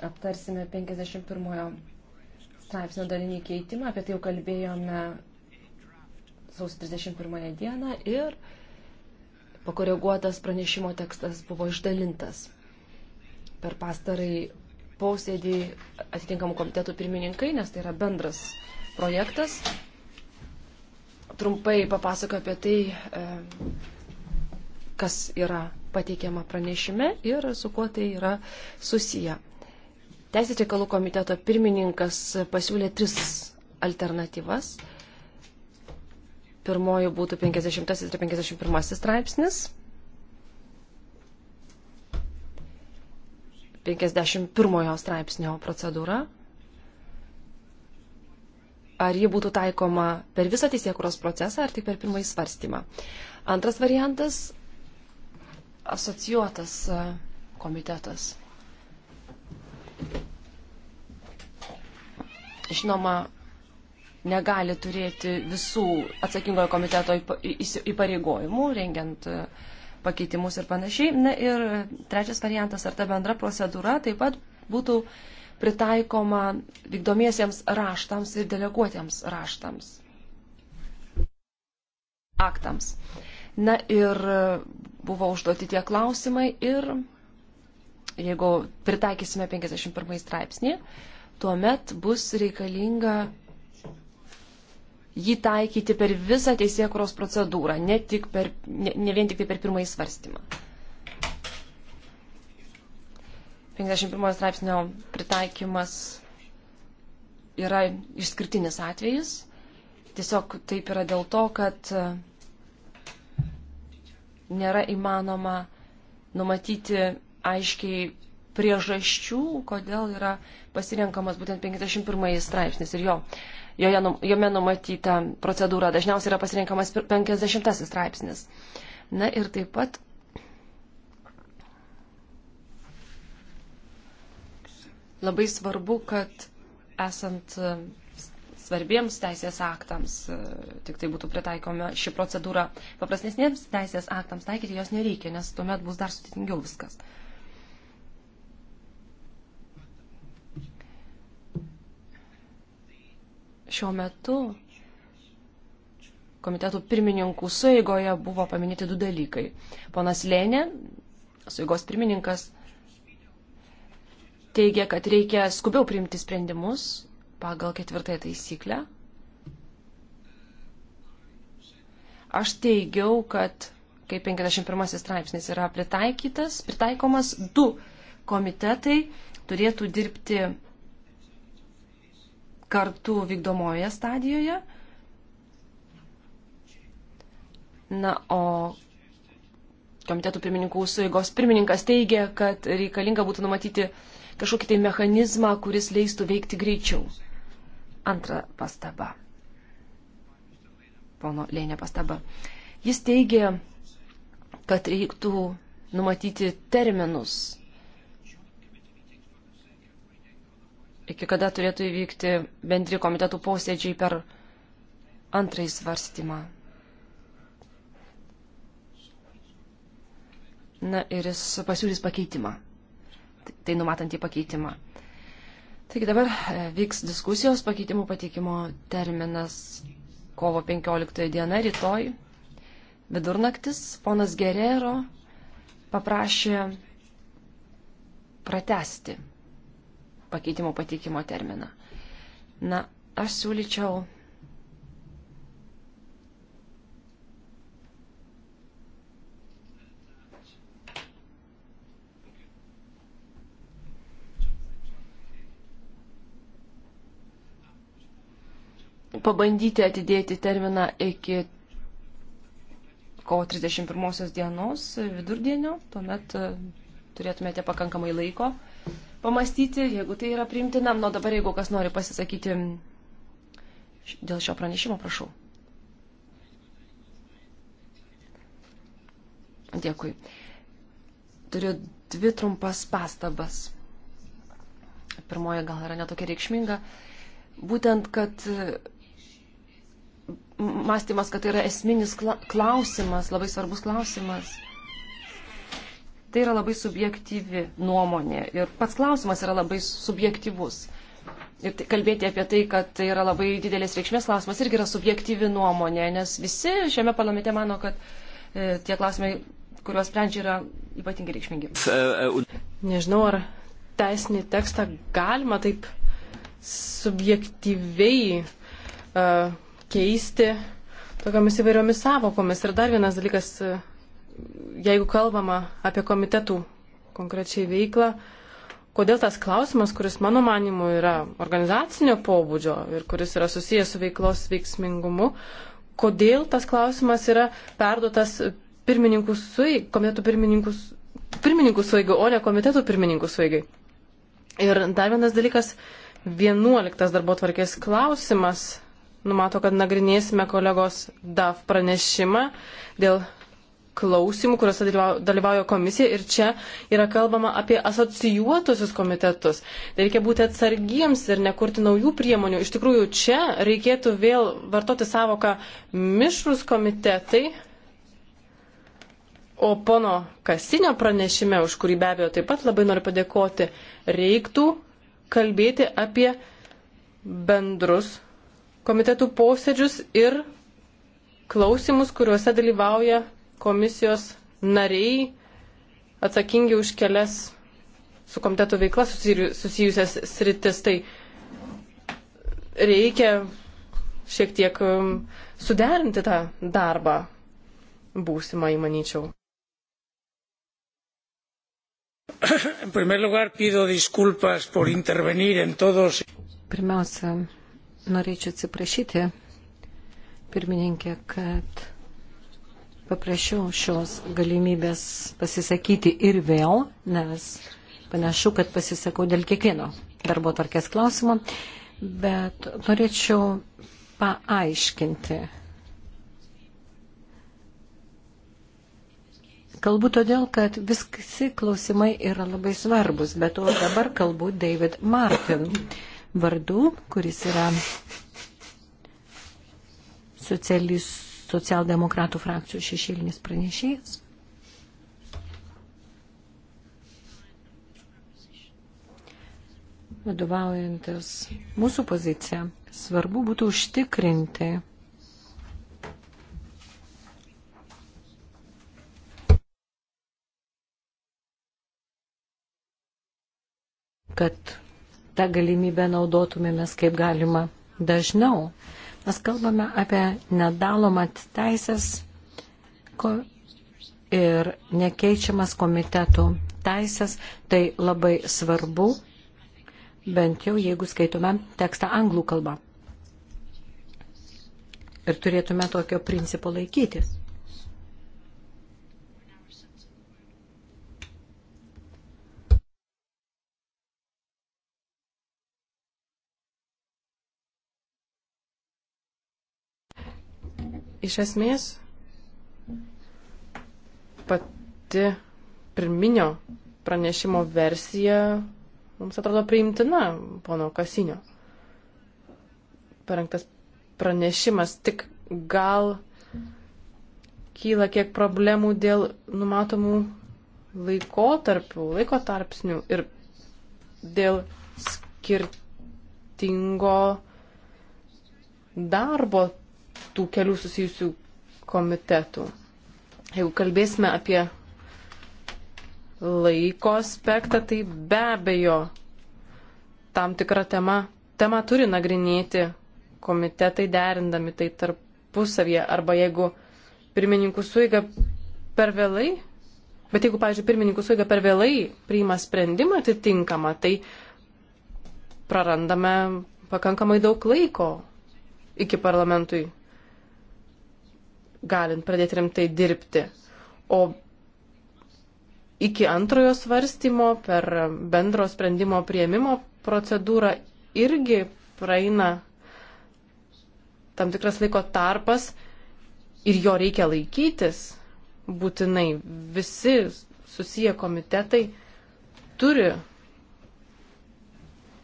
aptarsime 51 straipsnio dalinį keitimą, apie tai jau kalbėjome sausio 31 dieną ir pakoreguotas pranešimo tekstas buvo išdalintas. Per pastarąjį posėdį atitinkamų komitetų pirmininkai, nes tai yra bendras projektas. Trumpai papasako apie tai, e, kas yra pateikiama pranešime ir su kuo tai yra susiję. Teisės reikalų komiteto pirmininkas pasiūlė tris alternatyvas. Pirmoji būtų 50 ir 51 straipsnis. 51 straipsnio procedūra. Ar ji būtų taikoma per visą teisėkuros procesą ar tik per pirmąjį svarstymą. Antras variantas - asocijuotas e, komitetas žinoma, negali turėti visų atsakingojo komiteto įpareigojimų, rengiant e, pakeitimus ir panašiai. Na ir trečias variantas, ar ta bendra procedūra taip pat būtų pritaikoma vykdomiesiems raštams ir deleguotiems raštams. Aktams. Na ir e, buvo užduoti tie klausimai ir jeigu pritaikysime 51 straipsnį, tuomet bus reikalinga jį taikyti per visą teisėkuros procedūrą, ne, per, ne, ne vien tik tai per pirmąjį svarstymą. 51 straipsnio pritaikymas yra išskirtinis atvejis. Tiesiog taip yra dėl to, kad e, nėra įmanoma numatyti aiškiai priežasčių, kodėl yra pasirenkamas būtent 51 straipsnis ir jo, joje, jome numatyta procedūra. Dažniausiai yra pasirenkamas 50 straipsnis. Na ir taip pat. Labai svarbu, kad esant svarbiems teisės aktams, tik tai būtų pritaikoma ši procedūra paprastesniems teisės aktams taikyti jos nereikia, nes tuomet bus dar sudėtingiau viskas. Uh, Šiuo metu komitetų pirmininkų sueigoje buvo paminėti du dalykai. Ponas Lėnė, sueigos pirmininkas, teigia, kad reikia skubiau priimti sprendimus pagal ketvirtąją taisyklę. Aš teigiau, kad kai 51 straipsnis yra pritaikytas, pritaikomas, du komitetai turėtų dirbti kartu vykdomoje stadijoje. Na, o komitetų pirmininkų suigos pirmininkas teigia, kad reikalinga būtų numatyti kažkokį tai mechanizmą, kuris leistų veikti greičiau. Antra pastaba. Pono Lėnė pastaba. Jis teigia, kad reiktų numatyti terminus iki kada turėtų įvykti bendri komitetų posėdžiai per antrąjį svarstymą. Na ir jis pasiūlys pakeitimą. Tai, tai numatantį pakeitimą. Taigi dabar e, vyks diskusijos pakeitimų pateikimo terminas kovo 15 diena rytoj vidurnaktis. Ponas Gerero paprašė pratesti pakeitimo pateikimo terminą. Na, aš siūlyčiau. Pabandyti atidėti terminą iki kovo 31 dienos vidurdienio, tuomet e, turėtumėte pakankamai laiko pamastyti, jeigu tai yra priimtina. Na, dabar jeigu kas nori pasisakyti dėl šio pranešimo, prašau. Dėkui. Turiu dvi trumpas pastabas. Pirmoji gal yra netokia reikšminga. Būtent, kad mąstymas, kad tai yra esminis klausimas, labai svarbus klausimas. Tai yra labai subjektyvi nuomonė ir pats klausimas yra labai subjektyvus. Ir tai kalbėti apie tai, kad tai yra labai didelės reikšmės klausimas, irgi yra subjektyvi nuomonė, nes visi šiame parlamente mano, kad e, tie klausimai, kuriuos sprendžia, yra ypatingai reikšmingi. Nežinau, ar teisinį tekstą galima taip subjektyviai uh, keisti tokiamis įvairiomis savokomis. Ir dar vienas dalykas, e, jeigu kalbama apie komitetų konkrečiai veiklą, kodėl tas klausimas, kuris mano manimu yra organizacinio pobūdžio ir kuris yra susijęs su veiklos veiksmingumu, kodėl tas klausimas yra perduotas pirmininkų suig, komitetų pirmininkų, pirmininkų suigai, o ne komitetų pirmininkų suigai. Ir dar vienas dalykas, vienuoliktas darbo tvarkės klausimas numato, kad nagrinėsime kolegos DAF pranešimą dėl klausimų, kuriuose dalyvauja komisija ir čia yra kalbama apie asocijuotusius komitetus. Tai reikia būti atsargiems ir nekurti naujų priemonių. Iš tikrųjų, čia reikėtų vėl vartoti savoką mišrus komitetai. O pono Kasinio pranešime, už kurį be abejo taip pat labai noriu padėkoti, reiktų kalbėti apie bendrus komitetų posėdžius ir klausimus, kuriuose dalyvauja komisijos nariai atsakingi už kelias su komiteto veikla susijusias sritis. Tai reikia šiek tiek um, suderinti tą darbą būsimą, įmanyčiau. *coughs* En primer lugar, pido disculpas por intervenir en todos. Pirmiausia, norėčiau atsiprašyti, pirmininkė, kad paprašiau šios galimybės pasisakyti ir vėl, nes panašu, kad pasisakau dėl kiekvieno darbo tvarkės klausimo, bet norėčiau paaiškinti. Kalbu todėl, kad visi klausimai yra labai svarbus, bet to dabar kalbu David Martin vardu, kuris yra socialistų socialdemokratų frakcijų šešėlinis pranešėjas. Vadovaujantis mūsų poziciją, svarbu būtų užtikrinti kad tą galimybę naudotumėmės kaip galima dažniau. Mes kalbame apie nedalomat teisės ir nekeičiamas komitetų teisės. Tai labai svarbu, bent jau jeigu skaitome tekstą anglų kalbą. Ir turėtume tokio principo laikytis. Iš esmės, pati pirminio pranešimo versija mums atrodo priimtina, pono Kasinio. Parengtas pranešimas tik gal kyla kiek problemų dėl numatomų laikotarpių, laiko tarpsnių ir dėl skirtingo darbo tų kelių susijusių komitetų. Jeigu kalbėsime apie laiko aspektą, tai be abejo tam tikra tema, tema turi nagrinėti komitetai derindami tai tarpusavie arba jeigu pirmininkų suiga per vėlai, bet jeigu, pavyzdžiui, pirmininkų suiga per vėlai priima sprendimą atitinkamą, tai prarandame pakankamai daug laiko iki parlamentui galint pradėti rimtai dirbti. O iki antrojo svarstymo per bendro sprendimo prieimimo procedūrą irgi praeina tam tikras laiko tarpas ir jo reikia laikytis būtinai. Visi susiję komitetai turi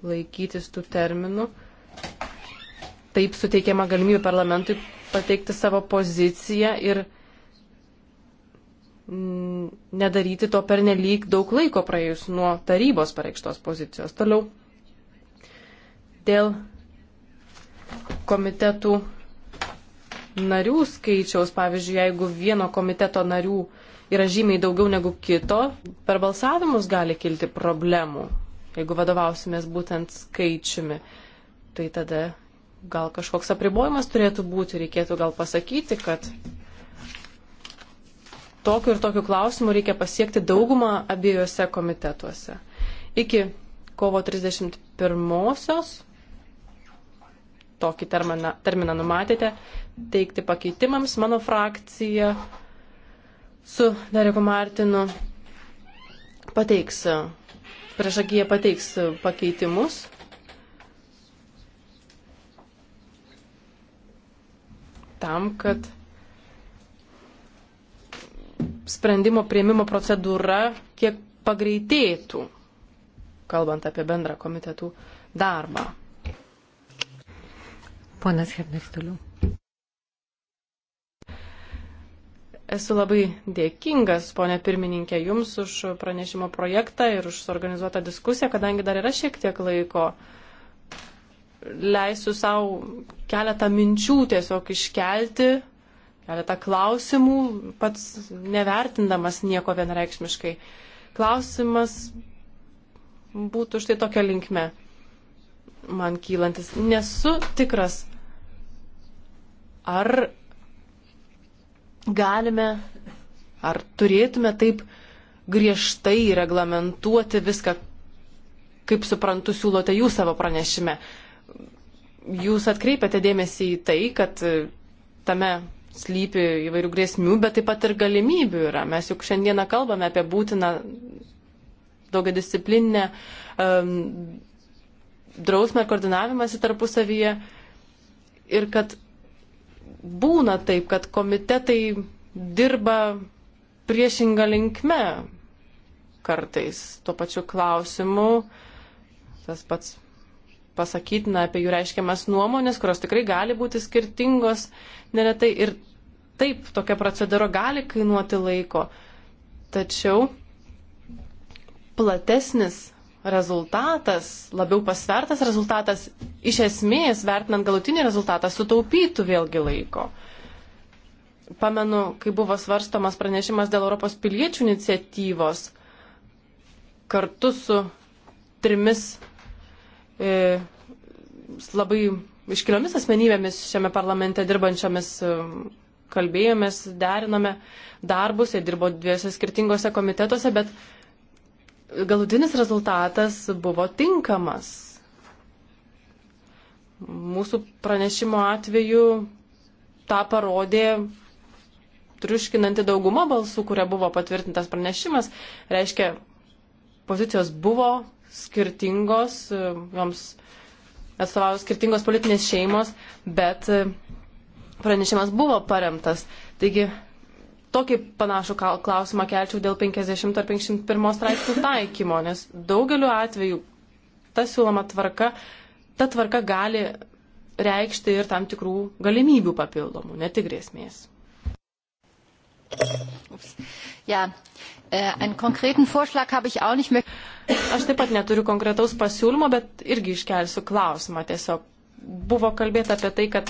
laikytis tų terminų. Taip suteikiama galimybė parlamentui pateikti savo poziciją ir nedaryti to per nelik daug laiko praėjus nuo tarybos pareikštos pozicijos. Toliau dėl komitetų narių skaičiaus, pavyzdžiui, jeigu vieno komiteto narių yra žymiai daugiau negu kito, per balsavimus gali kilti problemų, jeigu vadovausimės būtent skaičiumi. Tai tada gal kažkoks apribojimas turėtų būti, reikėtų gal pasakyti, kad tokiu ir tokiu klausimu reikia pasiekti daugumą abiejose komitetuose. Iki kovo 31-osios, tokį terminą, terminą numatėte, teikti pakeitimams mano frakcija su Dariku Martinu pateiks, prieš akiją pateiks pakeitimus tam, kad sprendimo prieimimo procedūra kiek pagreitėtų, kalbant apie bendrą komitetų darbą. Ponas Hebneris toliau. Esu labai dėkingas, ponė pirmininkė, Jums už pranešimo projektą ir už suorganizuotą diskusiją, kadangi dar yra šiek tiek laiko uh, leisiu savo keletą minčių tiesiog iškelti, keletą klausimų, pats nevertindamas nieko vienareikšmiškai. Klausimas būtų štai tokia linkme man kylantis. Nesu tikras, ar galime, ar turėtume taip griežtai reglamentuoti viską, kaip suprantu, siūlote jūs savo pranešime jūs atkreipiate dėmesį į tai, kad e, tame slypi įvairių grėsmių, bet taip pat ir galimybių yra. Mes juk šiandieną kalbame apie būtiną daugia disciplininę um, drausmę ir koordinavimąsi tarpusavyje. Ir kad būna taip, kad komitetai dirba priešingą linkme kartais tuo pačiu klausimu. Tas pats pasakytina apie jų reiškiamas nuomonės, kurios tikrai gali būti skirtingos neretai ir taip tokia procedūra gali kainuoti laiko, tačiau platesnis rezultatas, labiau pasvertas rezultatas, iš esmės, vertinant galutinį rezultatą, sutaupytų vėlgi laiko. Pamenu, kai buvo svarstomas pranešimas dėl Europos piliečių iniciatyvos, kartu su trimis E, labai iškiliomis asmenybėmis šiame parlamente dirbančiomis e, kalbėjomės, derinome darbus, jie dirbo dviese skirtingose komitetuose, bet galutinis rezultatas buvo tinkamas. Mūsų pranešimo atveju tą parodė triuškinanti dauguma balsų, kuria buvo patvirtintas pranešimas. Reiškia, pozicijos buvo skirtingos, e, joms atstovauja skirtingos politinės šeimos, bet e, pranešimas buvo paremtas. Taigi tokį panašų klausimą kelčiau dėl 50 ar 51 straipsnių taikymo, nes daugeliu atveju ta siūloma tvarka, ta tvarka gali reikšti ir tam tikrų galimybių papildomų, ne tik grėsmės. Ja, äh, einen konkreten Vorschlag habe ich auch nicht. Aš taip pat neturiu konkretaus pasiūlymo, bet irgi iškelsiu klausimą tiesiog. Buvo kalbėta apie tai, kad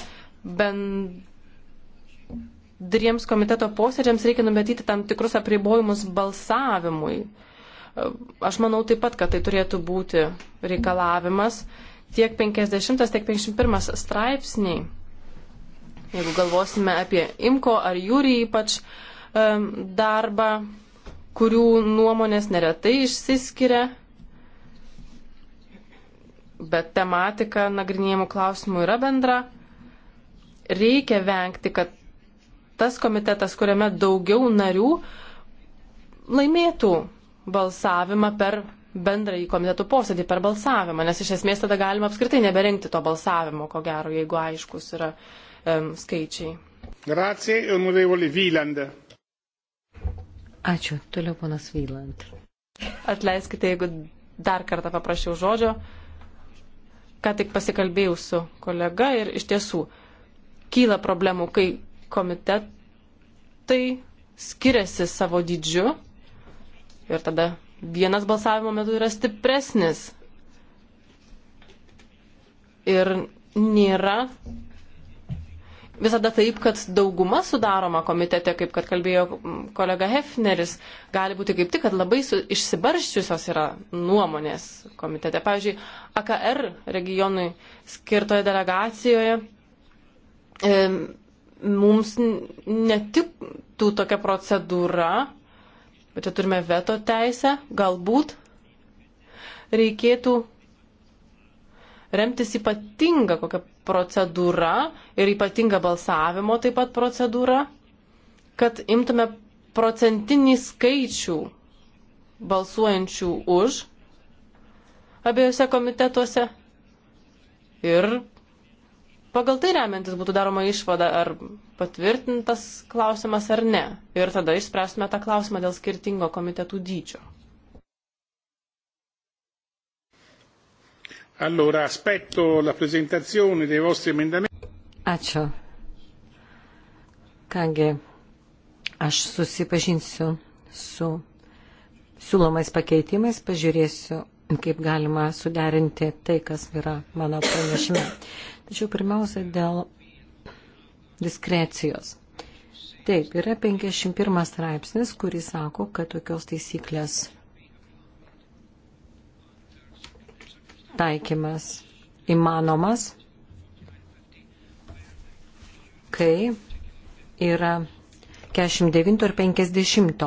bendriems komiteto posėdžiams reikia numatyti tam tikrus apribojimus balsavimui. Aš manau taip pat, kad tai turėtų būti reikalavimas tiek 50, tiek 51 straipsniai jeigu galvosime apie Imko ar Jūrį ypač darbą, kurių nuomonės neretai išsiskiria, bet tematika nagrinėjimų klausimų yra bendra. Reikia vengti, kad tas komitetas, kuriame daugiau narių, laimėtų balsavimą per bendrąjį komitetų posėdį per balsavimą, nes iš esmės tada galima apskritai neberengti to balsavimo, ko gero, jeigu aiškus yra uh, um, skaičiai. Grazie, onorevoli Vyland. Ačiū, toliau ponas Vyland. Atleiskite, jeigu dar kartą paprašiau žodžio, ką tik pasikalbėjau su kolega ir iš tiesų kyla problemų, kai komitetai skiriasi savo dydžiu ir tada vienas balsavimo metu yra stipresnis ir nėra visada taip, kad dauguma sudaroma komitete, kaip kad kalbėjo kolega Hefneris, gali būti kaip tik, kad labai su, išsibarščiusios yra nuomonės komitete. Pavyzdžiui, AKR regionui skirtoje delegacijoje e, mums netiktų tokia procedūra, bet čia turime veto teisę, galbūt reikėtų remtis ypatinga kokia procedūra ir ypatinga balsavimo taip pat procedūra, kad imtume procentinį skaičių balsuojančių už abiejose komitetuose ir pagal tai remiantis būtų daroma išvada, ar patvirtintas klausimas ar ne. Ir tada išspręstume tą klausimą dėl skirtingo komitetų dydžio. Allora, aspetto la presentazione dei vostri emendamenti. Ačiū. Kągi, aš susipažinsiu su siūlomais pakeitimais, pažiūrėsiu, kaip galima suderinti tai, kas yra mano pranešime. Tačiau pirmiausia, dėl diskrecijos. Taip, yra 51 straipsnis, kuris sako, kad tokios taisyklės taikymas įmanomas, kai yra 49 ir 50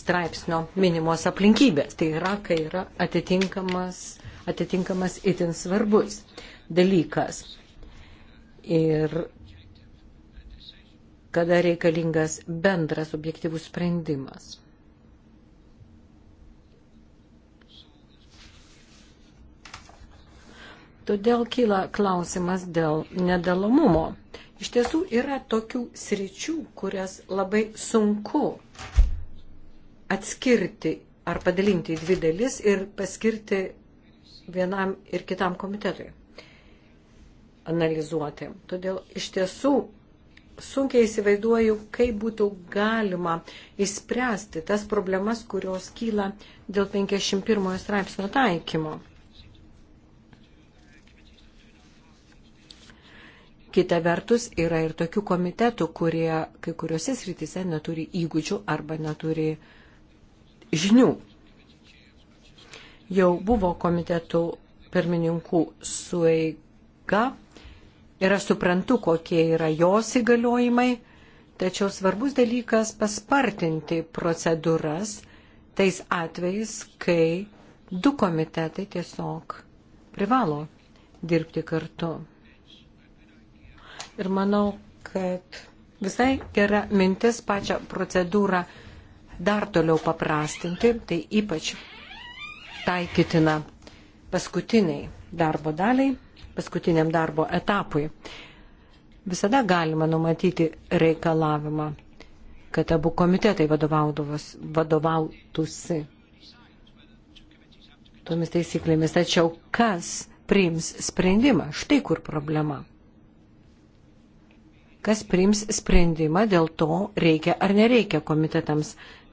straipsnio minimos aplinkybės. Tai yra, kai yra atitinkamas, atitinkamas itin svarbus dalykas. Ir kada reikalingas bendras objektivus sprendimas. Todėl kyla klausimas dėl nedalomumo. Iš tiesų yra tokių sričių, kurias labai sunku atskirti ar padalinti į dvi dalis ir paskirti vienam ir kitam komitetui analizuoti. Todėl iš tiesų sunkiai įsivaizduoju, kaip būtų galima įspręsti tas problemas, kurios kyla dėl 51 straipsnio taikymo. Kita vertus, yra ir tokių komitetų, kurie kai kuriuose srityse neturi įgūdžių arba neturi žinių. Jau buvo komitetų pirmininkų sueiga ir aš suprantu, kokie yra jos įgaliojimai, tačiau svarbus dalykas paspartinti procedūras tais atvejais, kai du komitetai tiesiog privalo dirbti kartu. Ir manau, kad visai gera mintis pačią procedūrą dar toliau paprastinti, tai ypač taikytina paskutiniai darbo daliai, paskutiniam darbo etapui. Visada galima numatyti reikalavimą, kad abu komitetai vadovautųsi tomis taisyklėmis. Tačiau kas priims sprendimą? Štai kur problema kas prims sprendimą dėl to, reikia ar nereikia komitetams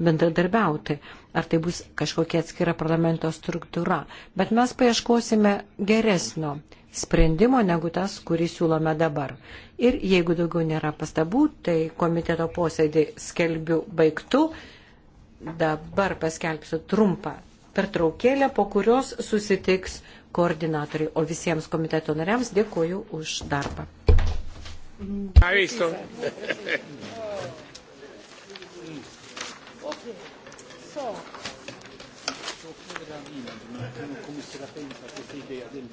bendradarbiauti, ar tai bus kažkokia atskira parlamento struktūra. Bet mes paieškosime geresnio sprendimo negu tas, kurį siūlome dabar. Ir jeigu daugiau nėra pastabų, tai komiteto posėdį skelbiu baigtų. Dabar paskelbsiu trumpą pertraukėlę, po kurios susitiks koordinatoriai. O visiems komiteto nariams dėkoju už darbą. Ha visto? *laughs* ok, so. Come se la pensa questa idea del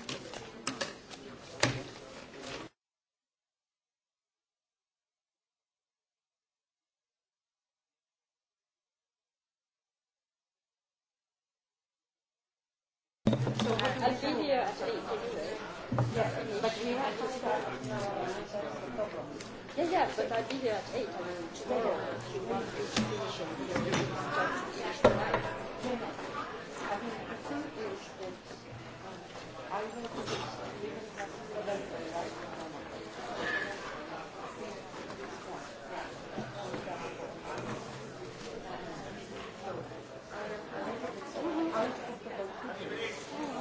Al video, cioè, but I did it at 8. I mean, today uh, if you want to finish it, you can finish tonight. I mean, the thing is that um, I will